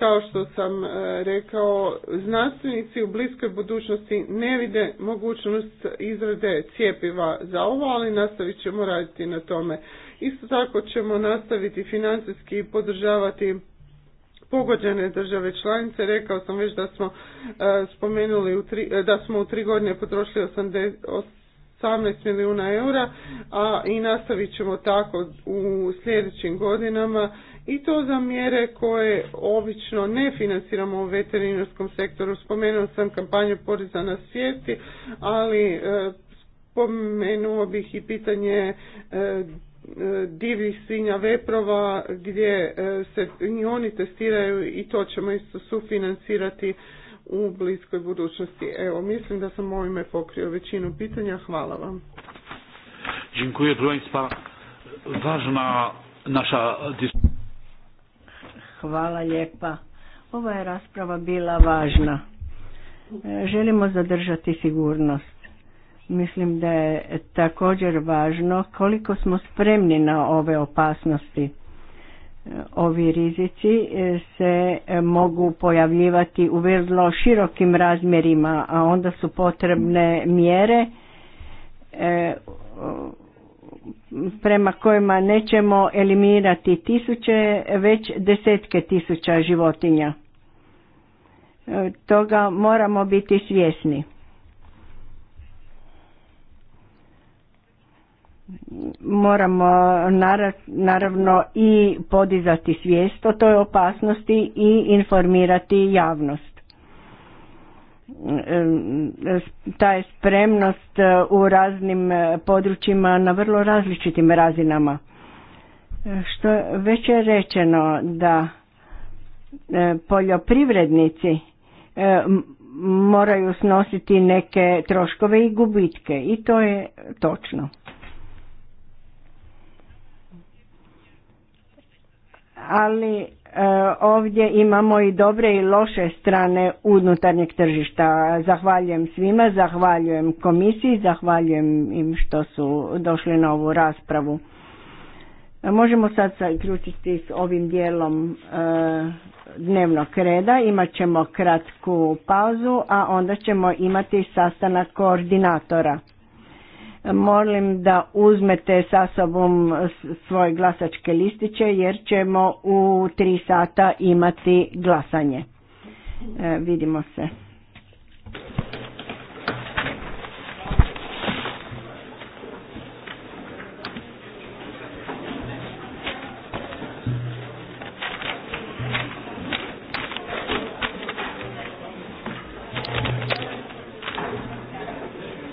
Kao što sam e, rekao, znanstvenici u bliskoj budućnosti ne vide mogućnost izrade cijepiva za ovo, ali nastavit ćemo raditi na tome. Isto tako ćemo nastaviti financijski podržavati pogođene države članice. Rekao sam već da smo e, spomenuli u e, da smo u tri godine potrošili 80, 18 milijuna eura, a i nastavit ćemo tako u sljedećim godinama i to za mjere koje obično ne financiramo u veterinarskom sektoru. Spomenuo sam kampanju poreza na svijeti, ali e, spomenuo bih i pitanje e, divljih svinja veprova gdje e, se i oni testiraju i to ćemo isto sufinancirati u bliskoj budućnosti. Evo, mislim da sam ovime pokrio većinu pitanja. Hvala vam. Dziękuję, Ważna nasza Hvala lijepa. Ova je rasprava bila važna. E, želimo zadržati sigurnost. Mislim da je također važno koliko smo spremni na ove opasnosti. E, ovi rizici e, se mogu pojavljivati u vrlo širokim razmjerima, a onda su potrebne mjere prema kojima nećemo eliminirati tisuće, već desetke tisuća životinja. E, toga moramo biti svjesni. Moramo naravno i podizati svijest o toj opasnosti i informirati javnost ta je spremnost e, u raznim e, područjima na vrlo različitim razinama. E, što već je rečeno da poljoprivrednici moraju snositi neke troškove i gubitke i to je točno. Ali E, ovdje imamo i dobre i loše strane unutarnjeg tržišta. Zahvaljujem svima, zahvaljujem komisiji, zahvaljujem im što su došli na ovu raspravu. E, možemo sad zaključiti s ovim dijelom e, dnevnog reda. Imat ćemo kratku pauzu, a onda ćemo imati sastanak koordinatora. Molim da uzmete sa sobom svoje glasačke listiće jer ćemo u tri sata imati glasanje. E, vidimo se.